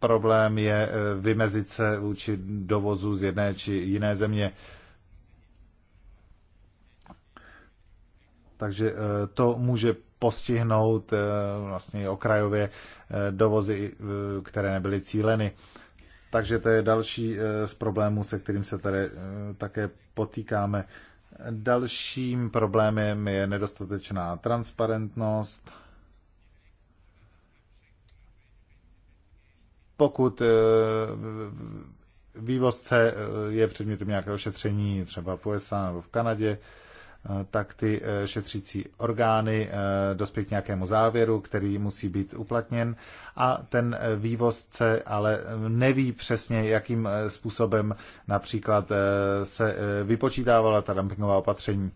problém je eh, vymezit se vůči dovozu z jedné či jiné země. Takže eh, to může postihnout eh, vlastně okrajově dovozy, které nebyly cíleny. Takže to je další z problémů, se kterým se tady také potýkáme. Dalším problémem je nedostatečná transparentnost. Pokud eh, vývozce eh, je předmětem nějakého šetření třeba v USA nebo v Kanadě, Eh, tak ty eh, šetřící orgány eh, dospějí k nějakému závěru, který musí být uplatněn a ten vývozce ale neví přesně, jakým způsobem například se vypočítávala ta dumpingová opatření.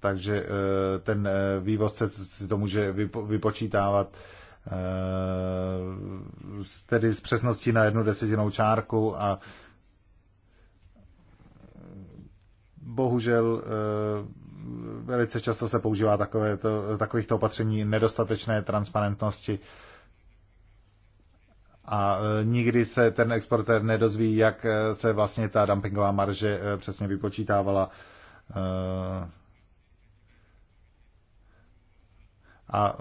Takže ten vývozce si to může vypočítávat Eh, tedy s přesností na jednu desetinou čárku a bohužel eh, velice často se používá takové to, takovýchto opatření nedostatečné transparentnosti a eh, nikdy se ten exportér nedozví, jak se vlastně ta dumpingová marže přesně vypočítávala. a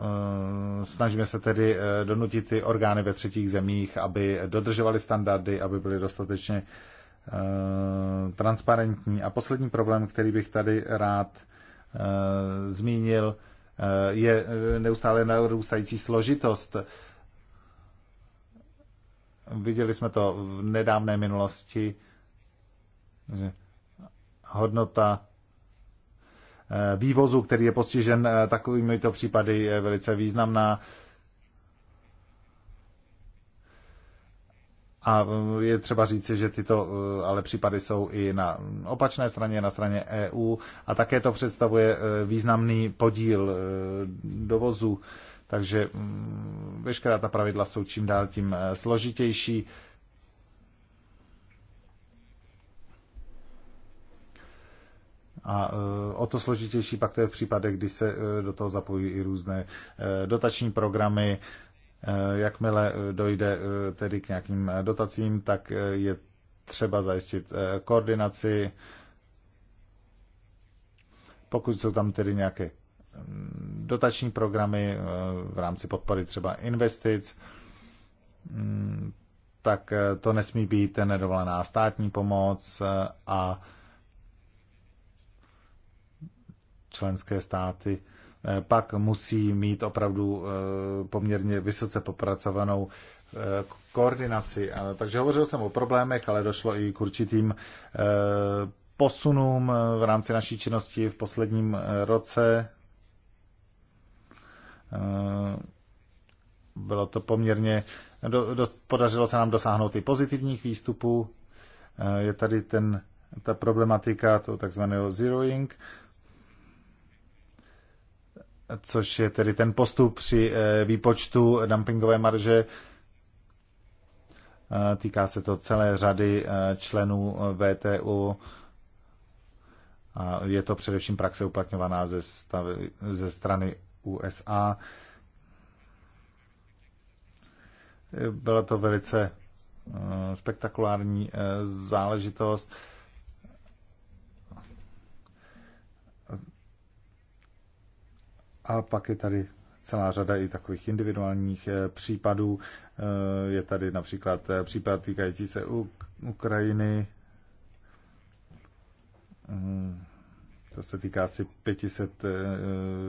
e, snažíme se tedy e, donutit ty orgány ve třetích zemích, aby dodržovaly standardy, aby byly dostatečně e, transparentní. A poslední problém, který bych tady rád zmínil, je neustále narůstající složitost. Viděli jsme to v nedávné minulosti, že hodnota Eh, vývozu, který je postižen eh, takovými to případy, je velice významná. A eh, je třeba říci, že tyto ale případy jsou i na opačné straně, na straně EU a také to představuje významný podíl dovozu, takže mm, veškerá ta pravidla jsou čím dál tím složitější. A e, o to složitější pak to je v případě, kdy se e, do toho zapojí i různé e, dotační programy. Jakmile dojde tedy k nějakým dotacím, tak je třeba zajistit koordinaci. Pokud jsou tam tedy nějaké mm, dotační programy v rámci podpory třeba investic, mm, tak to nesmí být nedovolená státní pomoc a členské státy eh, pak musí mít opravdu eh, poměrně vysoce popracovanou eh, koordinaci. Takže hovořil jsem o problémech, ale došlo i k určitým posunům v rámci naší činnosti v posledním roce. Bylo to poměrně, podařilo se nám dosáhnout i pozitivních výstupů. Je tady ten, ta problematika to takzvaného zeroing, což je tedy ten postup při eh, výpočtu dumpingové marže. Eh, týká se to celé řady eh, členů VTU. A je to především praxe uplatňovaná ze, stav, ze strany USA. Byla to velice spektakulární záležitost. A pak je tady celá řada i takových individuálních eh, případů. Eh, je tady například eh, případ týkající se Ukrajiny. Mm, to se týká asi 500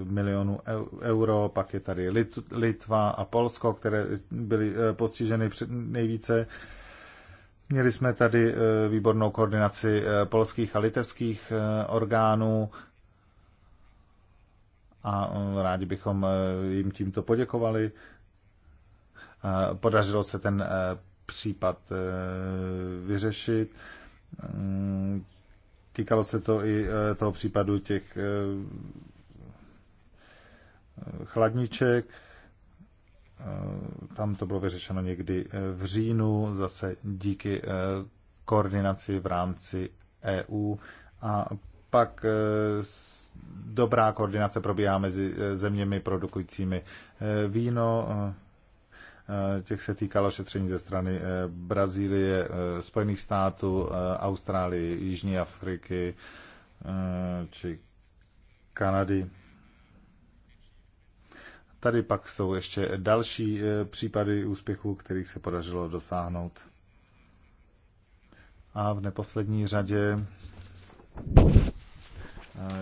milionů euro, pak je tady Litva a Polsko, které byly postiženy nejvíce. Měli jsme tady výbornou koordinaci polských a litevských orgánů a eh, rádi bychom eh, jim tímto poděkovali. Eh, podařilo se ten případ vyřešit. Mm, týkalo se to i toho případu těch chladniček. Tam to bylo vyřešeno někdy v říjnu, zase díky koordinaci v rámci EU. A pak dobrá koordinace probíhá mezi eh, zeměmi produkujícími eh, víno. Eh, těch se týkalo šetření ze strany Brazílie, Spojených států, Austrálie, Jižní Afriky či Kanady. Tady pak jsou ještě další případy úspěchů, kterých se podařilo dosáhnout. A v neposlední řadě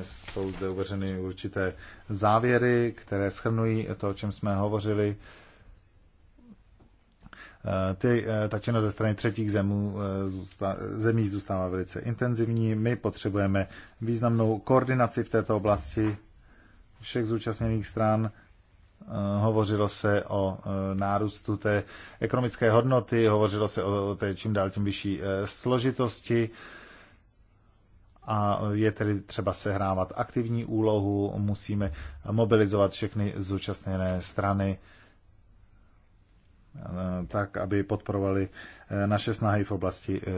jsou zde uvařeny určité závěry, které schrnují to, o čem jsme hovořili. E, ty, e, ta činnost ze strany třetích zemů, e, zemí zůstává velice intenzivní. My potřebujeme významnou koordinaci v této oblasti všech zúčastněných stran. Hovořilo se o nárůstu té ekonomické hodnoty, hovořilo se o té čím dál tím vyšší složitosti a je tedy třeba sehrávat aktivní úlohu, musíme mobilizovat všechny zúčastněné strany, eh, tak, aby podporovali eh, naše snahy v oblasti eh,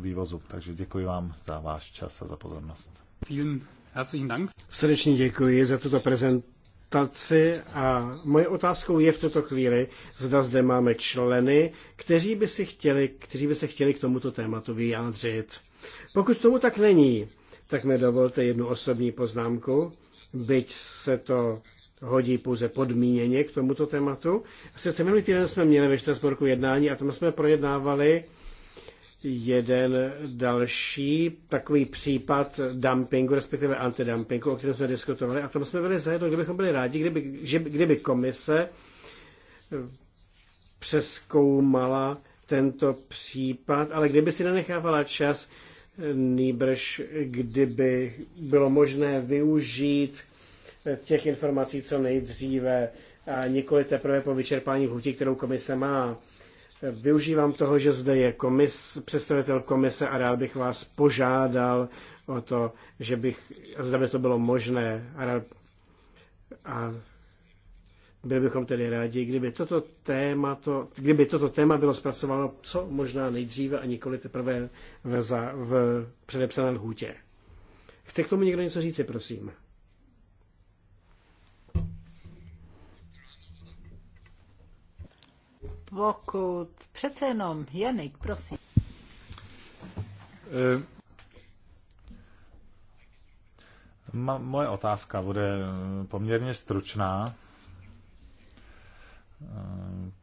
vývozu. Takže děkuji vám za váš čas a za pozornost. Srdečně děkuji za tuto prezentaci a moje otázkou je v tuto chvíli, zda zde máme členy, kteří by, si chtěli, kteří by se chtěli k tomuto tématu vyjádřit. Pokud tomu tak není, tak mi dovolte jednu osobní poznámku, byť se to hodí pouze podmíněně k tomuto tématu. Asi se minulý týden jsme měli ve Štrasburku jednání a tam jsme projednávali jeden další takový případ dumpingu, respektive antidumpingu, o kterém jsme diskutovali a tam jsme byli zajedno, kdybychom byli rádi, kdyby, že, kdyby komise eh, přeskoumala tento případ, ale kdyby si nenechávala čas nýbrž kdyby bylo možné využít těch informací co nejdříve a nikoli teprve po vyčerpání hutí, kterou komise má. Využívám toho, že zde je komis, představitel komise a rád bych vás požádal o to, že bych, zda by to bylo možné a, rád, a byli bychom tedy rádi, kdyby toto, téma to, kdyby toto téma bylo zpracováno co možná nejdříve a nikoli teprve v, za, v předepsané lhůtě. Chce k tomu někdo něco říci, prosím? Pokud přece jenom, Janik, prosím. Eh, moje otázka bude eh, poměrně stručná.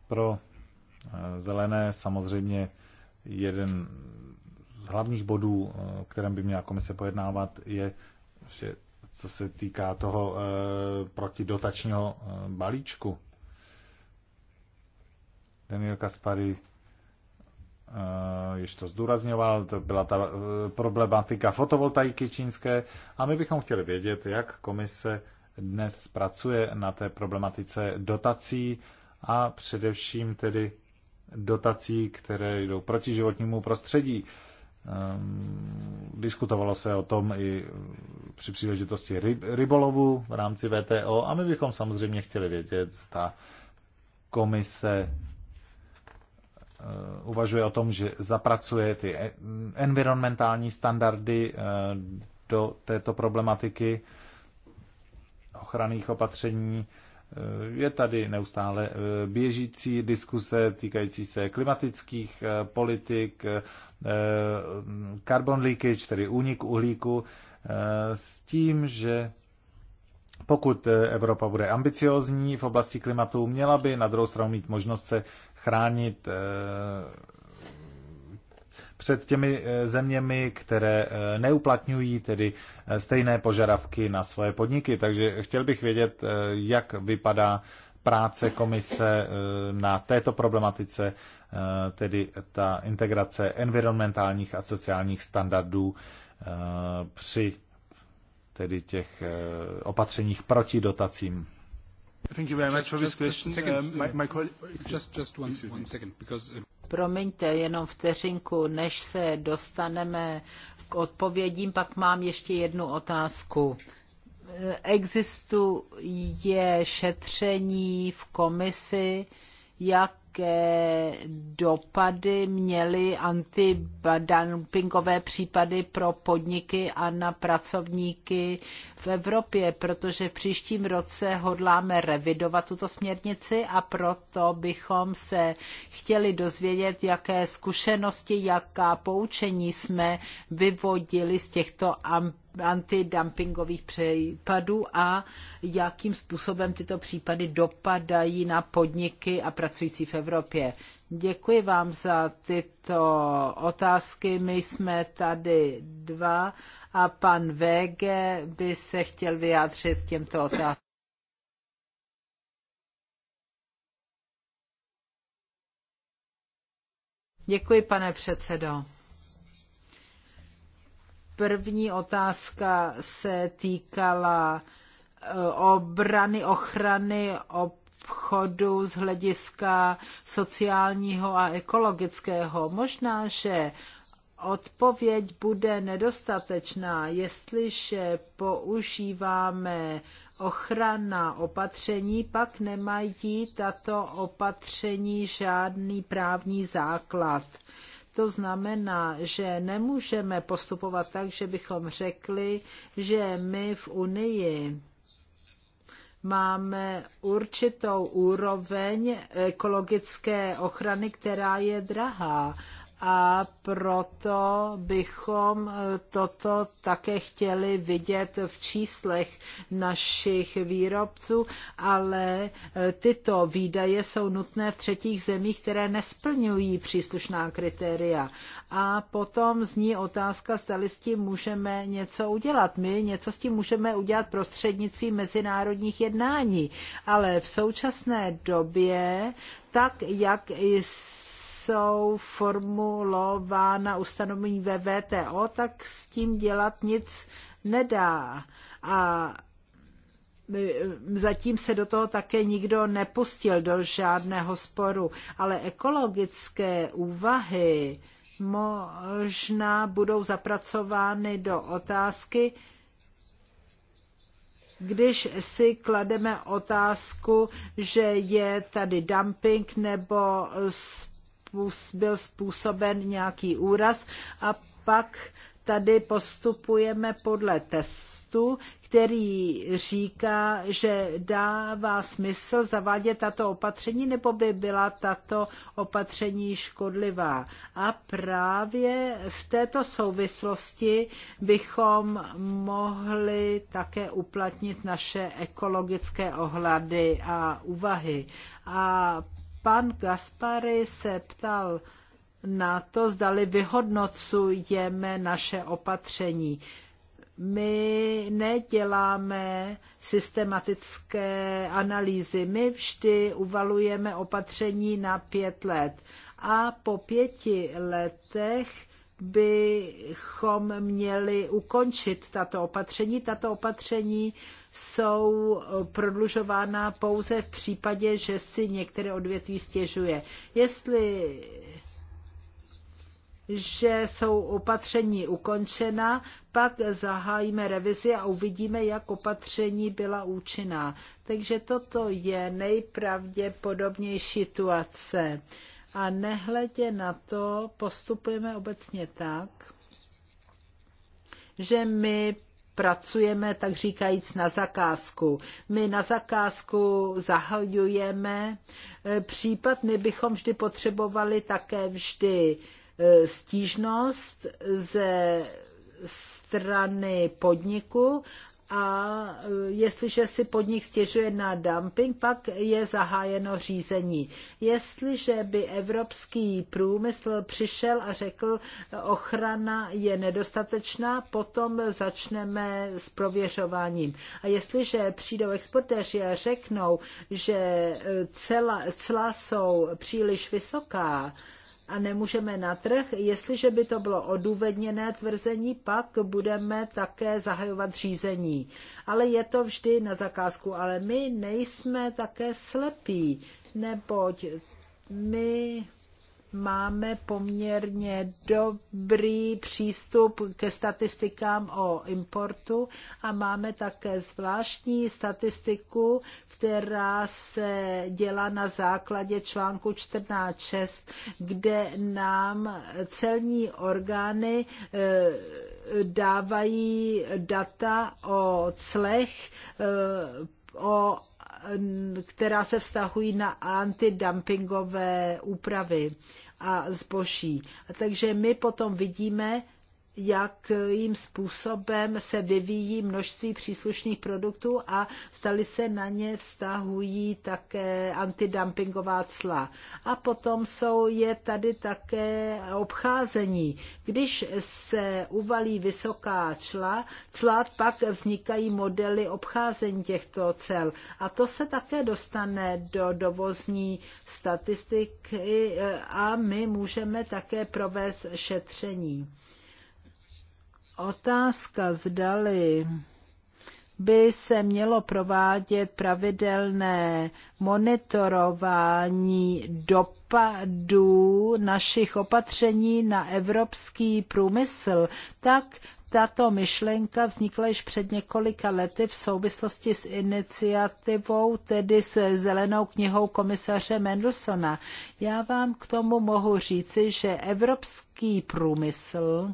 Pro eh, zelené samozřejmě jeden z hlavních bodů, o eh, kterém by měla komise pojednávat, je, že co se týká toho eh, protidotačního balíčku. Daniel Kaspary již to zdůrazňoval, to byla ta problematika fotovoltaiky čínské a my bychom chtěli vědět, jak komise dnes pracuje na té problematice dotací a především tedy dotací, které jdou proti životnímu prostředí. Ehm, diskutovalo se o tom i při příležitosti rybolovu v rámci VTO a my bychom samozřejmě chtěli vědět, zda komise eh, uvažuje o tom, že zapracuje ty e-, environmentální standardy eh, do této problematiky ochranných opatření Eh, je tady neustále eh, běžící diskuse týkající se klimatických eh, politik, carbon leakage, tedy únik uhlíku, s tím, že pokud Evropa bude ambiciozní v oblasti klimatu, měla by na druhou stranu mít možnost se chránit před těmi eh, zeměmi, které eh, neuplatňují tedy eh, stejné požadavky na svoje podniky. Takže chtěl bych vědět, jak vypadá práce komise na této problematice, tedy ta integrace environmentálních a sociálních standardů při tedy těch opatřeních proti dotacím. Thank you very much for this question. Uh, my, my colleague... Just, just one, one second, because... Uh, Promiňte, jenom vteřinku, než se dostaneme k odpovědím, pak mám ještě jednu otázku. Existuje šetření v komisi, jak jaké dopady měly antidumpingové případy pro podniky a na pracovníky v Evropě, protože v příštím roce hodláme revidovat tuto směrnici a proto bychom se chtěli dozvědět, jaké zkušenosti, jaká poučení jsme vyvodili z těchto antidumpingových případů a jakým způsobem tyto případy dopadají na podniky a pracující v Evropě. Děkuji vám za tyto otázky. My jsme tady dva a pan VG by se chtěl vyjádřit k těmto otázkám. Děkuji, pane předsedo. První otázka se týkala eh, obrany, ochrany obchodu z hlediska sociálního a ekologického. Možná, že odpověď bude nedostatečná, jestliže používáme ochrana opatření, pak nemají tato opatření žádný právní základ. To znamená, že nemůžeme postupovat tak, že bychom řekli, že my v Unii máme určitou úroveň ekologické ochrany, která je drahá a proto bychom eh, toto také chtěli vidět v číslech našich výrobců, ale eh, tyto výdaje jsou nutné v třetích zemích, které nesplňují příslušná kritéria. A potom zní otázka, zda s tím můžeme něco udělat. My něco s tím můžeme udělat prostřednictvím mezinárodních jednání, ale v současné době tak, jak i jsou formulována ustanovení ve VTO, tak s tím dělat nic nedá. A eh, zatím se do toho také nikdo nepustil do žádného sporu, ale ekologické úvahy možná budou zapracovány do otázky, když si klademe otázku, že je tady dumping nebo sp byl způsoben nějaký úraz a pak tady postupujeme podle testu, který říká, že dává smysl zavádět tato opatření, nebo by byla tato opatření škodlivá. A právě v této souvislosti bychom mohli také uplatnit naše ekologické ohlady a úvahy. A Pan Gaspary se ptal na to, zdali vyhodnocujeme naše opatření. My neděláme systematické analýzy, my vždy uvalujeme opatření na pět let a po pěti letech bychom měli ukončit tato opatření. Tato opatření jsou prodlužována pouze v případě, že si některé odvětví stěžuje. Jestli že jsou opatření ukončena, pak zahájíme revizi a uvidíme, jak opatření byla účinná. Takže toto je nejpravděpodobnější situace. A nehledě na to postupujeme obecně tak, že my pracujeme, tak říkajíc, na zakázku. My na zakázku zahajujeme eh, případ, my bychom vždy potřebovali také vždy eh, stížnost ze strany podniku a e, jestliže si podnik stěžuje na dumping, pak je zahájeno řízení. Jestliže by evropský průmysl přišel a řekl, ochrana je nedostatečná, potom začneme s prověřováním. A jestliže přijdou exportéři a řeknou, že e, cela, cela jsou příliš vysoká, a nemůžeme na trh. Jestliže by to bylo odůvodněné tvrzení, pak budeme také zahajovat řízení. Ale je to vždy na zakázku. Ale my nejsme také slepí, neboť my máme poměrně dobrý přístup ke statistikám o importu a máme také zvláštní statistiku, která se dělá na základě článku 14.6, kde nám celní orgány eh, dávají data o clech, eh, o která se vztahují na antidumpingové úpravy a zboží. Takže my potom vidíme, jakým způsobem se vyvíjí množství příslušných produktů a staly se na ně vztahují také antidumpingová cla. A potom jsou, je tady také obcházení. Když se uvalí vysoká čla, cla pak vznikají modely obcházení těchto cel. A to se také dostane do dovozní statistiky eh, a my můžeme také provést šetření. Otázka zdali by se mělo provádět pravidelné monitorování dopadů našich opatření na evropský průmysl, tak tato myšlenka vznikla již před několika lety v souvislosti s iniciativou, tedy s zelenou knihou komisaře Mendelsona. Já vám k tomu mohu říci, že evropský průmysl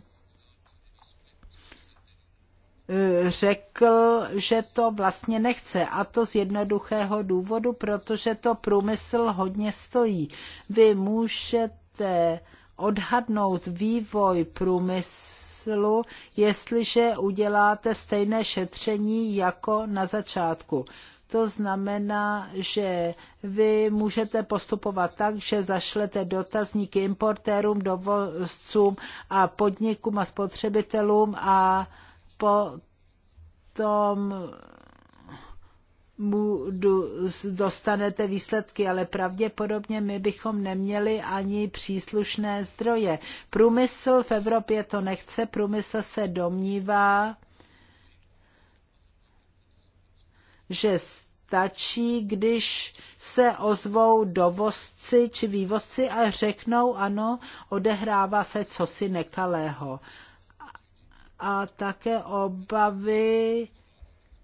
řekl, že to vlastně nechce. A to z jednoduchého důvodu, protože to průmysl hodně stojí. Vy můžete odhadnout vývoj průmyslu, jestliže uděláte stejné šetření jako na začátku. To znamená, že vy můžete postupovat tak, že zašlete dotazníky importérům, dovozcům a podnikům a spotřebitelům a potom mu dostanete výsledky, ale pravděpodobně my bychom neměli ani příslušné zdroje. Průmysl v Evropě to nechce, průmysl se domnívá, že stačí, když se ozvou dovozci či vývozci a řeknou, ano, odehrává se cosi nekalého a také obavy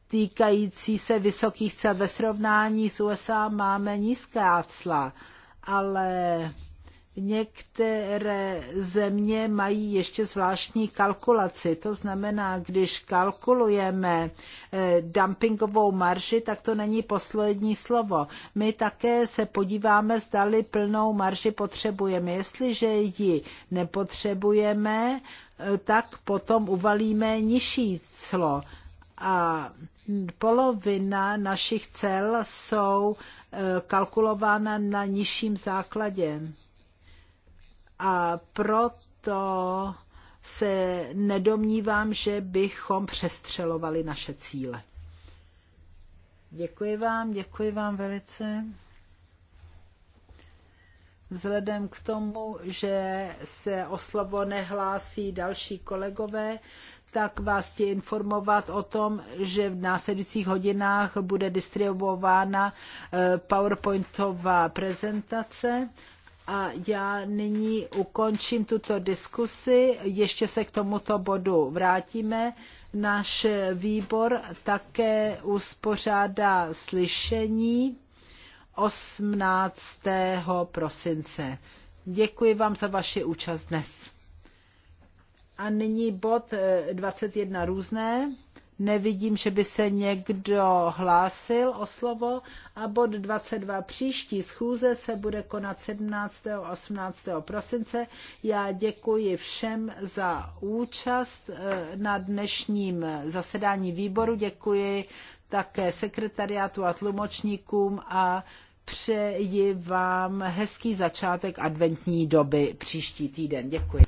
týkající se vysokých cel. Ve srovnání s USA máme nízká cla, ale některé země mají ještě zvláštní kalkulaci. To znamená, když kalkulujeme eh, dumpingovou marži, tak to není poslední slovo. My také se podíváme, zdali plnou marži potřebujeme. Jestliže ji nepotřebujeme, tak potom uvalíme nižší clo. A polovina našich cel jsou e, kalkulována na nižším základě. A proto se nedomnívám, že bychom přestřelovali naše cíle. Děkuji vám, děkuji vám velice. Vzhledem k tomu, že se o slovo nehlásí další kolegové, tak vás chci informovat o tom, že v následujících hodinách bude distribuována eh, PowerPointová prezentace. A já nyní ukončím tuto diskusi. Ještě se k tomuto bodu vrátíme. Náš výbor také uspořádá slyšení 18. prosince. Děkuji vám za vaši účast dnes. A nyní bod 21 eh, různé. Nevidím, že by se někdo hlásil o slovo. A bod 22 příští schůze se bude konat 17. a 18. prosince. Já děkuji všem za účast eh, na dnešním zasedání výboru. Děkuji také sekretariátu a tlumočníkům a přeji vám hezký začátek adventní doby příští týden. Děkuji.